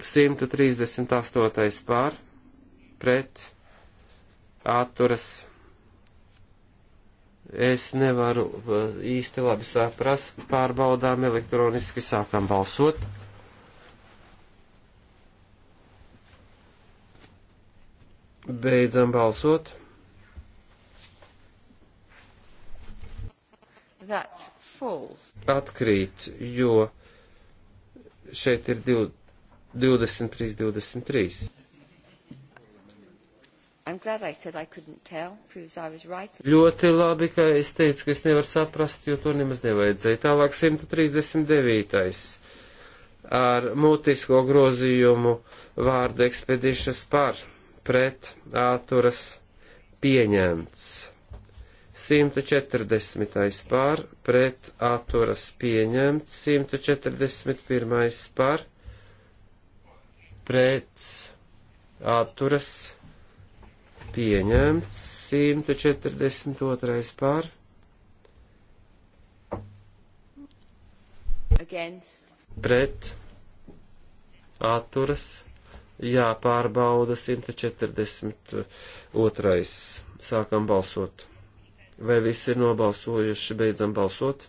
138. par pret atturas pieņemts Es nevaru uh, īsti labi saprast, pārbaudām elektroniski sākam balsot. Beidzam balsot. Atkrīt, jo šeit ir 23, 23. Ļoti labi, ka es teicu, ka es nevaru saprast, jo to nemaz nevajadzēja. Tālāk 139. ar mutisko grozījumu vārdu ekspedišas par pret āturas pieņemts. 140. pār pret atturas pieņemts, 141. pār pret atturas pieņemts 142. pār. Against. Pret. Atturas. Jāpārbauda 142. Sākam balsot. Vai visi ir nobalsojuši, beidzam balsot?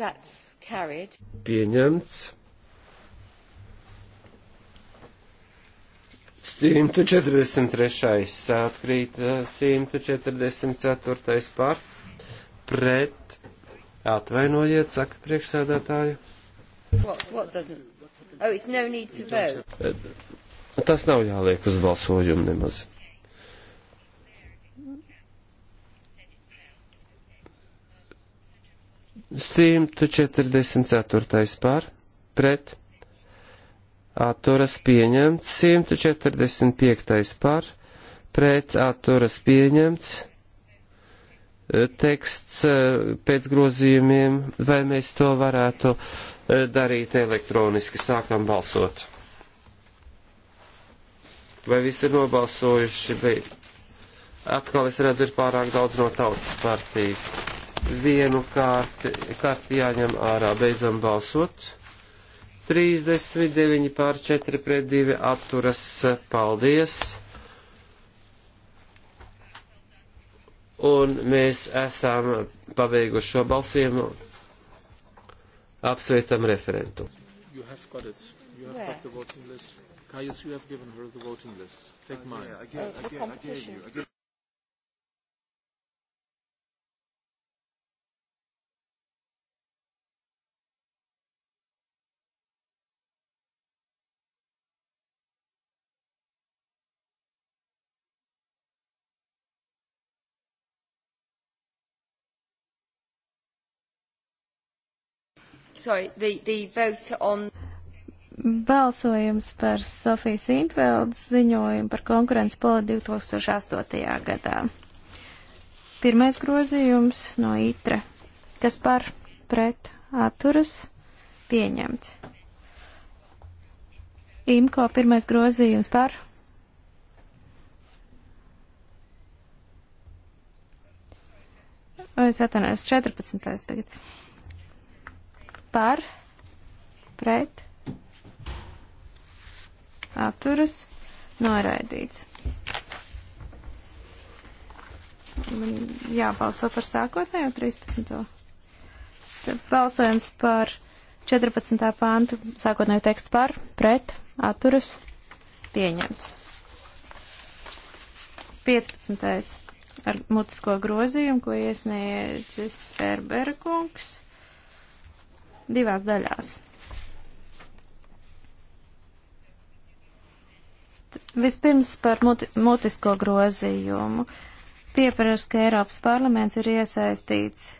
That's carried. Pieņemts. 143. atkrīt, 144. par, pret, atvainojiet, saka priekšsēdētāju. What, what oh, no Tas nav jāliek uz balsojumu nemaz. Simtu četrdesmit ceturtais pār, pret, atturas pieņemts, 145. par, pret atturas pieņemts, e, teksts e, pēc grozījumiem, vai mēs to varētu e, darīt elektroniski, sākam balsot. Vai visi ir nobalsojuši, vai atkal es redzu, ir pārāk daudz no tautas partijas. Vienu kārti, kārti jāņem ārā, beidzam balsot. 39 pār 4 pret 2 atturas. Paldies! Un mēs esam pabeiguši šo balsījumu. Apsveicam referentu. You have got it. You have got the voting list. Caius, you have given her the voting list. Take oh, mine. Uh, I gave, I gave, I gave you. I gave sorry, the, the vote on. Balsojums par Sofijas Intveldes ziņojumu par konkurences politiku 2008. gadā. Pirmais grozījums no ITRE, kas par pret atturas pieņemts. IMKO pirmais grozījums par Es atvainojos, 14. tagad par pret atturas noraidīts. Man jābalso par sākotnējo 13. Tad balsojums par 14. pāntu sākotnējo tekstu par pret atturas pieņemts. 15. ar mutisko grozījumu, ko iesniedzis Ferberkungs. kungs divās daļās. Vispirms par muti, mutisko grozījumu. Pieparast, ka Eiropas parlaments ir iesaistīts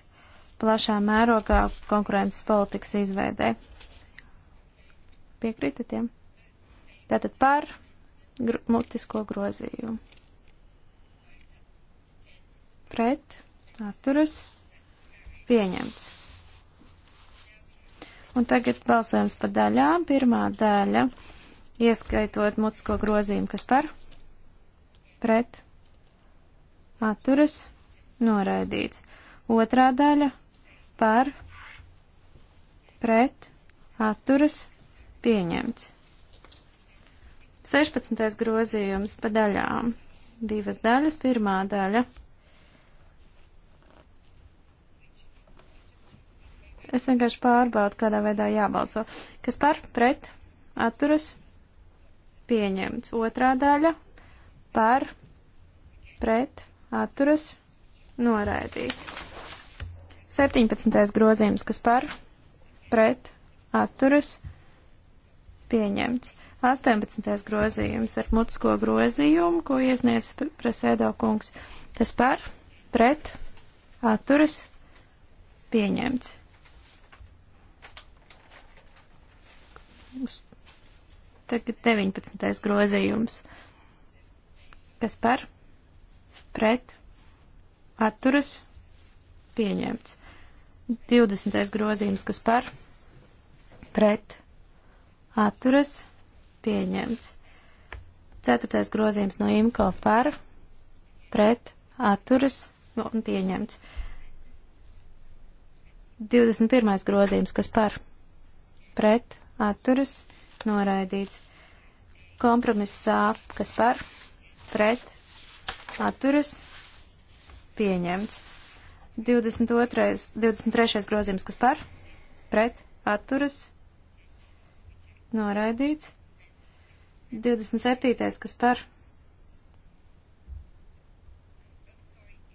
plašā mērogā konkurences politikas izveidē. Piekritatiem? Tātad par gr mutisko grozījumu. Pret, atturas, pieņemts. Un tagad balsojums pa daļām. Pirmā daļa, ieskaitot mutisko grozījumu, kas par, pret, atturas, noraidīts. Otrā daļa, par, pret, atturas, pieņemts. 16. grozījums pa daļām. Divas daļas, pirmā daļa Es vienkārši pārbaudu, kādā veidā jābalso. Kas par, pret, atturas, pieņemts. Otrā daļa par, pret, atturas, noraidīts. 17. grozījums, kas par, pret, atturas, pieņemts. 18. grozījums ar mutisko grozījumu, ko iesniedz presēdo kungs, kas par, pret, atturas, pieņemts. Uz tagad 19. grozījums. Kas par? Pret? Atturas? Pieņemts. 20. grozījums. Kas par? Pret? Atturas? Pieņemts. 4. grozījums no IMCO par? Pret? Atturas? Nu, un pieņemts. 21. grozījums. Kas par? Pret? atturas noraidīts. Kompromiss sāp, kas par, pret, atturas pieņemts. 22, 23. grozījums, kas par, pret, atturas noraidīts. 27. kas par,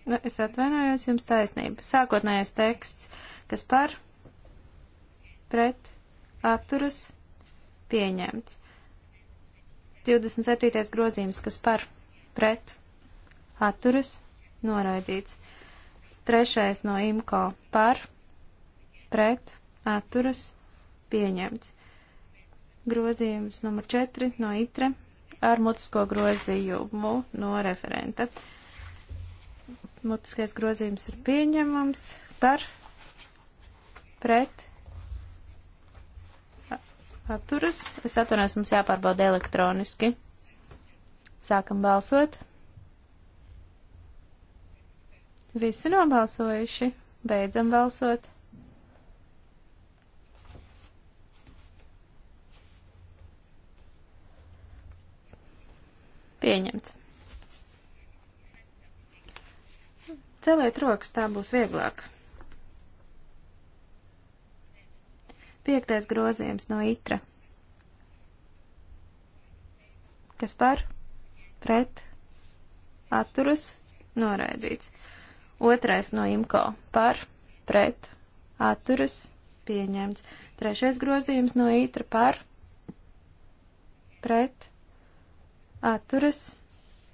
nu, Es atvainojos jums taisnība. Sākotnējais teksts, kas par, pret, atturas pieņemts. 27. grozījums, kas par pret atturas noraidīts. Trešais no IMCO par pret atturas pieņemts. Grozījums numur 4 no ITRE ar mutisko grozījumu no referenta. Mutiskais grozījums ir pieņemams par pret Atturas. Es atvainojos, mums jāpārbauda elektroniski. Sākam balsot. Visi nobalsojuši. Beidzam balsot. Pieņemts. Celēt rokas, tā būs vieglāk. Piektais grozījums no itra. Kas par? Pret. Atturas. Noraidīts. Otrais no imko. Par. Pret. Atturas. Pieņemts. Trešais grozījums no itra par. Pret. Atturas.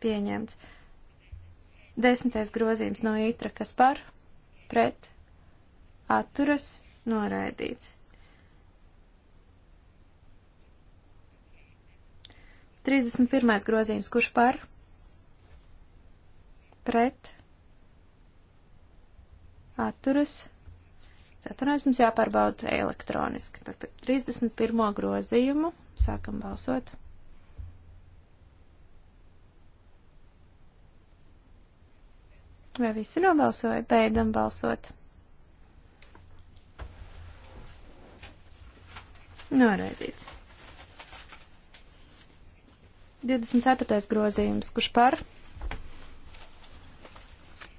Pieņemts. Desmitais grozījums no itra kas par. Pret. Atturas. Noraidīts. 31. grozījums, kurš par? Pret. Atturas. Ceturtais mums jāpārbauda elektroniski par 31. grozījumu. Sākam balsot. Vai visi nobalsoja? Beidzam balsot. Noraidīts. 24. grozījums, kurš par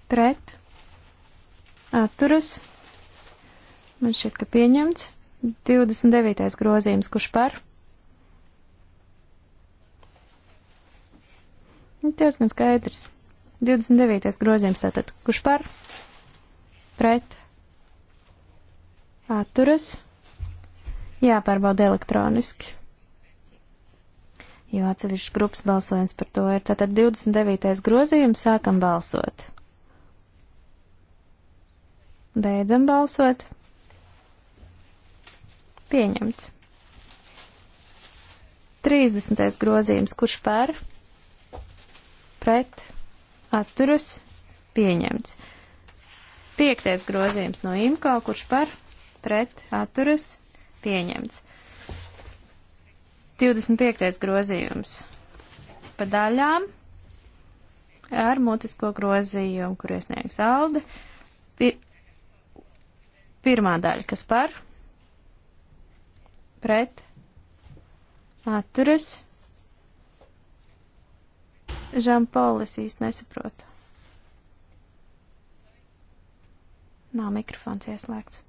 pret atturas. Man šķiet, ka pieņemts. 29. grozījums, kurš par. Nu, diezgan skaidrs. 29. grozījums tātad, kurš par pret atturas. Jāpārbauda elektroniski jo atsevišķas grupas balsojums par to ir. Tātad 29. grozījums sākam balsot. Beidzam balsot. Pieņemts. 30. grozījums, kurš par, pret, atturas, pieņemts. 5. grozījums no IMKO, kurš par, pret, atturas, pieņemts. 25. grozījums pa daļām ar mutisko grozījumu, kur iesniegs Alde. Pir pirmā daļa, kas par, pret, atturas. Žampolis īsti nesaprotu. Nav mikrofons ieslēgts.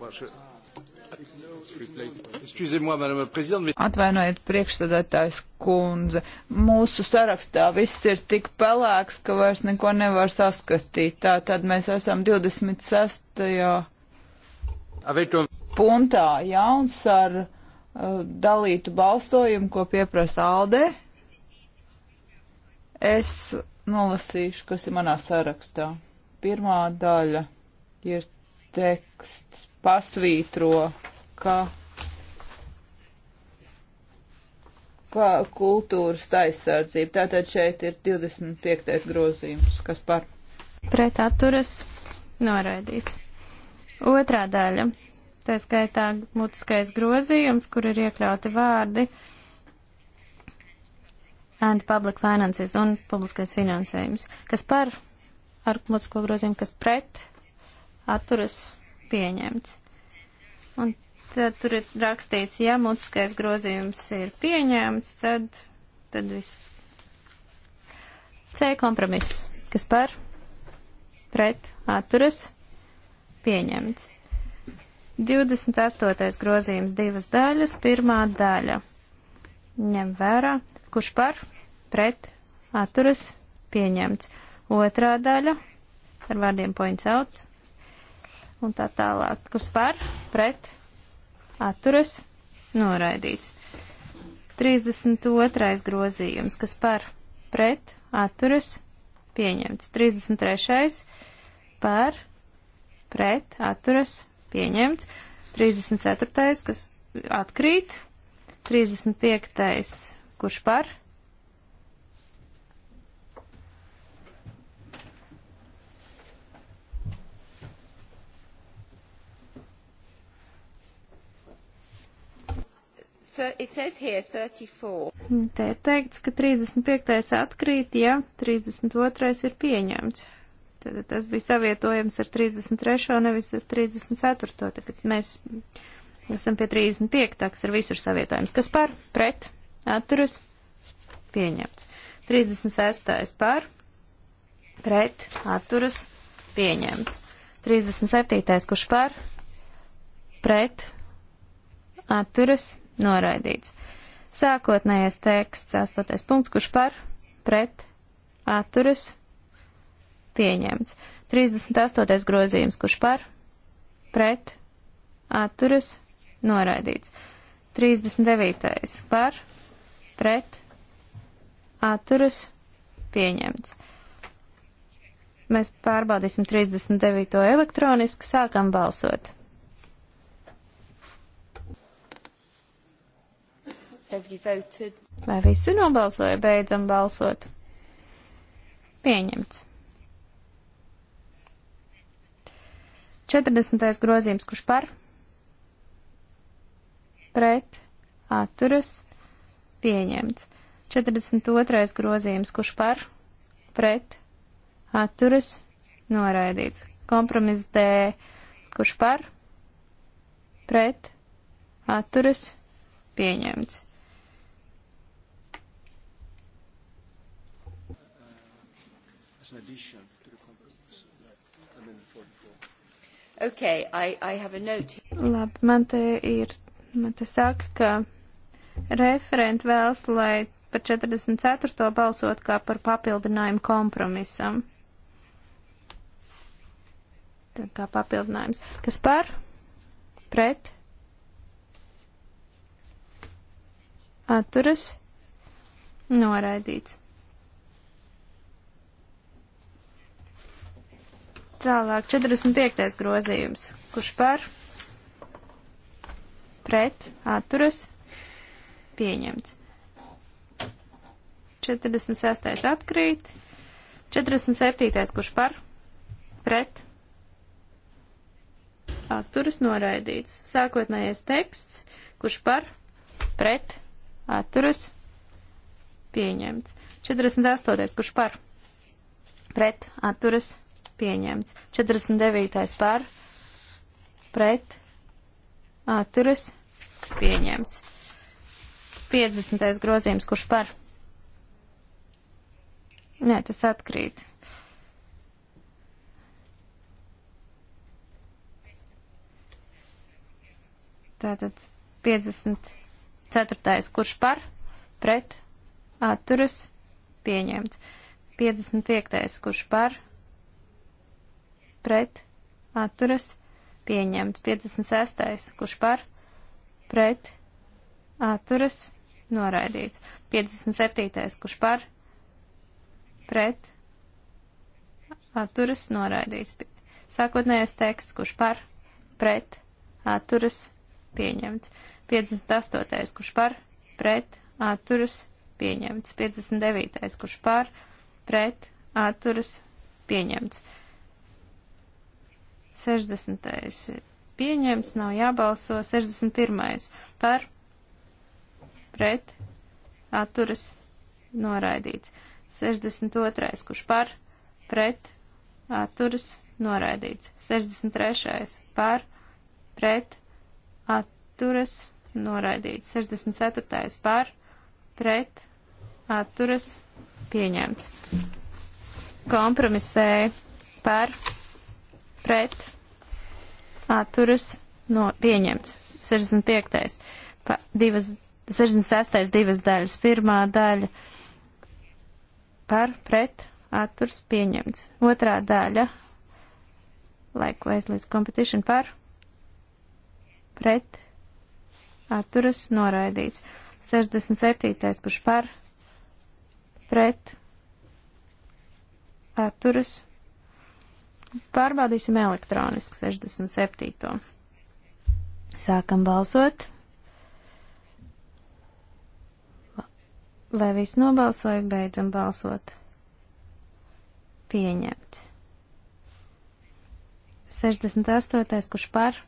Vaši. Atvainojiet, priekšstādātājs kundze, mūsu sarakstā viss ir tik pelēks, ka vairs neko nevar saskatīt. Tā tad mēs esam 26. puntā jauns ar uh, dalītu balsojumu, ko pieprasa Alde. Es nolasīšu, kas ir manā sarakstā. Pirmā daļa ir teksts pasvītro, ka, ka kultūras aizsardzība. Tātad šeit ir 25. grozījums, kas par pret atturas noraidīts. Otrā daļa. Tā skaitā mutiskais grozījums, kur ir iekļauti vārdi and public finances un publiskais finansējums, kas par ar mutisko grozījumu, kas pret atturas noraidīts pieņemts. Un tad tur ir rakstīts, ja mutiskais grozījums ir pieņemts, tad, tad viss. C kompromiss, kas par, pret, atturas, pieņemts. 28. grozījums divas daļas, pirmā daļa. Ņem vērā, kurš par, pret, atturas, pieņemts. Otrā daļa ar vārdiem points out, un tā tālāk. Kas par, pret, atturas, noraidīts. 32. grozījums, kas par, pret, atturas, pieņemts. 33. par, pret, atturas, pieņemts. 34. kas atkrīt. 35. kurš par, it says here 34. Mm, Te ir teikts, ka 35. atkrīt, ja 32. ir pieņemts. Tad tas bija savietojams ar 33. nevis ar 34. Tagad mēs esam pie 35. kas ir visur savietojams. Kas par? Pret? Atturas? Pieņemts. 36. par? Pret? Atturas? Pieņemts. 37. kurš par? Pret? Atturas? noraidīts. Sākotnējais teksts, 8. punkts, kurš par, pret, atturas, pieņemts. 38. grozījums, kurš par, pret, atturas, noraidīts. 39. par, pret, atturas, pieņemts. Mēs pārbaudīsim 39. elektroniski, sākam balsot. Vai visi nobalsoja? Beidzam balsot. Pieņemts. 40. grozījums, kurš par? Pret, atturas, pieņemts. 42. grozījums, kurš par? Pret, atturas, noraidīts. Kompromiss D, kurš par? Pret, atturas, pieņemts. It's an addition to the compromise. Amendment 44. Okay, I, I have a note here. Labi, man te ir, man te saka, ka referenti vēlas, lai par 44. balsot kā par papildinājumu kompromisam. Tā kā papildinājums. Kas par? Pret? Atturas? Noraidīts. Tālāk 45. grozījums. Kurš par? Pret. Atturas. Pieņemts. 46. atkrīt. 47. kurš par? Pret. Atturas noraidīts. Sākotnējais teksts. Kurš par? Pret. Atturas. Pieņemts. 48. kurš par? Pret. Atturas. Pieņemts pieņemts. 49. par pret atturas pieņemts. 50. grozījums, kurš par? Nē, tas atkrīt. Tātad 54. kurš par, pret, atturas, pieņemts. 55. kurš par, pret, atturas, pieņemts. 56. kurš par, pret, atturas, noraidīts. 57. kurš par, pret, atturas, noraidīts. Sākotnējais teksts, kurš par, pret, atturas, pieņemts. 58. kurš par, pret, atturas, pieņemts. 59. kurš par, pret, atturas, pieņemts. 60. pieņemts, nav jābalso. 61. par, pret, atturas, noraidīts. 62. kurš par, pret, atturas, noraidīts. 63. par, pret, atturas, noraidīts. 64. par, pret, atturas, pieņemts. Kompromisē e par, pret, pret atturas no pieņemts. 65. Pa, divas, 66. divas daļas. Pirmā daļa par pret atturs pieņemts. Otrā daļa likewise līdz competition par pret atturas noraidīts. 67. kurš par pret atturas noraidīts Pārbaudīsim elektroniski 67. Sākam balsot. Vai viss nobalsoja, beidzam balsot? Pieņemts. 68. kurš par,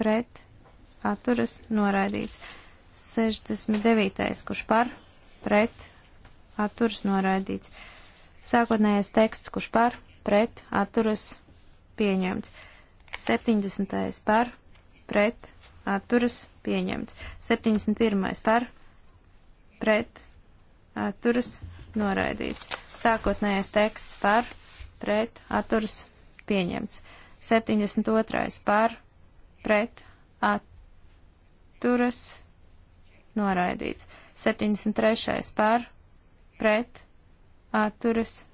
pret, atturas, noraidīts. 69. kurš par, pret, atturas, noraidīts. Sākotnējais teksts, kurš par, pret atturas pieņemts. 70. par pret atturas pieņemts. 71. par pret atturas noraidīts. Sākotnējais teksts par pret atturas pieņemts. 72. par pret atturas noraidīts. 73. par pret atturas pieņemts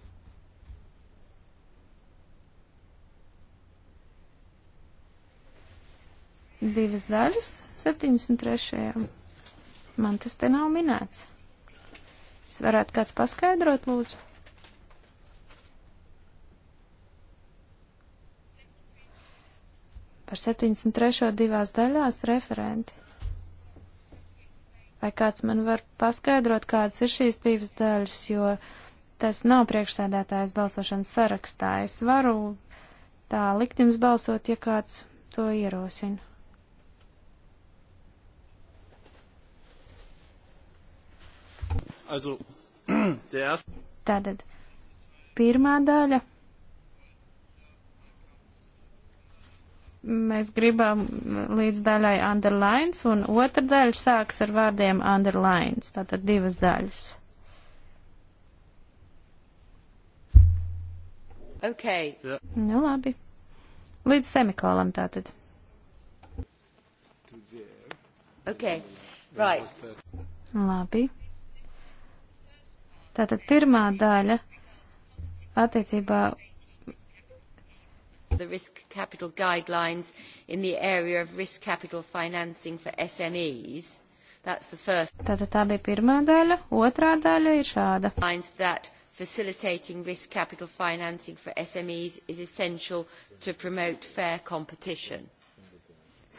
divas daļas 73. Man tas te nav minēts. Es varētu kāds paskaidrot, lūdzu. 73. divās daļās referenti. Vai kāds man var paskaidrot, kādas ir šīs divas daļas, jo tas nav priekšsēdētājs balsošanas sarakstā. Es varu tā likt jums balsot, ja kāds to ierosina. Also, der erste. Tātad, pirmā daļa. Mēs gribam līdz daļai underlines, un otra daļa sāks ar vārdiem underlines. Tātad divas daļas. Ok. Yeah. Nu, labi. Līdz semikolam tātad. Ok. Right. Labi. Tātad pirmā daļa attiecībā. The risk capital guidelines in the area of risk capital financing for SMEs. That's the first. Tātad tā bija pirmā daļa. Otrā daļa ir šāda. That facilitating risk capital financing for SMEs is essential to promote fair competition.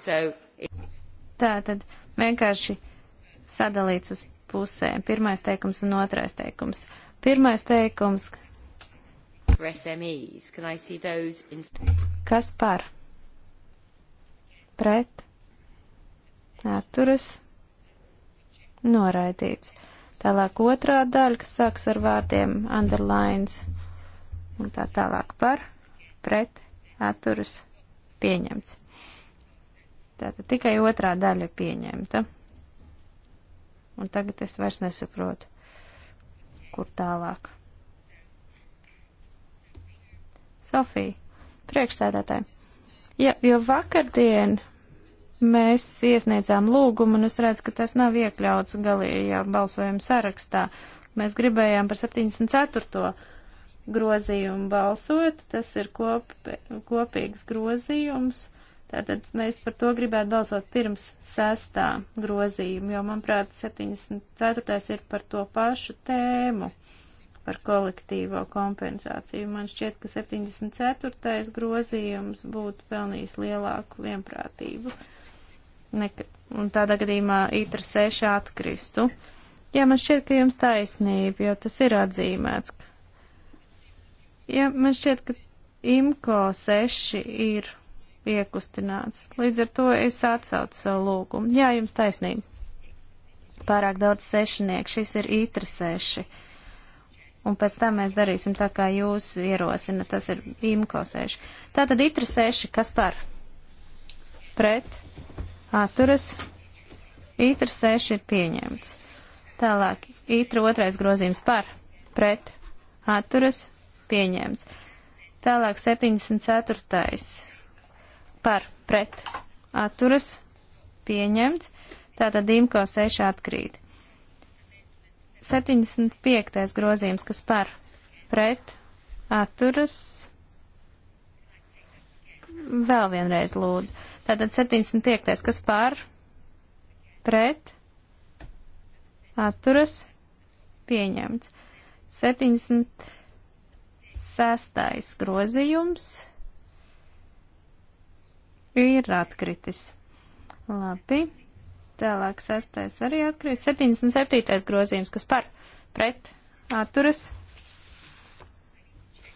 So, it... Tātad vienkārši sadalīts uz pusēm. Pirmais teikums un otrais teikums. Pirmais teikums. Kas par? Pret? Atturas? Noraidīts. Tālāk otrā daļa, kas sāks ar vārdiem underlines un tā tālāk par? Pret? Atturas? Pieņemts. Tātad tikai otrā daļa pieņemta un tagad es vairs nesaprotu, kur tālāk. Sofija, priekšsēdētāji, ja, jo vakardien mēs iesniedzām lūgumu, un es redzu, ka tas nav iekļauts galīgajā balsojuma sarakstā. Mēs gribējām par 74. grozījumu balsot, tas ir kop, kopīgs grozījums. Uh, Tātad mēs par to gribētu balsot pirms sestā grozījuma, jo, manuprāt, 74. ir par to pašu tēmu, par kolektīvo kompensāciju. Man šķiet, ka 74. grozījums būtu pelnījis lielāku vienprātību. Nek un tādā gadījumā itra 6 atkristu. Jā, man šķiet, ka jums taisnība, jo tas ir atzīmēts. Jā, man šķiet, ka IMCO 6 ir iekustināts. Līdz ar to es atsaucu savu lūgumu. Jā, jums taisnība. Pārāk daudz sešnieku, šis ir itra seši. Un pēc tam mēs darīsim tā, kā jūs ierosina, tas ir imko seši. Tātad itra seši, kas par? Pret? Atturas? Itra seši ir pieņemts. Tālāk, itra otrais grozījums par? Pret? Atturas? Pieņemts. Tālāk, 74 par pret atturas pieņemts, tātad Imko 6 atkrīt. 75. grozījums, kas par pret atturas vēl vienreiz lūdzu. Tātad 75. kas par pret atturas pieņemts. 76. grozījums ir atkritis. Labi. Tālāk sastais arī atkrīt. 77. grozījums, kas par pret atturas.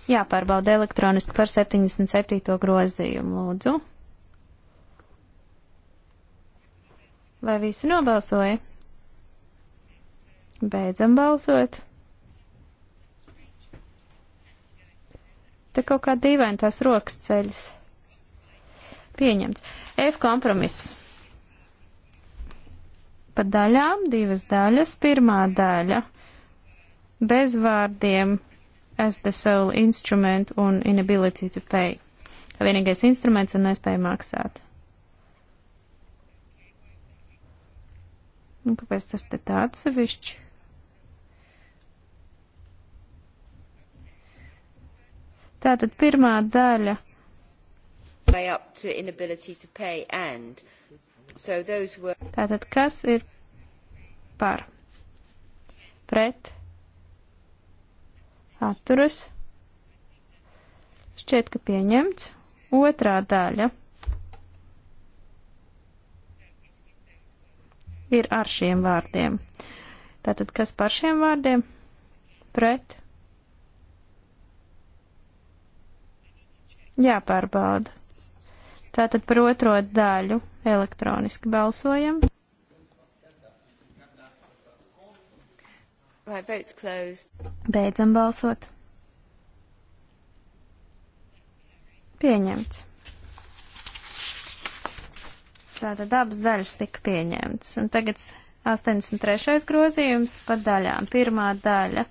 Jāpārbauda elektroniski par 77. grozījumu, lūdzu. Vai visi nobalsoja? Beidzam balsot. Te kaut kā dīvaini tās rokas ceļas. Pieņemts. F kompromiss. Pa daļām divas daļas. Pirmā daļa bez vārdiem as the sole instrument un inability to pay. Kā vienīgais instruments un nespēja maksāt. Un nu, kāpēc tas te tāds sevišķi? Tātad pirmā daļa way up to inability to pay and. So those were... Tātad kas ir par? Pret? Atturas? Šķiet, ka pieņemts. Otrā daļa ir ar šiem vārdiem. Tātad kas par šiem vārdiem? Pret? Jāpārbauda. Tātad par otro daļu elektroniski balsojam. Right, vote's closed. Beidzam balsot. Pieņemts. Tātad abas daļas tika pieņemtas. Un tagad 83. grozījums pa daļām. Pirmā daļa,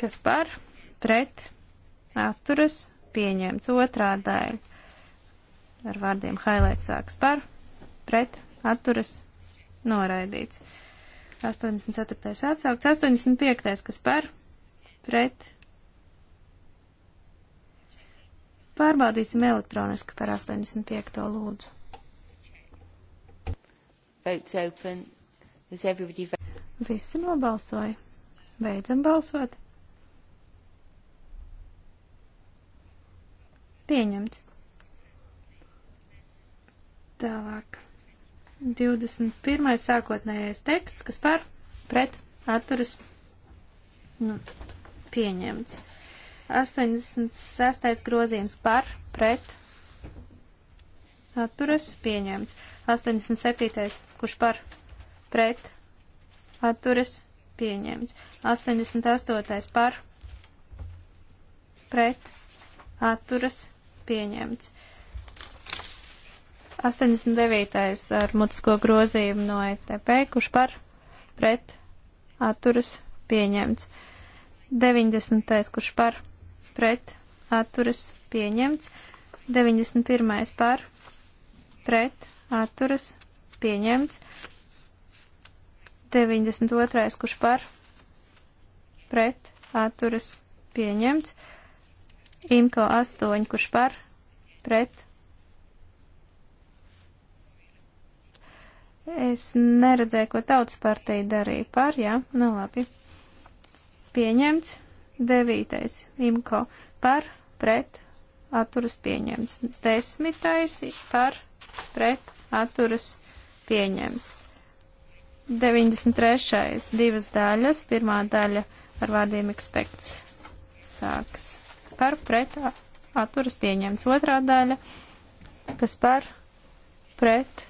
kas par, pret, atturas, pieņemts otrā daļa ar vārdiem highlight sāks par, pret, atturas, noraidīts. 84. atsaukts, 85. kas par, pret. Pārbaudīsim elektroniski par 85. lūdzu. Votes open. Is everybody... Visi nobalsoja. Beidzam balsot. Pieņemts. Tālāk. 21. sākotnējais teksts, kas par pret atturas nu, pieņemts. 86. grozījums par pret atturas pieņemts. 87. kurš par pret atturas pieņemts. 88. par pret atturas pieņemts pieņemts. 89. ar mutisko grozījumu no ETP, kurš par pret atturas pieņemts. 90. kurš par pret atturas pieņemts. 91. par pret atturas pieņemts. 92. kurš par pret atturas pieņemts. Imko 8, kurš par, pret. Es neredzēju, ko tautas partija darīja par, jā, nu labi. Pieņemts. 9. Imko par, pret, atturas pieņemts. 10. par, pret, atturas pieņemts. 93. divas daļas, pirmā daļa ar vārdiem expects sākas par pret atturas pieņemts. Otrā daļa, kas par pret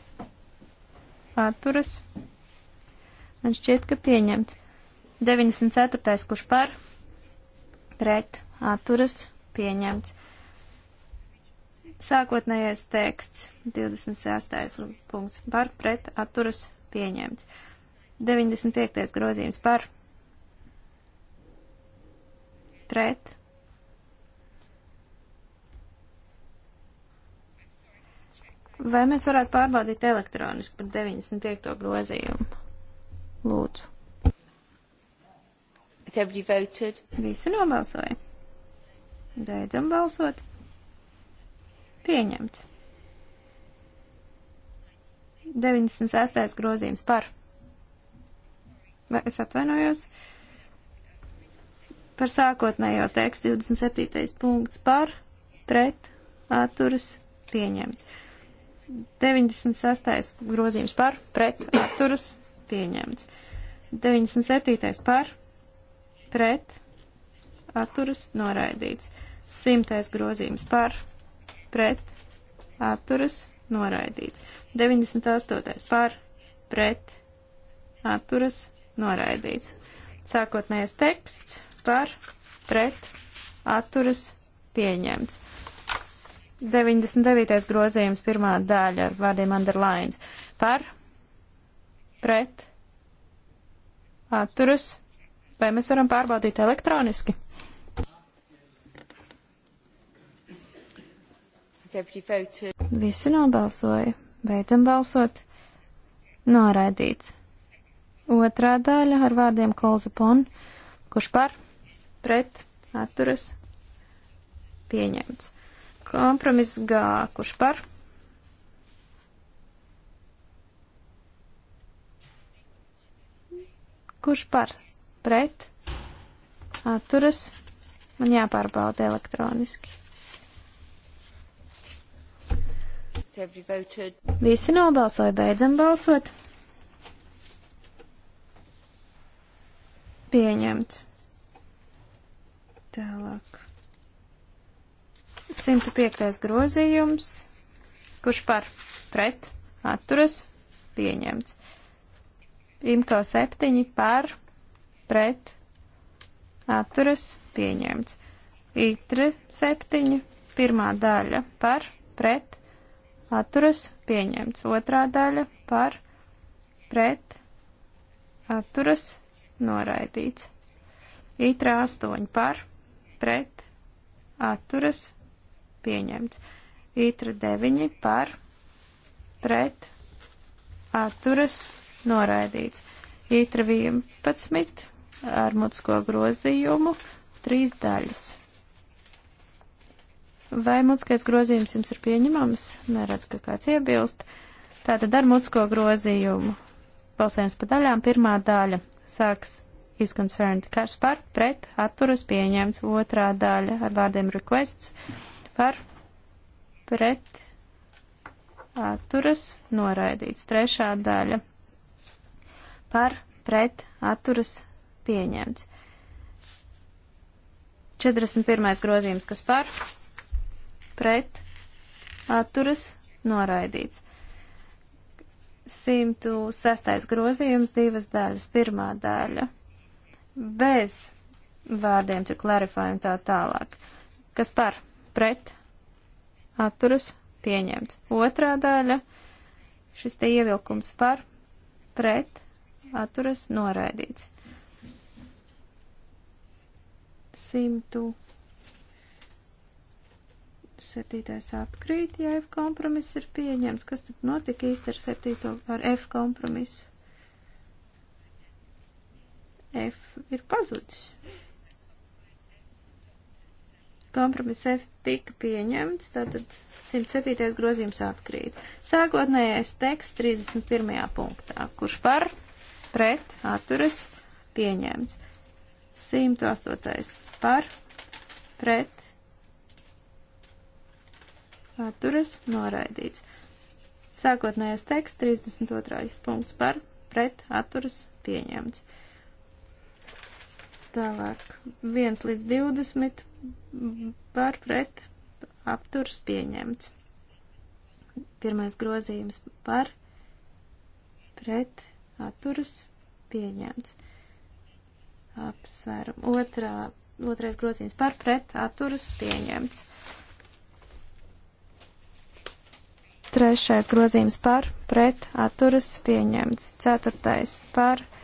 atturas, man šķiet, ka pieņemts. 94. kurš par pret atturas pieņemts. Sākotnējais teksts 26. punkts par pret atturas pieņemts. 95. grozījums par pret Vai mēs varētu pārbaudīt elektroniski par 95. grozījumu? Lūdzu. Visi nobalsoja. Beidzam balsot. Pieņemts. 96. grozījums par. Vai es atvainojos? Par sākotnējo tekstu 27. punkts par, pret, atturas, pieņemts. 96. grozījums par, pret, atturas, pieņemts. 97. par, pret, atturas, noraidīts. 100. grozījums par, pret, atturas, noraidīts. 98. par, pret, atturas, noraidīts. Sākotnējais teksts par, pret, atturas, pieņemts. 99. grozījums, pirmā daļa ar vārdiem underlines. Par, pret, atturas. Vai mēs varam pārbaudīt elektroniski? Visi nobalsoja. Beidzam balsot. Noraidīts. Otrā daļa ar vārdiem kolzapon, kurš par, pret, atturas, pieņemts. Kompromiss G, kurš par? Kurš par? Pret? Atturas? Man jāpārbauda elektroniski. Visi nobalsoja, beidzam balsot. Pieņemts. Tālāk. 105. grozījums, kurš par pret atturas pieņemts. Imko 7 par pret atturas pieņemts. Itri 7, pirmā daļa par pret atturas pieņemts. Otrā daļa par pret atturas noraidīts. Itri 8 par pret atturas pieņemts pieņemts. Itra 9 par pret atturas noraidīts. Itra 11 ar mutisko grozījumu trīs daļas. Vai mutiskais grozījums jums ir pieņemams? Neredz, ka kāds iebilst. Tātad ar mutisko grozījumu. Balsējums pa daļām. Pirmā daļa sāks is concerned. Kas par pret atturas pieņemts. Otrā daļa ar vārdiem requests par pret atturas noraidīts. Trešā daļa par pret atturas pieņemts. 41. grozījums, kas par pret atturas noraidīts. 106. grozījums divas daļas. Pirmā daļa bez vārdiem, cik klarifējumi tā tālāk. Kas par pret atturas pieņemts. Otrā daļa šis te ievilkums par pret atturas noraidīts. 107. atkrīt, ja F kompromiss ir pieņemts. Kas tad notika īsti ar 7. ar F kompromisu? F ir pazudis kompromiss F tika pieņemts, tātad 107. grozījums atkrīt. Sākotnējais teksts 31. punktā, kurš par pret atturas pieņemts. 108. par pret atturas noraidīts. Sākotnējais teksts 32. punkts par pret atturas pieņemts. Tālāk 1 līdz 20 par pret apturs pieņemts. Pirmais grozījums par pret atturas pieņemts. Apsvērum. Otrā, otrais grozījums par pret atturas pieņemts. Trešais grozījums par pret atturas pieņemts. Ceturtais par pret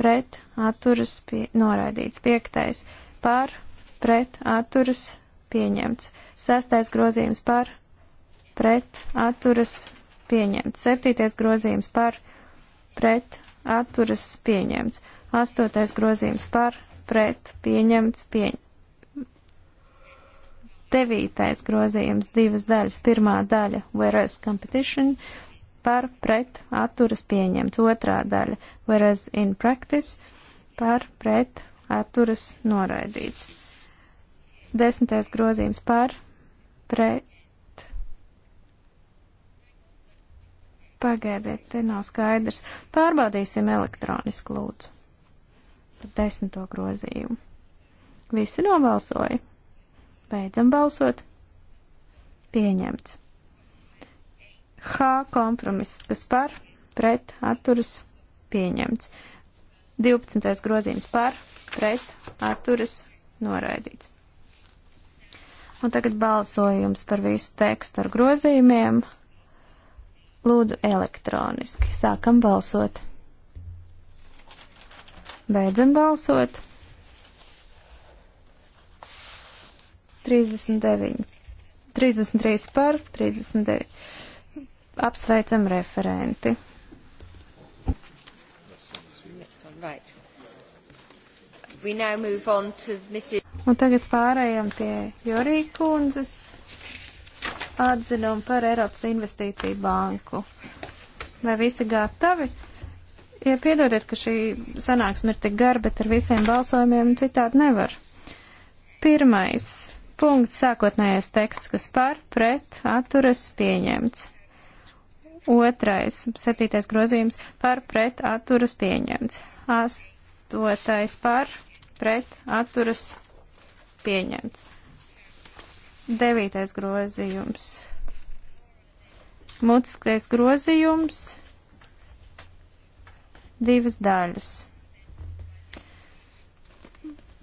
pret atturas pie, noraidīts. Piektais par pret atturas pieņemts. Sestais grozījums par pret atturas pieņemts. Septītais grozījums par pret atturas pieņemts. Astotais grozījums par pret pieņemts pieņemts. Devītais grozījums divas daļas. Pirmā daļa whereas competition, par pret atturas pieņemts. Otrā daļa, whereas in practice, par pret atturas noraidīts. Desmitais grozījums par pret. Pagaidiet, te nav skaidrs. Pārbaudīsim elektronisku lūdzu. Par desmito grozījumu. Visi nobalsoja. Beidzam balsot. Pieņemts. H kompromiss, kas par, pret, atturas, pieņemts. 12. grozījums par, pret, atturas, noraidīts. Un tagad balsojums par visu tekstu ar grozījumiem. Lūdzu elektroniski. Sākam balsot. Beidzam balsot. 39. 33 par, 39 Apsveicam referenti. Un tagad pārējām pie Jorī kundzes atzinumu par Eiropas investīciju banku. Vai visi gatavi? Ja piedodiet, ka šī sanāksme ir tik gara, bet ar visiem balsojumiem citādi nevar. Pirmais punkts, sākotnējais teksts, kas par, pret, atturas, pieņemts. Otrais, septītais grozījums par pret atturas pieņemts. Astotais par pret atturas pieņemts. Devītais grozījums. Mutiskais grozījums. Divas daļas.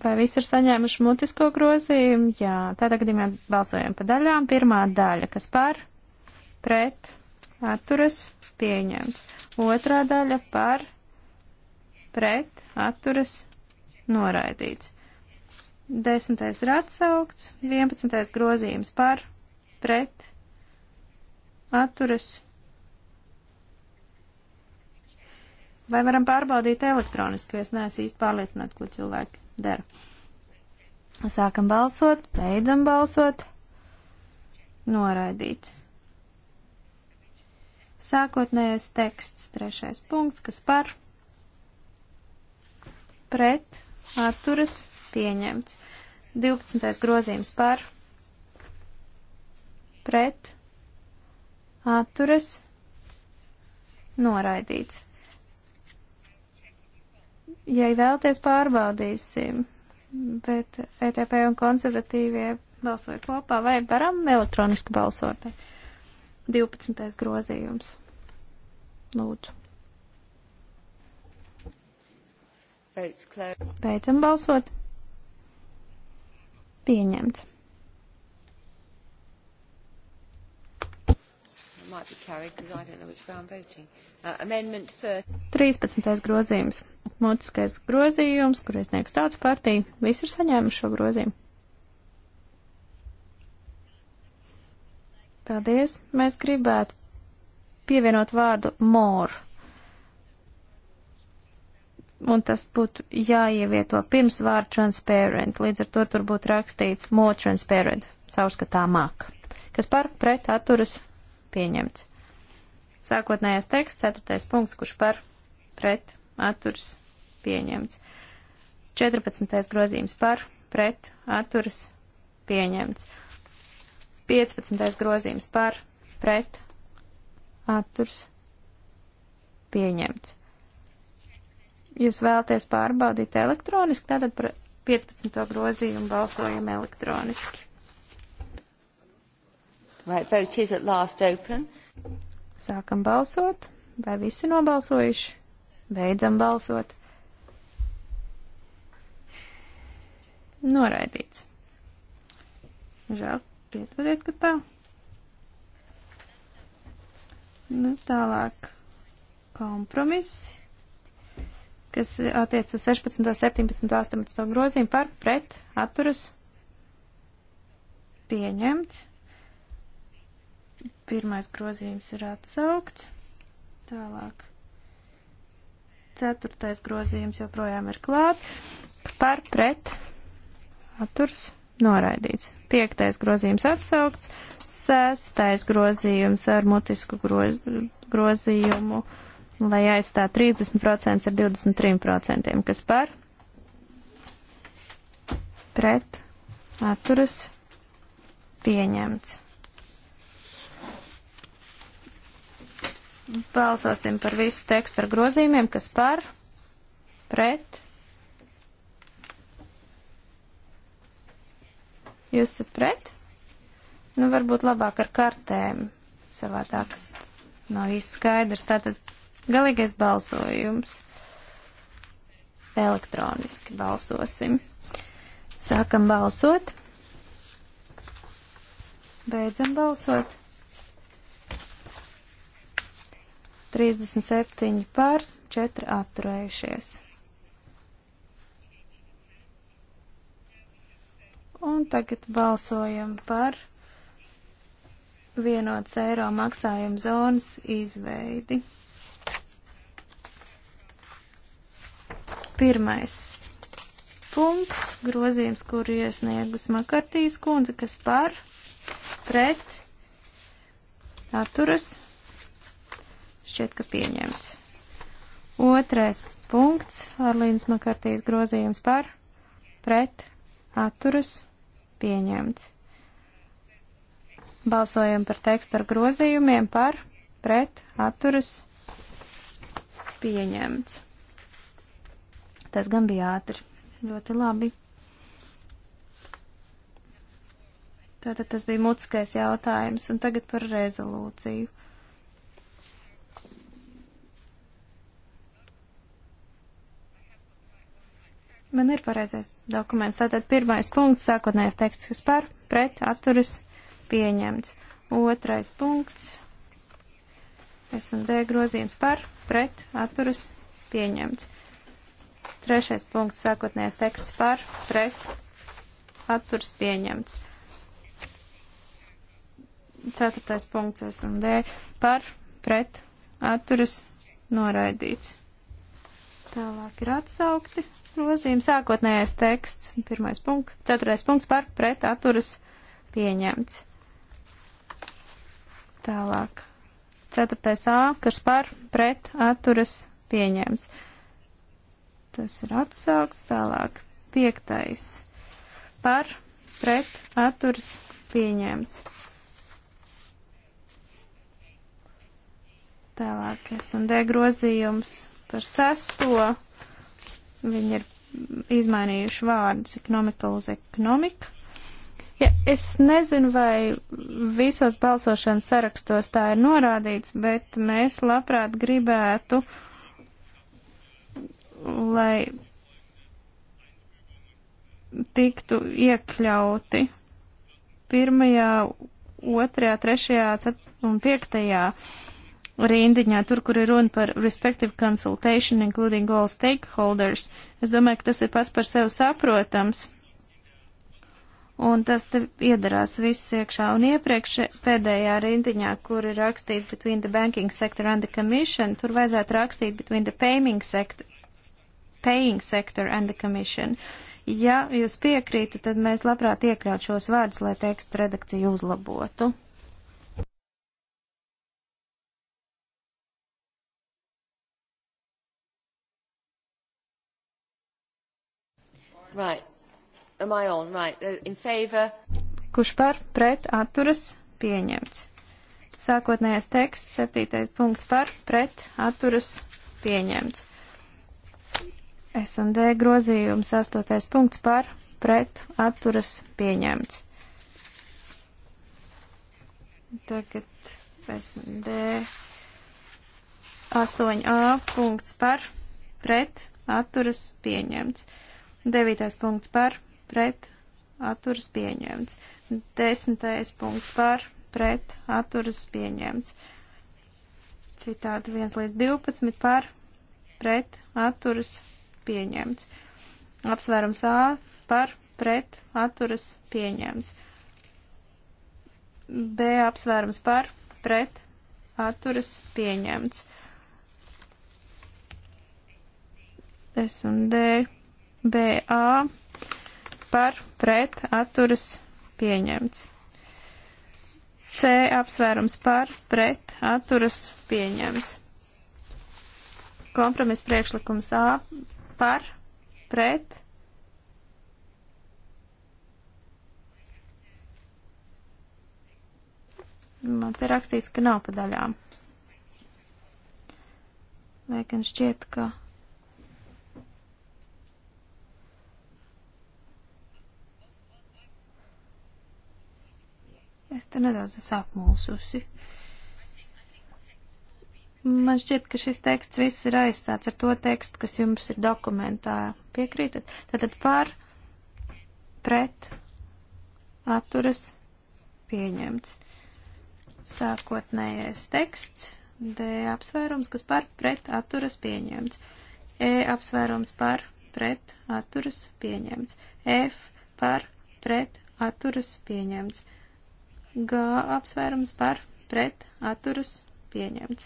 Vai visi ir saņēmuši mutisko grozījumu? Jā, tādā gadījumā balsojam pa daļām. Pirmā daļa, kas par, pret, atturas pieņemts. Otrā daļa par pret atturas noraidīts. Desmitais ir atsaukts, vienpadsmitais grozījums par pret atturas. Vai varam pārbaudīt elektroniski, jo es neesmu īsti pārliecināta, ko cilvēki dara. Sākam balsot, beidzam balsot, noraidīts. Sākotnējais teksts, trešais punkts, kas par pret atturas pieņemts. 12. grozījums par pret atturas noraidīts. Ja vēlties pārbaudīsim, bet ETP un konservatīvie balsoja kopā, vai varam elektroniski balsot? 12. grozījums. Lūdzu. Beidzam balsot. Pieņemts. might be carried because I don't know which way I'm voting. Uh, amendment 13. grozījums. Mutiskais grozījums, kur iesniegs tāds partija. Visi ir saņēmuši šo grozījumu. Paldies. Mēs gribētu pievienot vārdu more. Un tas būtu jāievieto pirms vārdu transparent. Līdz ar to tur būtu rakstīts more transparent, caurskatāmāk. Kas par pret atturas pieņemts. Sākotnējais teksts, ceturtais punkts, kurš par pret atturas pieņemts. 14. grozījums par pret atturas pieņemts. 15. grozījums par pret atturs pieņemts. Jūs vēlaties pārbaudīt elektroniski, tātad par 15. grozījumu balsojam elektroniski. Right, vote is at last open. Sākam balsot. Vai visi nobalsojuši? Beidzam balsot. Noraidīts. Žēl. Pieturiet, ka tā. Nu, tālāk kompromisi, kas attiec uz 16, 17, 18 grozīm par pret atturas pieņemts. Pirmais grozījums ir atsaukts. Tālāk. Ceturtais grozījums joprojām ir klāt. Par pret atturs pieņemts noraidīts. Piektais grozījums atsaukts, sestais grozījums ar mutisku groz, grozījumu, lai aizstā 30% ar 23%, kas par pret atturas pieņemts. Balsosim par visu tekstu ar grozījumiem, kas par pret Jūs esat pret? Nu, varbūt labāk ar kartēm. Savādāk nav īsti skaidrs. Tātad galīgais balsojums. Elektroniski balsosim. Sākam balsot. Beidzam balsot. 37 pār, 4 atturējušies. Un tagad balsojam par vienots eiro maksājuma zonas izveidi. Pirmais punkts, grozījums, kur iesniegus Makartīs kundze, kas par, pret, atturas, šķiet, ka pieņemts. Otrais punkts, Arlīnas Makartīs grozījums par, pret, atturas, pieņemts pieņemts. Balsojam par tekstu ar grozījumiem par, pret, atturas, pieņemts. Tas gan bija ātri. Ļoti labi. Tātad tas bija mutiskais jautājums, un tagad par rezolūciju. Man ir pareizais dokuments. Tātad pirmais punkts, sākotnējais teksts, kas par, pret, atturas, pieņemts. Otrais punkts, S un D grozījums par, pret, atturas, pieņemts. Trešais punkts, sākotnējais teksts par, pret, atturas, pieņemts. Ceturtais punkts, S un D par, pret, atturas, noraidīts. Tālāk ir atsaukti grozījums, sākotnējais teksts, pirmais punkts, ceturtais punkts par pret atturas pieņemts. Tālāk. Ceturtais A, kas par pret atturas pieņemts. Tas ir atsauks tālāk. Piektais. Par pret atturas pieņemts. Tālāk S un D grozījums par sesto Viņi ir izmainījuši vārdus economical uz economic. Ja, es nezinu, vai visos balsošanas sarakstos tā ir norādīts, bet mēs labprāt gribētu, lai tiktu iekļauti pirmajā, otrajā, trešajā un piektajā uh, rindiņā, tur, kur ir runa par respective consultation, including all stakeholders. Es domāju, ka tas ir pats par sevi saprotams. Un tas te iedarās viss iekšā un iepriekš pēdējā rindiņā, kur ir rakstīts between the banking sector and the commission, tur vajadzētu rakstīt between the paying sector, paying sector and the commission. Ja jūs piekrītat, tad mēs labprāt iekļaut šos vārdus, lai tekstu redakciju uzlabotu. Right. Am I on? Right. Uh, in favor. Kurš par, pret, atturas, pieņemts. Sākotnējais teksts, septītais punkts par, pret, atturas, pieņemts. S&D grozījums, astotais punkts par, pret, atturas, pieņemts. Tagad S&D 8a punkts par, pret, atturas, pieņemts. Devītais punkts par, pret, atturas pieņemts. Desmitais punkts par, pret, atturas pieņemts. Citādi 1 līdz 12 par, pret, atturas pieņemts. Apsvērums A par, pret, atturas pieņemts. B apsvērums par, pret, atturas pieņemts. S un D BA par pret atturas pieņemts. C apsvērums par pret atturas pieņemts. Kompromis priekšlikums A par pret. Man te rakstīts, ka nav pa daļām. Lai gan šķiet, ka Es te nedaudz esmu apmulsusi. Man šķiet, ka šis teksts viss ir aizstāts ar to tekstu, kas jums ir dokumentā. Piekrītat? Tātad par, pret, atturas, pieņemts. Sākotnējais teksts, D apsvērums, kas par, pret, atturas, pieņemts. E apsvērums par, pret, atturas, pieņemts. F par, pret, atturas, pieņemts. G apsvērums par pret atturas pieņemts.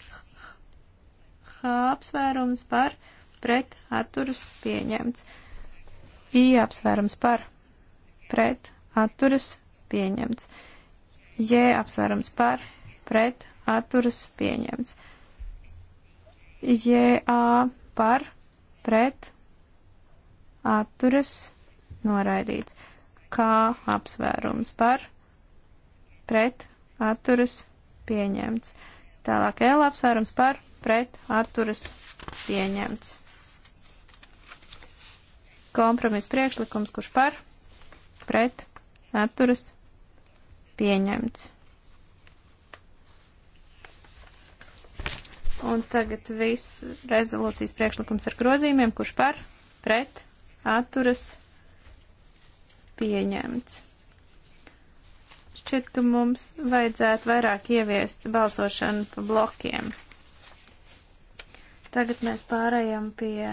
H apsvērums par pret atturas pieņemts. I apsvērums par pret atturas pieņemts. J apsvērums par pret atturas pieņemts. JA par pret atturas noraidīts. K apsvērums par pret pret, atturas, pieņemts. Tālāk L apsvērums par, pret, atturas, pieņemts. Kompromis priekšlikums, kurš par, pret, atturas, pieņemts. Un tagad viss rezolūcijas priekšlikums ar grozījumiem, kurš par, pret, atturas, pieņemts šķiet, ka mums vajadzētu vairāk ieviest balsošanu pa blokiem. Tagad mēs pārējām pie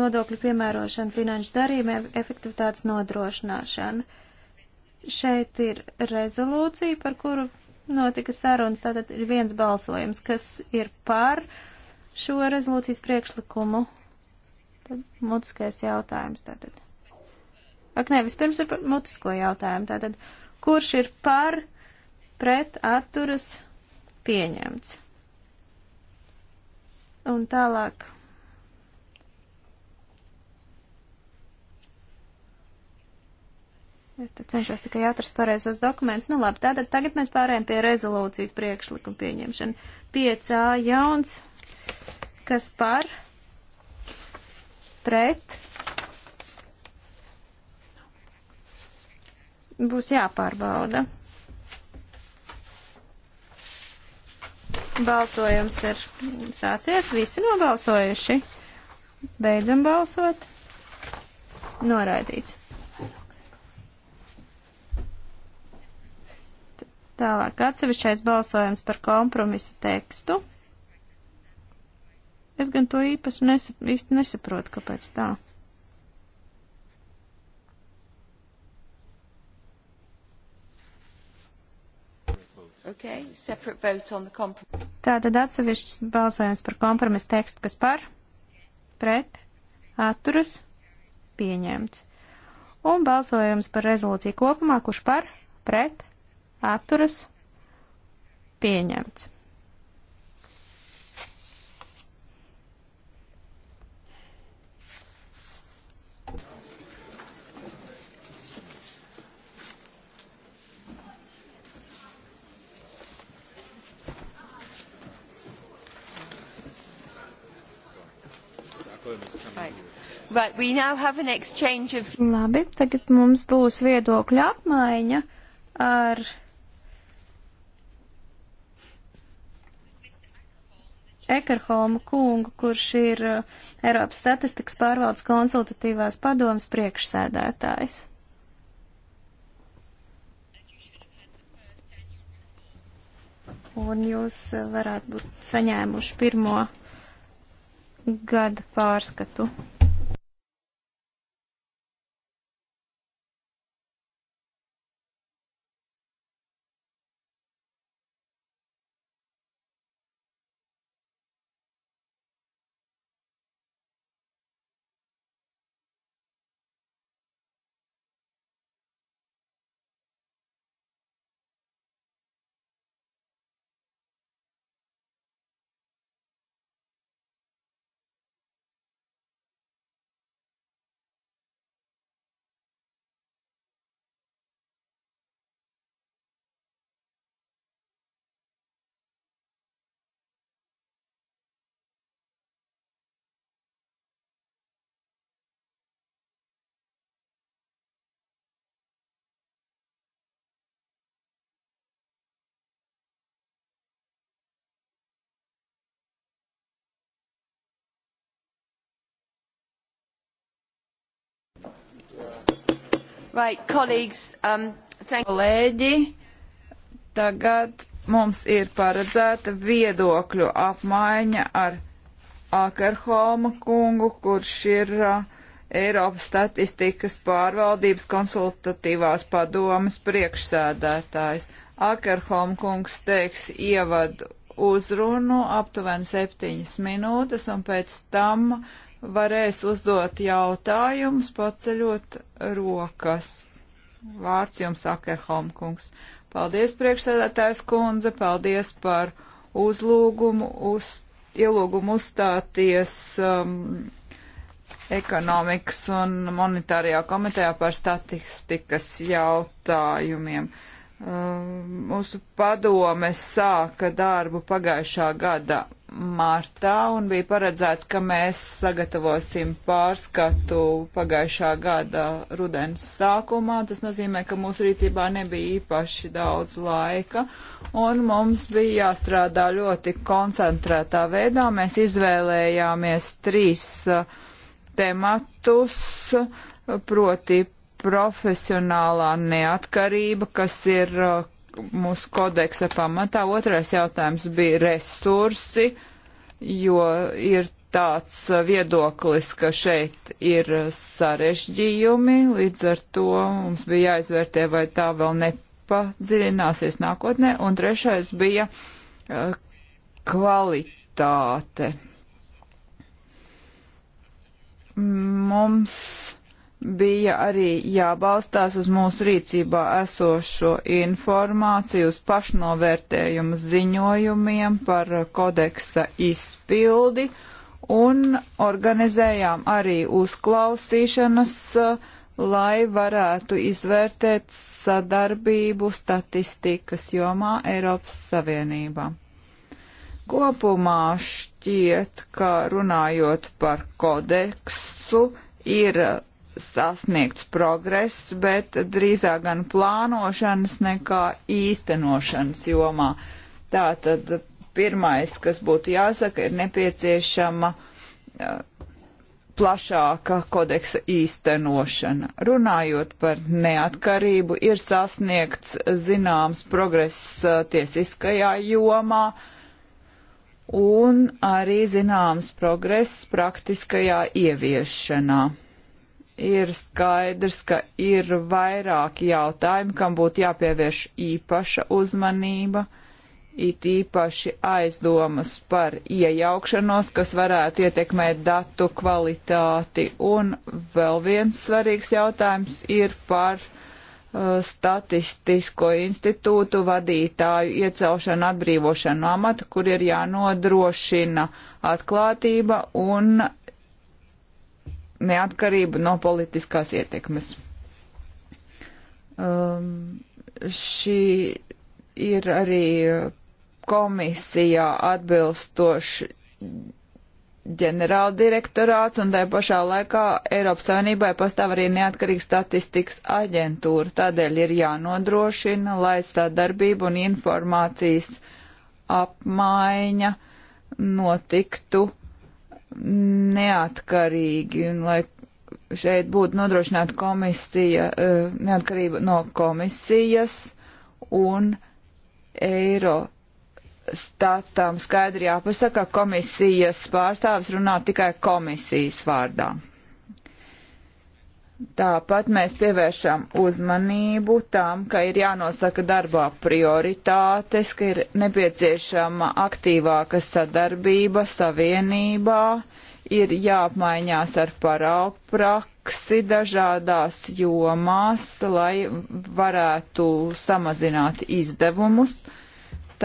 nodokļu piemērošana finanšu darījumiem, efektivitātes nodrošināšana. Šeit ir rezolūcija, par kuru notika sarunas, tātad ir viens balsojums, kas ir par šo rezolūcijas priekšlikumu. Tad mutiskais jautājums tātad. Ak, nē, vispirms ir par mutisko jautājumu. Tātad, kurš ir par, pret, atturas, pieņemts? Un tālāk. Es te cenšos tikai atrast pareizos dokumentus. Nu labi, tātad tagad mēs pārējām pie rezolūcijas priekšlikuma pieņemšana. 5A jauns, kas par, pret, būs jāpārbauda. Balsojums ir sācies, visi nobalsojuši. Beidzam balsot. Noraidīts. Tālāk atsevišķais balsojums par kompromisa tekstu. Es gan to īpaši nesa, īsti nesaprotu, kāpēc tā. Okay, separate vote on the compromise. Tātad atsevišķs balsojums par kompromisu tekstu, kas par, pret, atturas, pieņemts. Un balsojums par rezolūciju kopumā, kurš par, pret, atturas, pieņemts. Right, we now have an exchange of... Labi, tagad mums būs viedokļa apmaiņa ar Ekerholma kungu, kurš ir uh, Eiropas statistikas pārvaldes konsultatīvās padomas priekšsēdētājs. Un jūs uh, varētu būt saņēmuši pirmo gada pārskatu. Right, colleagues, um, thank... Kolēģi, tagad mums ir paredzēta viedokļu apmaiņa ar Akerholma kungu, kurš ir uh, Eiropas statistikas pārvaldības konsultatīvās padomas priekšsēdētājs. Akerholma kungs teiks ievadu uzrunu aptuveni septiņas minūtes un pēc tam uh, varēs uzdot jautājumus, paceļot rokas. Vārds jums, Akerholm kungs. Paldies, priekšsēdētājs kundze, paldies par uzlūgumu, uz, ielūgumu uzstāties um, ekonomikas un monetārajā komitejā par statistikas jautājumiem. Um, mūsu padome sāka darbu pagājušā gada martā un bija paredzēts, ka mēs sagatavosim pārskatu pagājušā gada rudens sākumā. Tas nozīmē, ka mūsu rīcībā nebija īpaši daudz laika un mums bija jāstrādā ļoti koncentrētā veidā. Mēs izvēlējāmies trīs uh, tematus, proti profesionālā neatkarība, kas ir uh, mūsu kodeksa pamatā. Otrais jautājums bija resursi, jo ir tāds viedoklis, ka šeit ir sarežģījumi, līdz ar to mums bija jāizvērtē, vai tā vēl nepadziļināsies nākotnē. Un trešais bija eh, kvalitāte. Mums bija arī jābalstās uz mūsu rīcībā esošo informāciju, uz pašnovērtējumu ziņojumiem par kodeksa izpildi un organizējām arī uzklausīšanas, lai varētu izvērtēt sadarbību statistikas jomā Eiropas Savienībā. Kopumā šķiet, ka runājot par kodeksu, ir sasniegts progress, bet drīzāk gan plānošanas nekā īstenošanas jomā. Tātad pirmais, kas būtu jāsaka, ir nepieciešama plašāka kodeksa īstenošana. Runājot par neatkarību, ir sasniegts zināms progress tiesiskajā jomā un arī zināms progress praktiskajā ieviešanā ir skaidrs, ka ir vairāki jautājumi, kam būtu jāpievērš īpaša uzmanība, it īpaši aizdomas par iejaukšanos, kas varētu ietekmēt datu kvalitāti. Un vēl viens svarīgs jautājums ir par uh, statistisko institūtu vadītāju iecelšanu atbrīvošanu amata, kur ir jānodrošina atklātība un neatkarību no politiskās ietekmes. Um, šī ir arī komisijā atbilstoši ģenerāldirektorāts, un tai pašā laikā Eiropas Savienībai pastāv arī neatkarīga statistikas aģentūra. Tādēļ ir jānodrošina, lai sadarbība un informācijas apmaiņa notiktu uh, neatkarīgi un lai šeit būtu nodrošināta komisija, eh, neatkarība no komisijas un eiro statām skaidri jāpasaka, komisijas pārstāvis runā tikai komisijas vārdā. Tāpat mēs pievēršam uzmanību tam, ka ir jānosaka darbā prioritātes, ka ir nepieciešama aktīvāka sadarbība savienībā, ir jāapmaiņās ar paraugu praksi dažādās jomās, lai varētu samazināt izdevumus.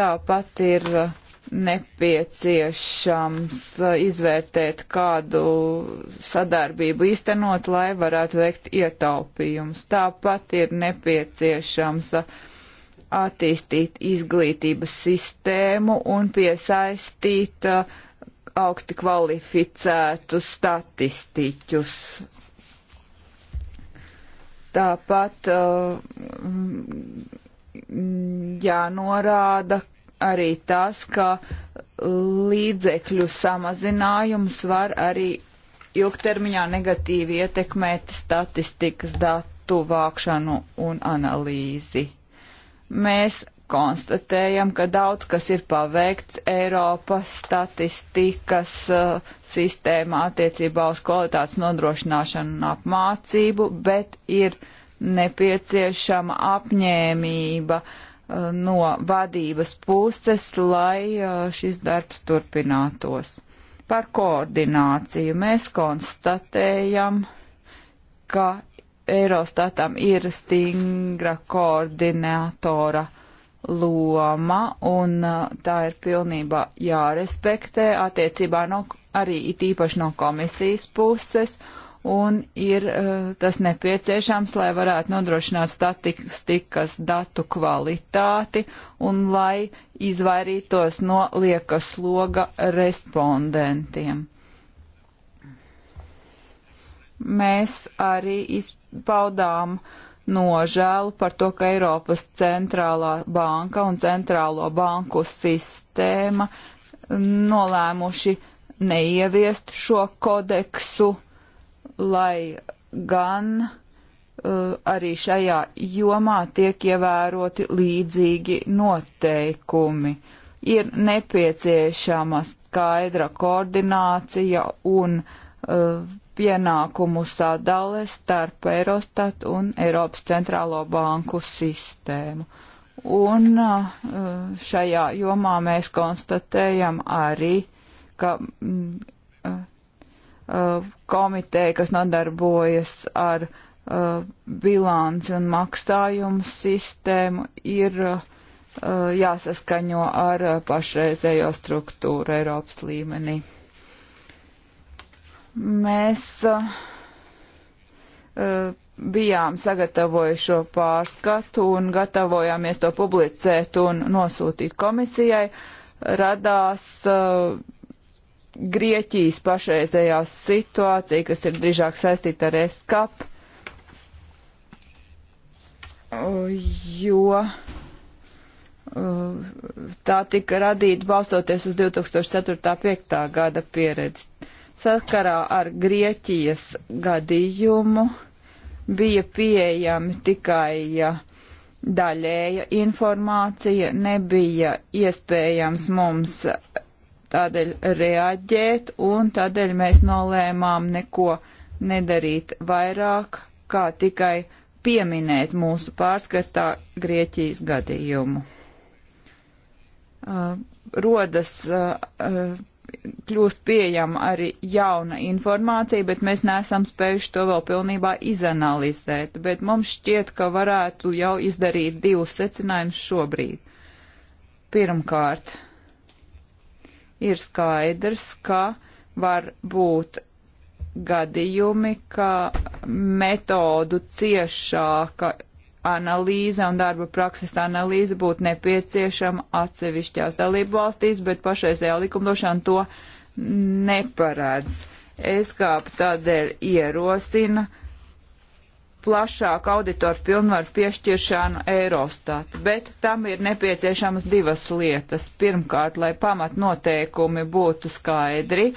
Tāpat ir uh, nepieciešams uh, izvērtēt, kādu sadarbību īstenot, lai varētu veikt ietaupījumus. Tāpat ir nepieciešams uh, attīstīt izglītības sistēmu un piesaistīt uh, augsti kvalificētus statistiķus Tāpat uh, jānorāda, arī tas, ka līdzekļu samazinājums var arī ilgtermiņā negatīvi ietekmēt statistikas datu vākšanu un analīzi. Mēs konstatējam, ka daudz kas ir paveikts Eiropas statistikas uh, sistēmā attiecībā uz kvalitātes nodrošināšanu un apmācību, bet ir nepieciešama apņēmība uh, no vadības puses, lai uh, šis darbs turpinātos. Par koordināciju mēs konstatējam, ka Eurostatam ir stingra koordinātora loma, un uh, tā ir pilnībā jārespektē attiecībā no, arī it īpaši no komisijas puses, uh, un ir eh, tas nepieciešams, lai varētu nodrošināt statistikas datu kvalitāti un lai izvairītos no lieka sloga respondentiem. Mēs arī izpaudām nožēlu par to, ka Eiropas centrālā banka un centrālo banku sistēma nolēmuši neieviest šo kodeksu lai gan uh, arī šajā jomā tiek ievēroti līdzīgi noteikumi. Ir nepieciešama skaidra koordinācija un uh, pienākumu sadale starp Eurostat un Eiropas centrālo banku sistēmu. Un uh, šajā jomā mēs konstatējam arī, ka mm, Uh, komiteja, kas nodarbojas ar uh, bilanci un maksājumu sistēmu, ir uh, jāsaskaņo ar pašreizējo struktūru Eiropas līmenī. Mēs bijām sagatavojuši šo pārskatu un gatavojāmies to publicēt un nosūtīt komisijai. Radās uh, Grieķijas pašreizējā situācija, kas ir drīzāk saistīta ar ESCAP, jo uh, tā tika radīta balstoties uz 2004.5. gada pieredzi. Sakarā ar Grieķijas gadījumu bija pieejami tikai uh, daļēja informācija, nebija iespējams mums tādēļ reaģēt, un tādēļ mēs nolēmām neko nedarīt vairāk, kā tikai pieminēt mūsu pārskatā Grieķijas gadījumu. Uh, rodas uh, uh, kļūst pieejama arī jauna informācija, bet mēs neesam spējuši to vēl pilnībā izanalizēt. Bet mums šķiet, ka varētu jau izdarīt divus secinājumus šobrīd. Pirmkārt, uh, ir skaidrs, ka var būt gadījumi, ka metodu ciešāka analīze un darba prakses analīze būtu nepieciešama atsevišķās dalību valstīs, bet pašreizējā likumdošana to neparādz. Es kāp tādēļ ierosinu uh, plašāku auditoru pilnvaru piešķiršanu Eurostat, bet tam ir nepieciešamas divas lietas. Pirmkārt, lai pamat noteikumi būtu skaidri,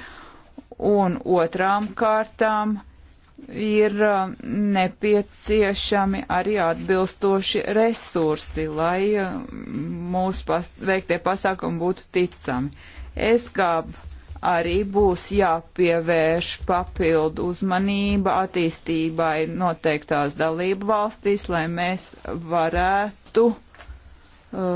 un otrām kārtām ir um, nepieciešami arī atbilstoši resursi, lai um, mūsu pas veiktie pasākumi būtu ticami. Es kā arī būs jāpievērš papildu uzmanība attīstībai noteiktās dalību valstīs, lai mēs varētu uh,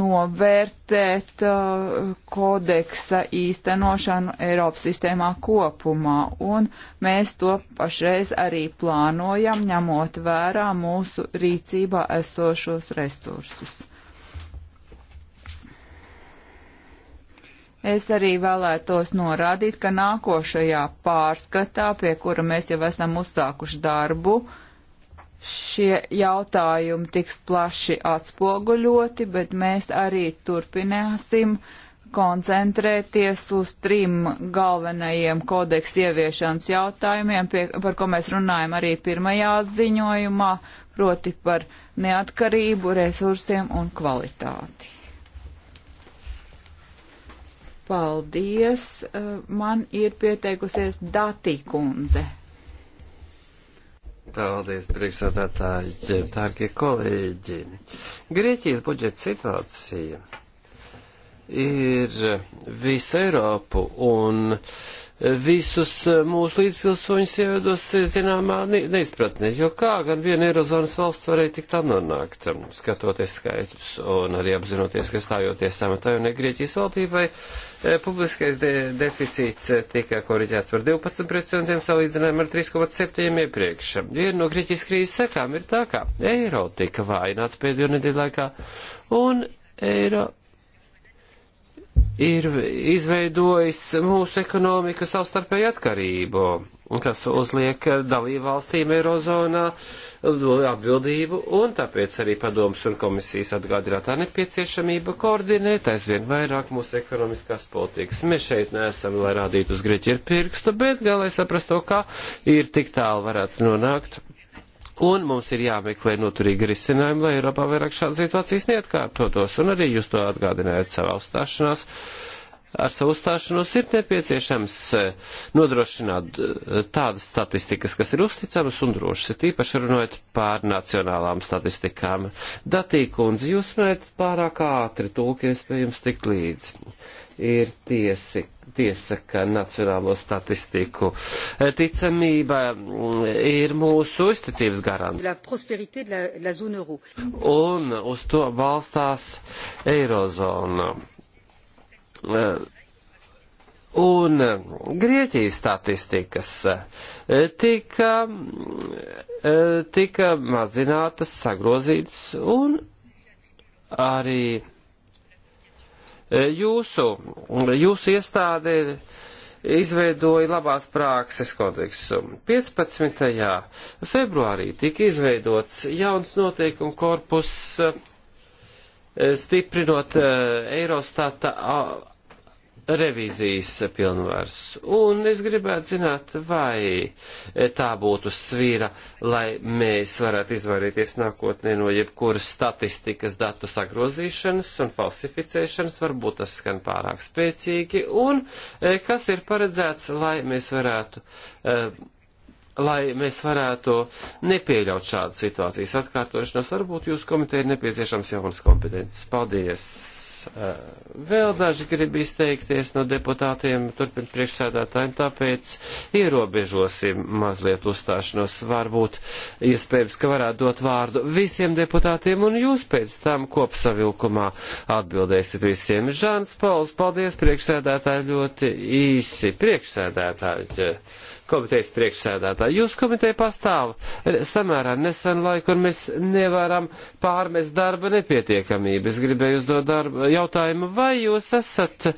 novērtēt uh, kodeksa īstenošanu Eiropas sistēmā kopumā. Un mēs to pašreiz arī plānojam, ņemot vērā mūsu rīcībā esošos resursus. Es arī vēlētos norādīt, ka nākošajā pārskatā, pie kura mēs jau esam uzsākuši darbu, šie jautājumi tiks plaši atspoguļoti, bet mēs arī turpināsim koncentrēties uz trim galvenajiem kodeks ieviešanas jautājumiem, pie, par ko mēs runājam arī pirmajā ziņojumā, proti par neatkarību, resursiem un kvalitāti. Paldies. Eh, man ir pieteikusies Dati kundze. Paldies, priekšsādātāji, dārgie kolēģi. Grieķijas budžeta situācija ir visu Eiropu un visus mūsu līdzpilsoņus ievedos zināmā neizpratnē, jo kā gan viena Eirozonas valsts varēja tikt nonākt, skatoties skaitļus un arī apzinoties, ka stājoties samatā un Grieķijas valdībai, e, publiskais de deficīts tika koriģēts par 12% salīdzinājumu ar 3,7% iepriekš. Viena no Grieķijas krīzes sekām ir tā, ka eiro tika vājināts pēdējo nedēļu laikā un eiro ir izveidojis mūsu ekonomiku savstarpēju atkarību, kas uzliek dalībvalstīm Eirozonā atbildību, un tāpēc arī padomus un komisijas atgādinātā nepieciešamība koordinēt aizvien vairāk mūsu ekonomiskās politikas. Mēs šeit neesam, lai rādītu uz Grieķiju pirkstu, bet galai saprast to, kā ir tik tālu varētu nonākt Un mums ir jāmeklē noturīgi risinājumi, lai Eiropā vairāk šādas situācijas neatkārtotos. Un arī jūs to atgādinājāt savā uzstāšanās ar savu stāšanos ir nepieciešams eh, nodrošināt eh, tādas statistikas, kas ir uzticamas un drošas, tīpaši runājot pār nacionālām statistikām. Datīkundze, jūs mēģināt pārāk ātri tulkiem spējams tikt līdz. Ir tiesi, tiesa, ka nacionālo statistiku ticamība mm, ir mūsu uzticības garants. Un uz to balstās Eirozona. Un Grieķijas statistikas tika, tika mazinātas, sagrozītas un arī E, jūsu, jūsu iestāde izveidoja labās prākses kodeksu. 15. februārī tika izveidots jauns noteikumu korpus e, stiprinot Eirostata revīzijas pilnvars. Un es gribētu zināt, vai tā būtu svīra, lai mēs varētu izvairīties nākotnē no jebkuras statistikas datu sagrozīšanas un falsificēšanas, varbūt tas skan pārāk spēcīgi, un e, kas ir paredzēts, lai mēs varētu. E, lai mēs varētu nepieļaut šādas situācijas atkārtošanos, varbūt jūsu komiteja ir nepieciešams jaunas kompetences. Paldies! Eh, vēl daži grib izteikties no deputātiem, turpin priekšsēdētājiem, tāpēc ierobežosim mazliet uzstāšanos. Varbūt iespējams, ka varētu dot vārdu visiem deputātiem, un jūs pēc tam kopsavilkumā atbildēsiet visiem. Žāns Pauls, paldies priekšsēdētāji ļoti īsi. Priekšsēdētāji komitejas priekšsēdētāji. Jūsu komiteja pastāv samērā nesen laiku, un mēs nevaram pārmest darba nepietiekamību. Es gribēju uzdot darba jautājumu, vai jūs esat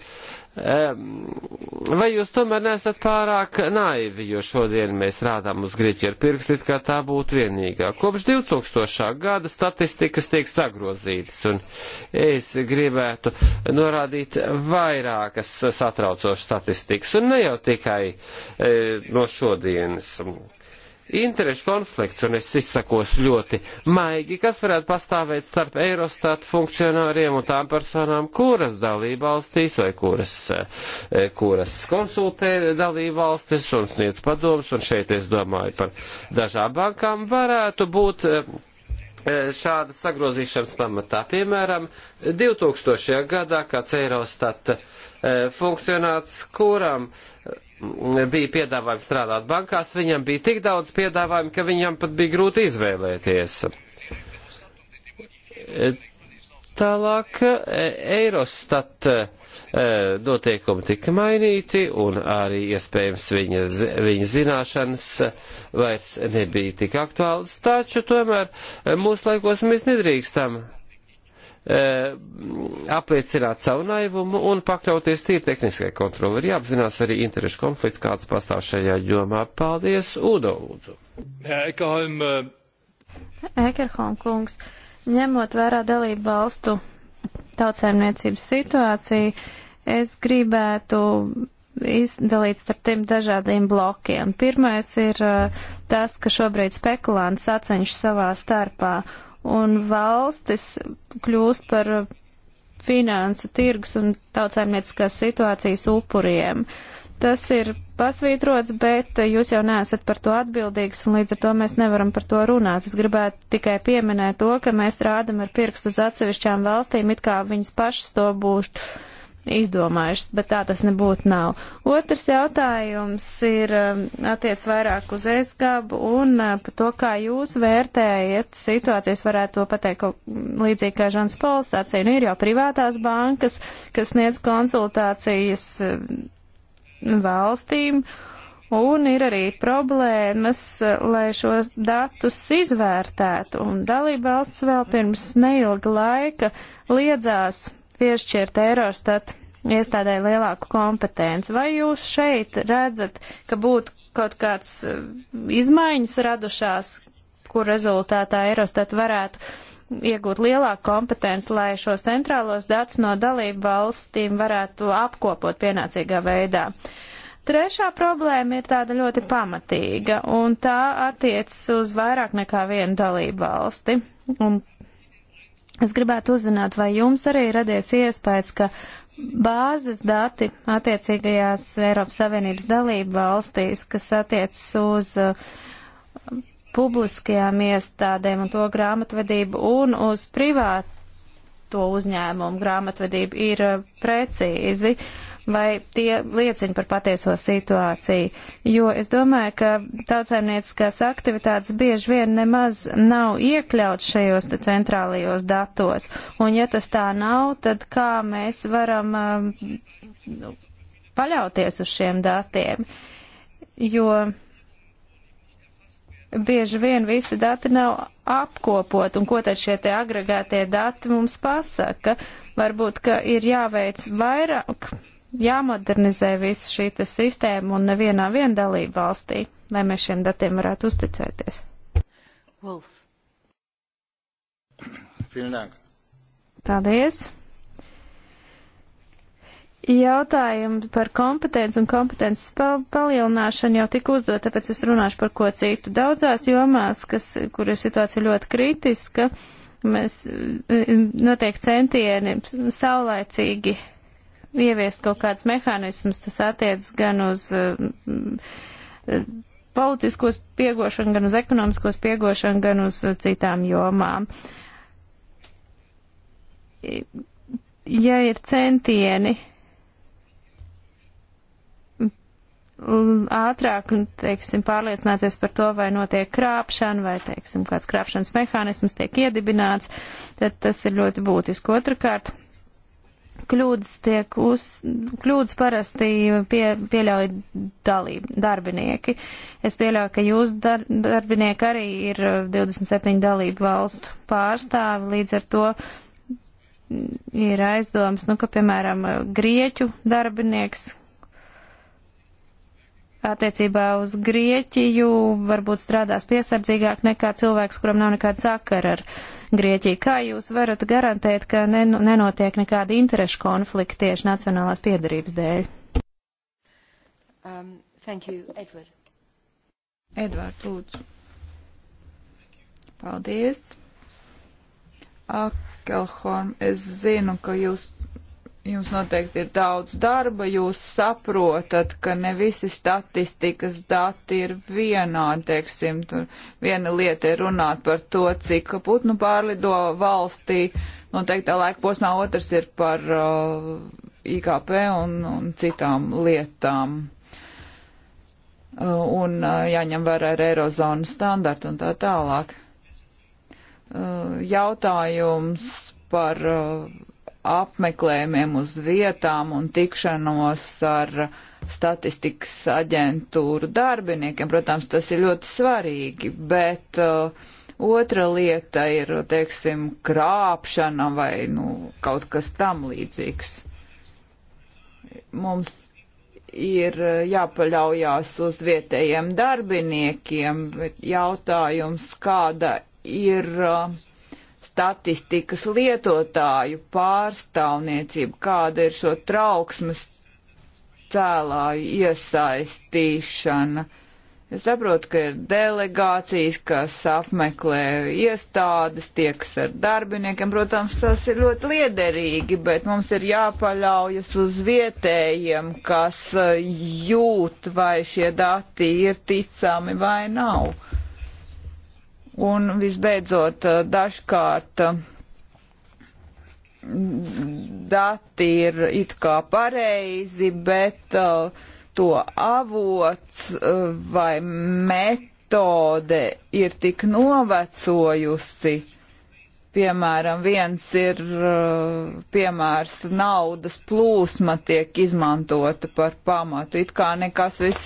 Vai jūs tomēr nesat pārāk naivi, jo šodien mēs rādām uz Grieķiju ar pirkstu, it kā tā būtu vienīgā. Kopš 2000. gada statistikas tiek sagrozītas, un es gribētu norādīt vairākas satraucošas statistikas, un ne jau tikai e, no šodienas interešu konflikts, un es izsakos ļoti maigi, kas varētu pastāvēt starp Eirostat funkcionāriem un tām personām, kuras dalība valstīs vai kuras, eh, kuras konsultē dalība valstis un sniedz padomus, un šeit es domāju par dažām bankām, varētu būt eh, eh, šāda sagrozīšanas pamatā. Piemēram, 2000. gadā kāds Eirostat funkcionāts, kuram bija piedāvājumi strādāt bankās, viņam bija tik daudz piedāvājumu, ka viņam pat bija grūti izvēlēties. Tālāk Eirostat e, noteikumi tika mainīti un arī iespējams viņa, viņa zināšanas vairs nebija tik aktuāls, taču tomēr e, mūsu laikos mēs nedrīkstam E, apliecināt savu naivumu un pakļauties tīri tehniskai kontroli. Ir jāapzinās arī interešu konflikts, kāds pastāv šajā jomā. Paldies, Udo Lūdzu. E, Ekerholm kungs, ņemot vērā dalību valstu tautsēmniecības situāciju, es gribētu izdalīt starp tiem dažādiem blokiem. Pirmais ir e, tas, ka šobrīd spekulanti saceņš savā starpā un valstis kļūst par finansu tirgus un tautsēmnieciskās situācijas upuriem. Tas ir pasvītrots, bet jūs jau neesat par to atbildīgs, un līdz ar to mēs nevaram par to runāt. Es gribētu tikai pieminēt to, ka mēs rādam ar pirkstu uz atsevišķām valstīm, it kā viņas pašas to būtu izdomājušas, bet tā tas nebūtu nav. Otrs jautājums ir um, attiec vairāk uz ESGAB un uh, par to, kā jūs vērtējat situācijas, varētu to pateikt līdzīgi kā Žans Pols sacīja, nu ir jau privātās bankas, kas sniedz konsultācijas um, valstīm. Un ir arī problēmas, uh, lai šos datus izvērtētu, un dalība valsts vēl pirms neilga laika liedzās piešķirt Eirostat iestādē lielāku kompetenci. Vai jūs šeit redzat, ka būtu kaut kāds eh, izmaiņas radušās, kur rezultātā Eirostat varētu iegūt lielāku kompetenci, lai šos centrālos datus no dalību valstīm varētu apkopot pienācīgā veidā. Trešā problēma ir tāda ļoti pamatīga, un tā attiecas uz vairāk nekā vienu dalību valsti. Un Es gribētu uzzināt, vai jums arī radies iespējas, ka bāzes dati attiecīgajās Eiropas Savienības dalību valstīs, kas attiecas uz uh, publiskajām iestādēm un to grāmatvedību un uz privātu uzņēmumu grāmatvedību ir uh, precīzi. Uh, vai tie liecina par patieso situāciju. Jo es domāju, ka tautsēmnieciskās aktivitātes bieži vien nemaz nav iekļauts šajos centrālajos datos. Un ja tas tā nav, tad kā mēs varam nu, paļauties uz šiem datiem? Jo bieži vien visi dati nav apkopot, un ko tad šie te agregētie dati mums pasaka? Varbūt, ka ir jāveic vairāk jāmodernizē visa šī sistēma un nevienā vien dalība valstī, lai mēs šiem datiem varētu uzticēties. Wolf. Paldies! Jautājumi par kompetenci un kompetences palielināšanu jau tika uzdot, tāpēc es runāšu par ko citu. Daudzās jomās, kas, kur ir situācija ļoti kritiska, mēs eh, notiek centieni saulēcīgi ieviest kaut kāds mehānisms, tas attiecas gan uz eh, eh, politisko spiegošanu, gan uz ekonomisko spiegošanu, gan uz eh, citām jomām. Ja ir centieni ātrāk, teiksim, pārliecināties par to, vai notiek krāpšana, vai, teiksim, kāds krāpšanas mehānisms tiek iedibināts, tad tas ir ļoti būtiski. Otrakārt, kļūdas tiek uz, kļūdas parasti pie, pieļauj dalību, darbinieki. Es pieļauju, ka jūs dar, darbinieki arī ir 27 uh, dalību valstu pārstāvi, līdz ar to ir aizdomas, nu, ka, piemēram, uh, grieķu darbinieks, attiecībā uz Grieķiju varbūt strādās piesardzīgāk nekā cilvēks, kuram nav nekāda sakara ar Grieķiju. Kā jūs varat garantēt, ka nenotiek nekāda interešu konflikta tieši nacionālās piedarības dēļ? Um, thank you, Edward. Edvard, lūdzu. Paldies. Akelhorn, es zinu, ka jūs Jums noteikti ir daudz darba, jūs saprotat, ka ne visi statistikas dati ir vienādi, teiksim, tur viena lieta ir runāt par to, cik putnu pārlido valstī, noteiktā laika posmā otrs ir par uh, IKP un, un citām lietām. Uh, un uh, jāņem vērā ar Eirozonas standartu un tā tālāk. Uh, jautājums par. Uh, apmeklējumiem uz vietām un tikšanos ar statistikas aģentūru darbiniekiem. Protams, tas ir ļoti svarīgi, bet uh, otra lieta ir, teiksim, krāpšana vai nu, kaut kas tam līdzīgs. Mums ir jāpaļaujās uz vietējiem darbiniekiem, bet jautājums, kāda ir uh, statistikas lietotāju pārstāvniecību, kāda ir šo trauksmes cēlāju iesaistīšana. Es saprotu, ka ir delegācijas, kas apmeklē iestādes, tieks ar darbiniekiem. Protams, tas ir ļoti liederīgi, bet mums ir jāpaļaujas uz vietējiem, kas eh, jūt, vai šie dati ir ticami vai nav. Un visbeidzot, eh, dažkārt eh, dati ir it kā pareizi, bet uh, to avots uh, vai metode ir tik novecojusi, uh, Piemēram, viens ir uh, piemērs naudas plūsma tiek izmantota par pamatu. It kā nekas viss,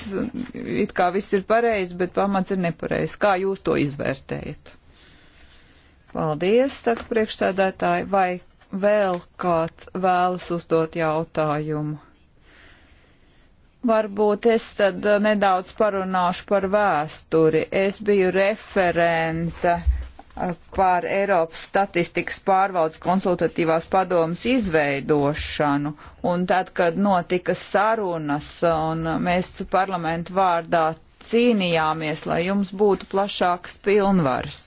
it kā viss ir pareizi, bet pamats ir nepareizs. Kā jūs to izvērtējat? Paldies, saka priekšsēdētāji, vai vēl kāds vēlas uzdot jautājumu? Varbūt es tad nedaudz parunāšu par vēsturi. Es biju referente par Eiropas statistikas pārvaldes konsultatīvās padomas izveidošanu. Un tad, kad notika sarunas un mēs parlamentu vārdā cīnījāmies, lai jums būtu plašāks pilnvars.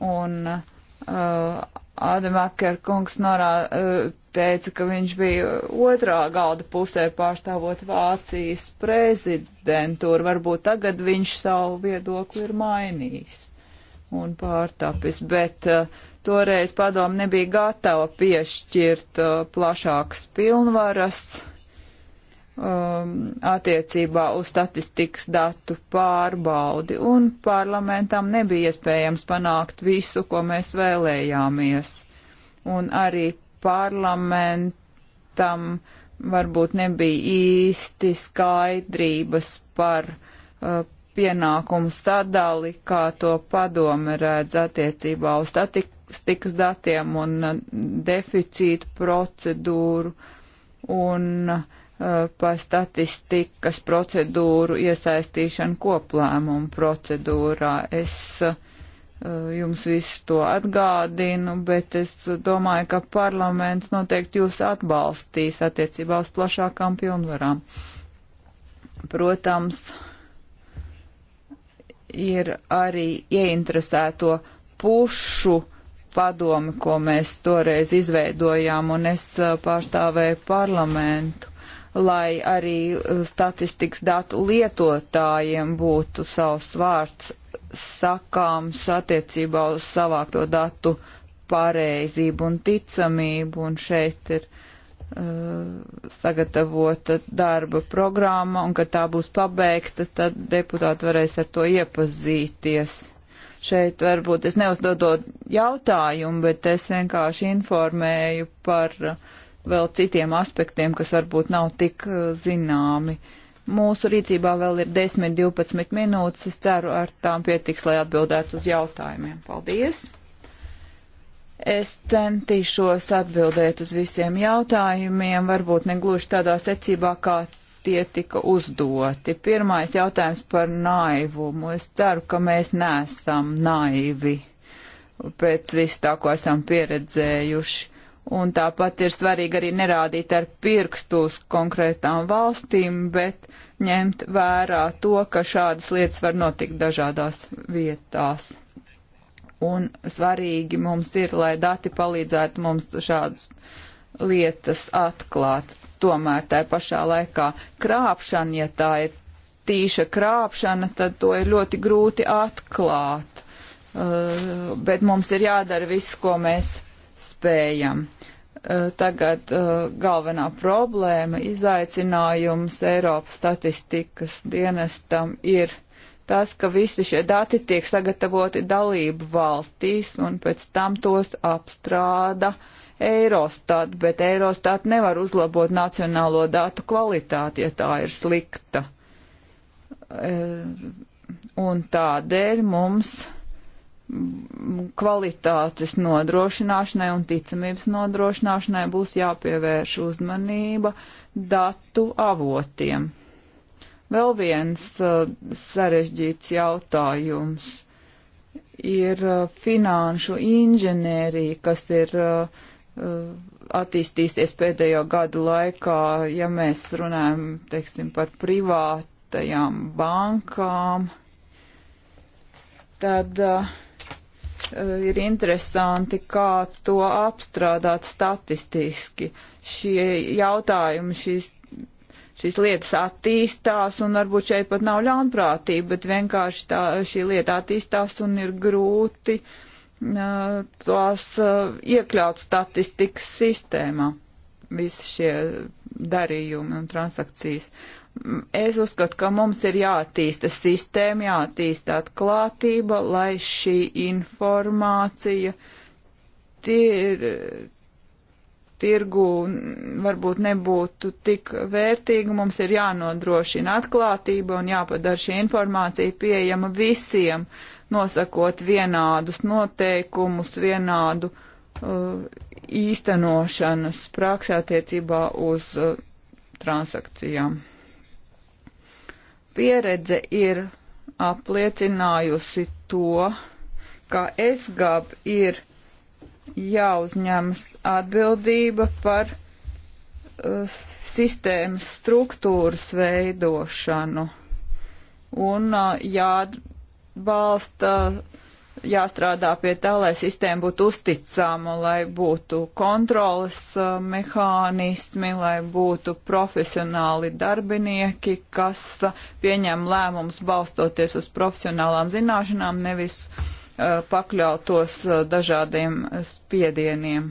Un uh, Ademaker kungs norā, uh, teica, ka viņš bija otrā galda pusē pārstāvot Vācijas prezidentūru. Varbūt tagad viņš savu viedokli ir mainījis un pārtapis, bet uh, toreiz padomu nebija gatava piešķirt uh, plašākas pilnvaras um, attiecībā uz statistikas datu pārbaudi, un parlamentam nebija iespējams panākt visu, ko mēs vēlējāmies. Un arī parlamentam varbūt nebija īsti skaidrības par uh, pienākumu sadali, kā to padome redz attiecībā uz statistikas datiem un uh, deficītu procedūru un uh, par statistikas procedūru iesaistīšanu koplēmumu procedūrā. Es uh, jums visu to atgādinu, bet es domāju, ka parlaments noteikti jūs atbalstīs attiecībā uz plašākām pilnvarām. Protams, uh, ir arī ieinteresēto pušu padomi, ko mēs toreiz izveidojām, un es eh, pārstāvēju parlamentu, lai arī eh, statistikas datu lietotājiem būtu savs vārds sakāms attiecībā uz savākto datu pareizību un ticamību, un šeit ir Uh, sagatavota darba programma un kad tā būs pabeigta, tad deputāti varēs ar to iepazīties. Šeit varbūt es neuzdodot jautājumu, bet es vienkārši informēju par uh, vēl citiem aspektiem, kas varbūt nav tik uh, zināmi. Mūsu rīcībā vēl ir 10-12 minūtes. Es ceru, ar tām pietiks, lai atbildētu uz jautājumiem. Paldies! Es centīšos atbildēt uz visiem jautājumiem, varbūt negluži tādā secībā, kā tie tika uzdoti. Pirmais jautājums par naivumu. Es ceru, ka mēs nesam naivi pēc visu tā, ko esam pieredzējuši. Un tāpat ir svarīgi arī nerādīt ar pirkstu uz konkrētām valstīm, bet ņemt vērā to, ka šādas lietas var notikt dažādās vietās un svarīgi mums ir, lai dati palīdzētu mums šādas lietas atklāt. Tomēr tā pašā laikā krāpšana, ja tā ir tīša krāpšana, tad to ir ļoti grūti atklāt. Uh, bet mums ir jādara viss, ko mēs spējam. Uh, tagad uh, galvenā problēma, izaicinājums Eiropas statistikas dienestam ir tas, ka visi šie dati tiek sagatavoti dalību valstīs un pēc tam tos apstrāda Eirostat, bet Eirostat nevar uzlabot nacionālo datu kvalitāti, ja tā ir slikta. E, un tādēļ mums kvalitātes nodrošināšanai un ticamības nodrošināšanai būs jāpievērš uzmanība datu avotiem. Vēl viens uh, sarežģīts jautājums ir uh, finanšu inženērija, kas ir uh, uh, attīstīsies pēdējo gadu laikā, ja mēs runājam, teiksim, par privātajām bankām, tad uh, uh ir interesanti, kā to apstrādāt statistiski. Šie jautājumi, šīs šīs lietas attīstās, un varbūt šeit pat nav ļaunprātība, bet vienkārši tā, šī lieta attīstās un ir grūti uh, tās uh, iekļaut statistikas sistēmā, visi šie darījumi un transakcijas. Es uzskatu, ka mums ir jātīsta sistēma, jātīsta atklātība, lai šī informācija tir, tirgu varbūt nebūtu tik vērtīga. Mums ir jānodrošina atklātība un jāpadara šī informācija pieejama visiem, nosakot vienādus noteikumus, vienādu uh, īstenošanas praksē attiecībā uz uh, transakcijām. Pieredze ir apliecinājusi to, ka SGAB ir jāuzņemas atbildība par uh, sistēmas struktūras veidošanu un uh, jāatbalsta, jāstrādā pie tā, lai sistēma būtu uzticama, lai būtu kontrolas uh, mehānismi, lai būtu profesionāli darbinieki, kas uh, pieņem lēmumus balstoties uz profesionālām zināšanām, nevis uh, Uh, pakļautos uh, dažādiem spiedieniem.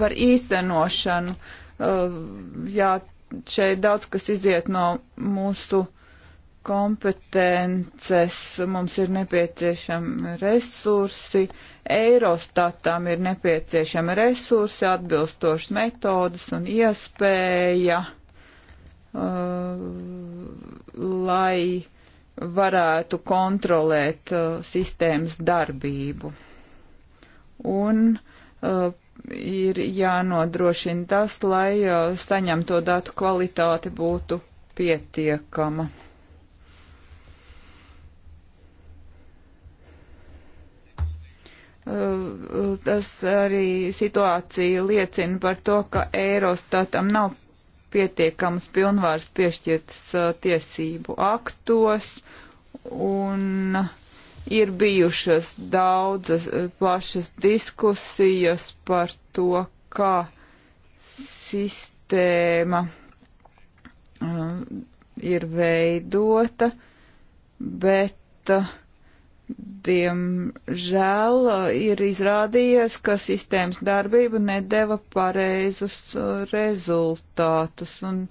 Par īstenošanu, uh, jā, šeit daudz kas iziet no mūsu kompetences, mums ir nepieciešami resursi, Eirostatām ir nepieciešami resursi, atbilstošas metodas un iespēja. Uh, Uh, lai varētu kontrolēt uh, sistēmas darbību. Un uh, ir jānodrošina tas, lai uh, saņemto datu kvalitāte būtu pietiekama. Uh, tas arī situācija liecina par to, ka Eirostatam nav pietiekamas pilnvārs piešķirtas tiesību aktos un ir bijušas daudzas plašas diskusijas par to, kā sistēma um, ir veidota, bet uh, diemžēl uh, ir izrādījies, ka sistēmas darbība nedeva pareizus uh, rezultātus. Un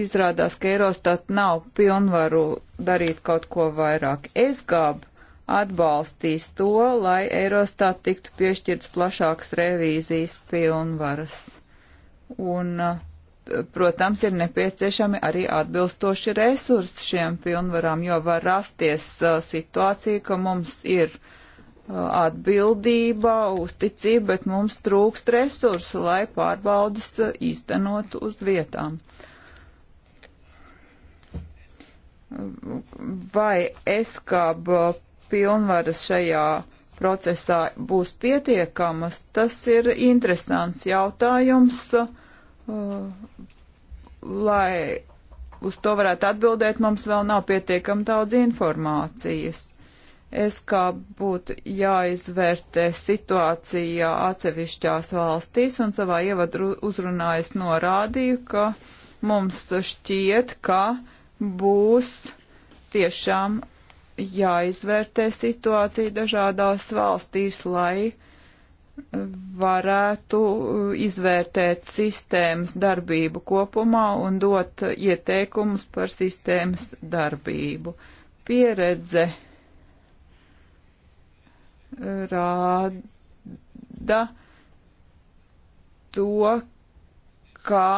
izrādās, ka Eurostat nav pilnvaru darīt kaut ko vairāk. Es gābu atbalstīs to, lai Eurostat tiktu piešķirts plašāks revīzijas pilnvaras. Un uh, protams, ir nepieciešami arī atbilstoši resursi šiem pilnvarām, jo var rasties uh, situācija, ka mums ir uh, atbildība, uzticība, bet mums trūkst resursu, lai pārbaudas uh, īstenotu uz vietām. Vai es kā pilnvaras šajā procesā būs pietiekamas, tas ir interesants jautājums. Uh, Uh, lai uz to varētu atbildēt, mums vēl nav pietiekami daudz informācijas. Es kā būtu jāizvērtē situācija atsevišķās valstīs un savā ievadu uzrunā es norādīju, ka mums šķiet, ka būs tiešām jāizvērtē situācija dažādās valstīs, lai varētu uh, izvērtēt sistēmas darbību kopumā un dot ieteikumus par sistēmas darbību. Pieredze uh, rāda to, kā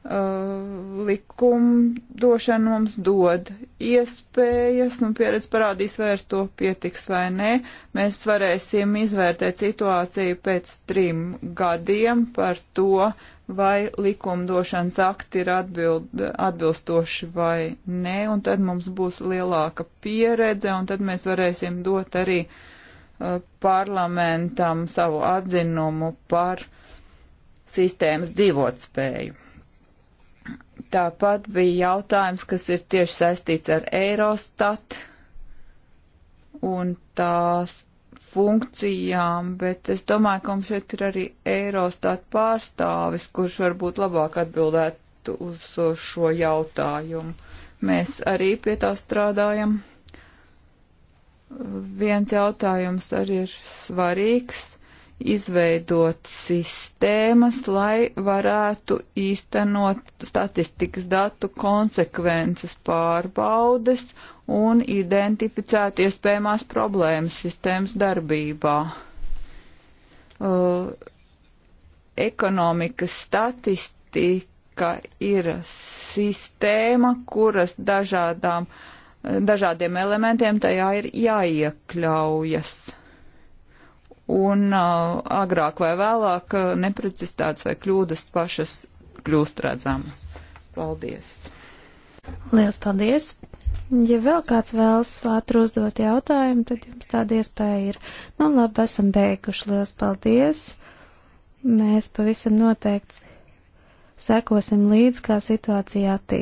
Uh, likumdošana mums dod iespējas, un pieredze parādīs, vai ar to pietiks vai nē. Mēs varēsim izvērtēt situāciju pēc trim gadiem par to, vai likumdošanas akti ir atbild, atbilstoši vai nē, un tad mums būs lielāka pieredze, un tad mēs varēsim dot arī uh, parlamentam savu atzinumu par sistēmas dzīvotspēju. Tāpat bija jautājums, kas ir tieši saistīts ar Eirostat un tās funkcijām, bet es domāju, ka mums šeit ir arī Eirostat pārstāvis, kurš varbūt labāk atbildētu uz šo jautājumu. Mēs arī pie tā strādājam. Viens jautājums arī ir svarīgs izveidot sistēmas, lai varētu īstenot statistikas datu konsekvences pārbaudes un identificēt iespējamās problēmas sistēmas darbībā. Uh, ekonomikas statistika ir sistēma, kuras dažādām, dažādiem elementiem tajā ir jāiekļaujas un uh, agrāk vai vēlāk uh, neprecizitātes vai kļūdas pašas kļūst redzamas. Paldies! Lielas paldies! Ja vēl kāds vēlas ātri uzdot jautājumu, tad jums tāda iespēja ir. Nu labi, esam beiguši. Lielas paldies! Mēs pavisam noteikti sekosim līdzi, kā situācija attīstās.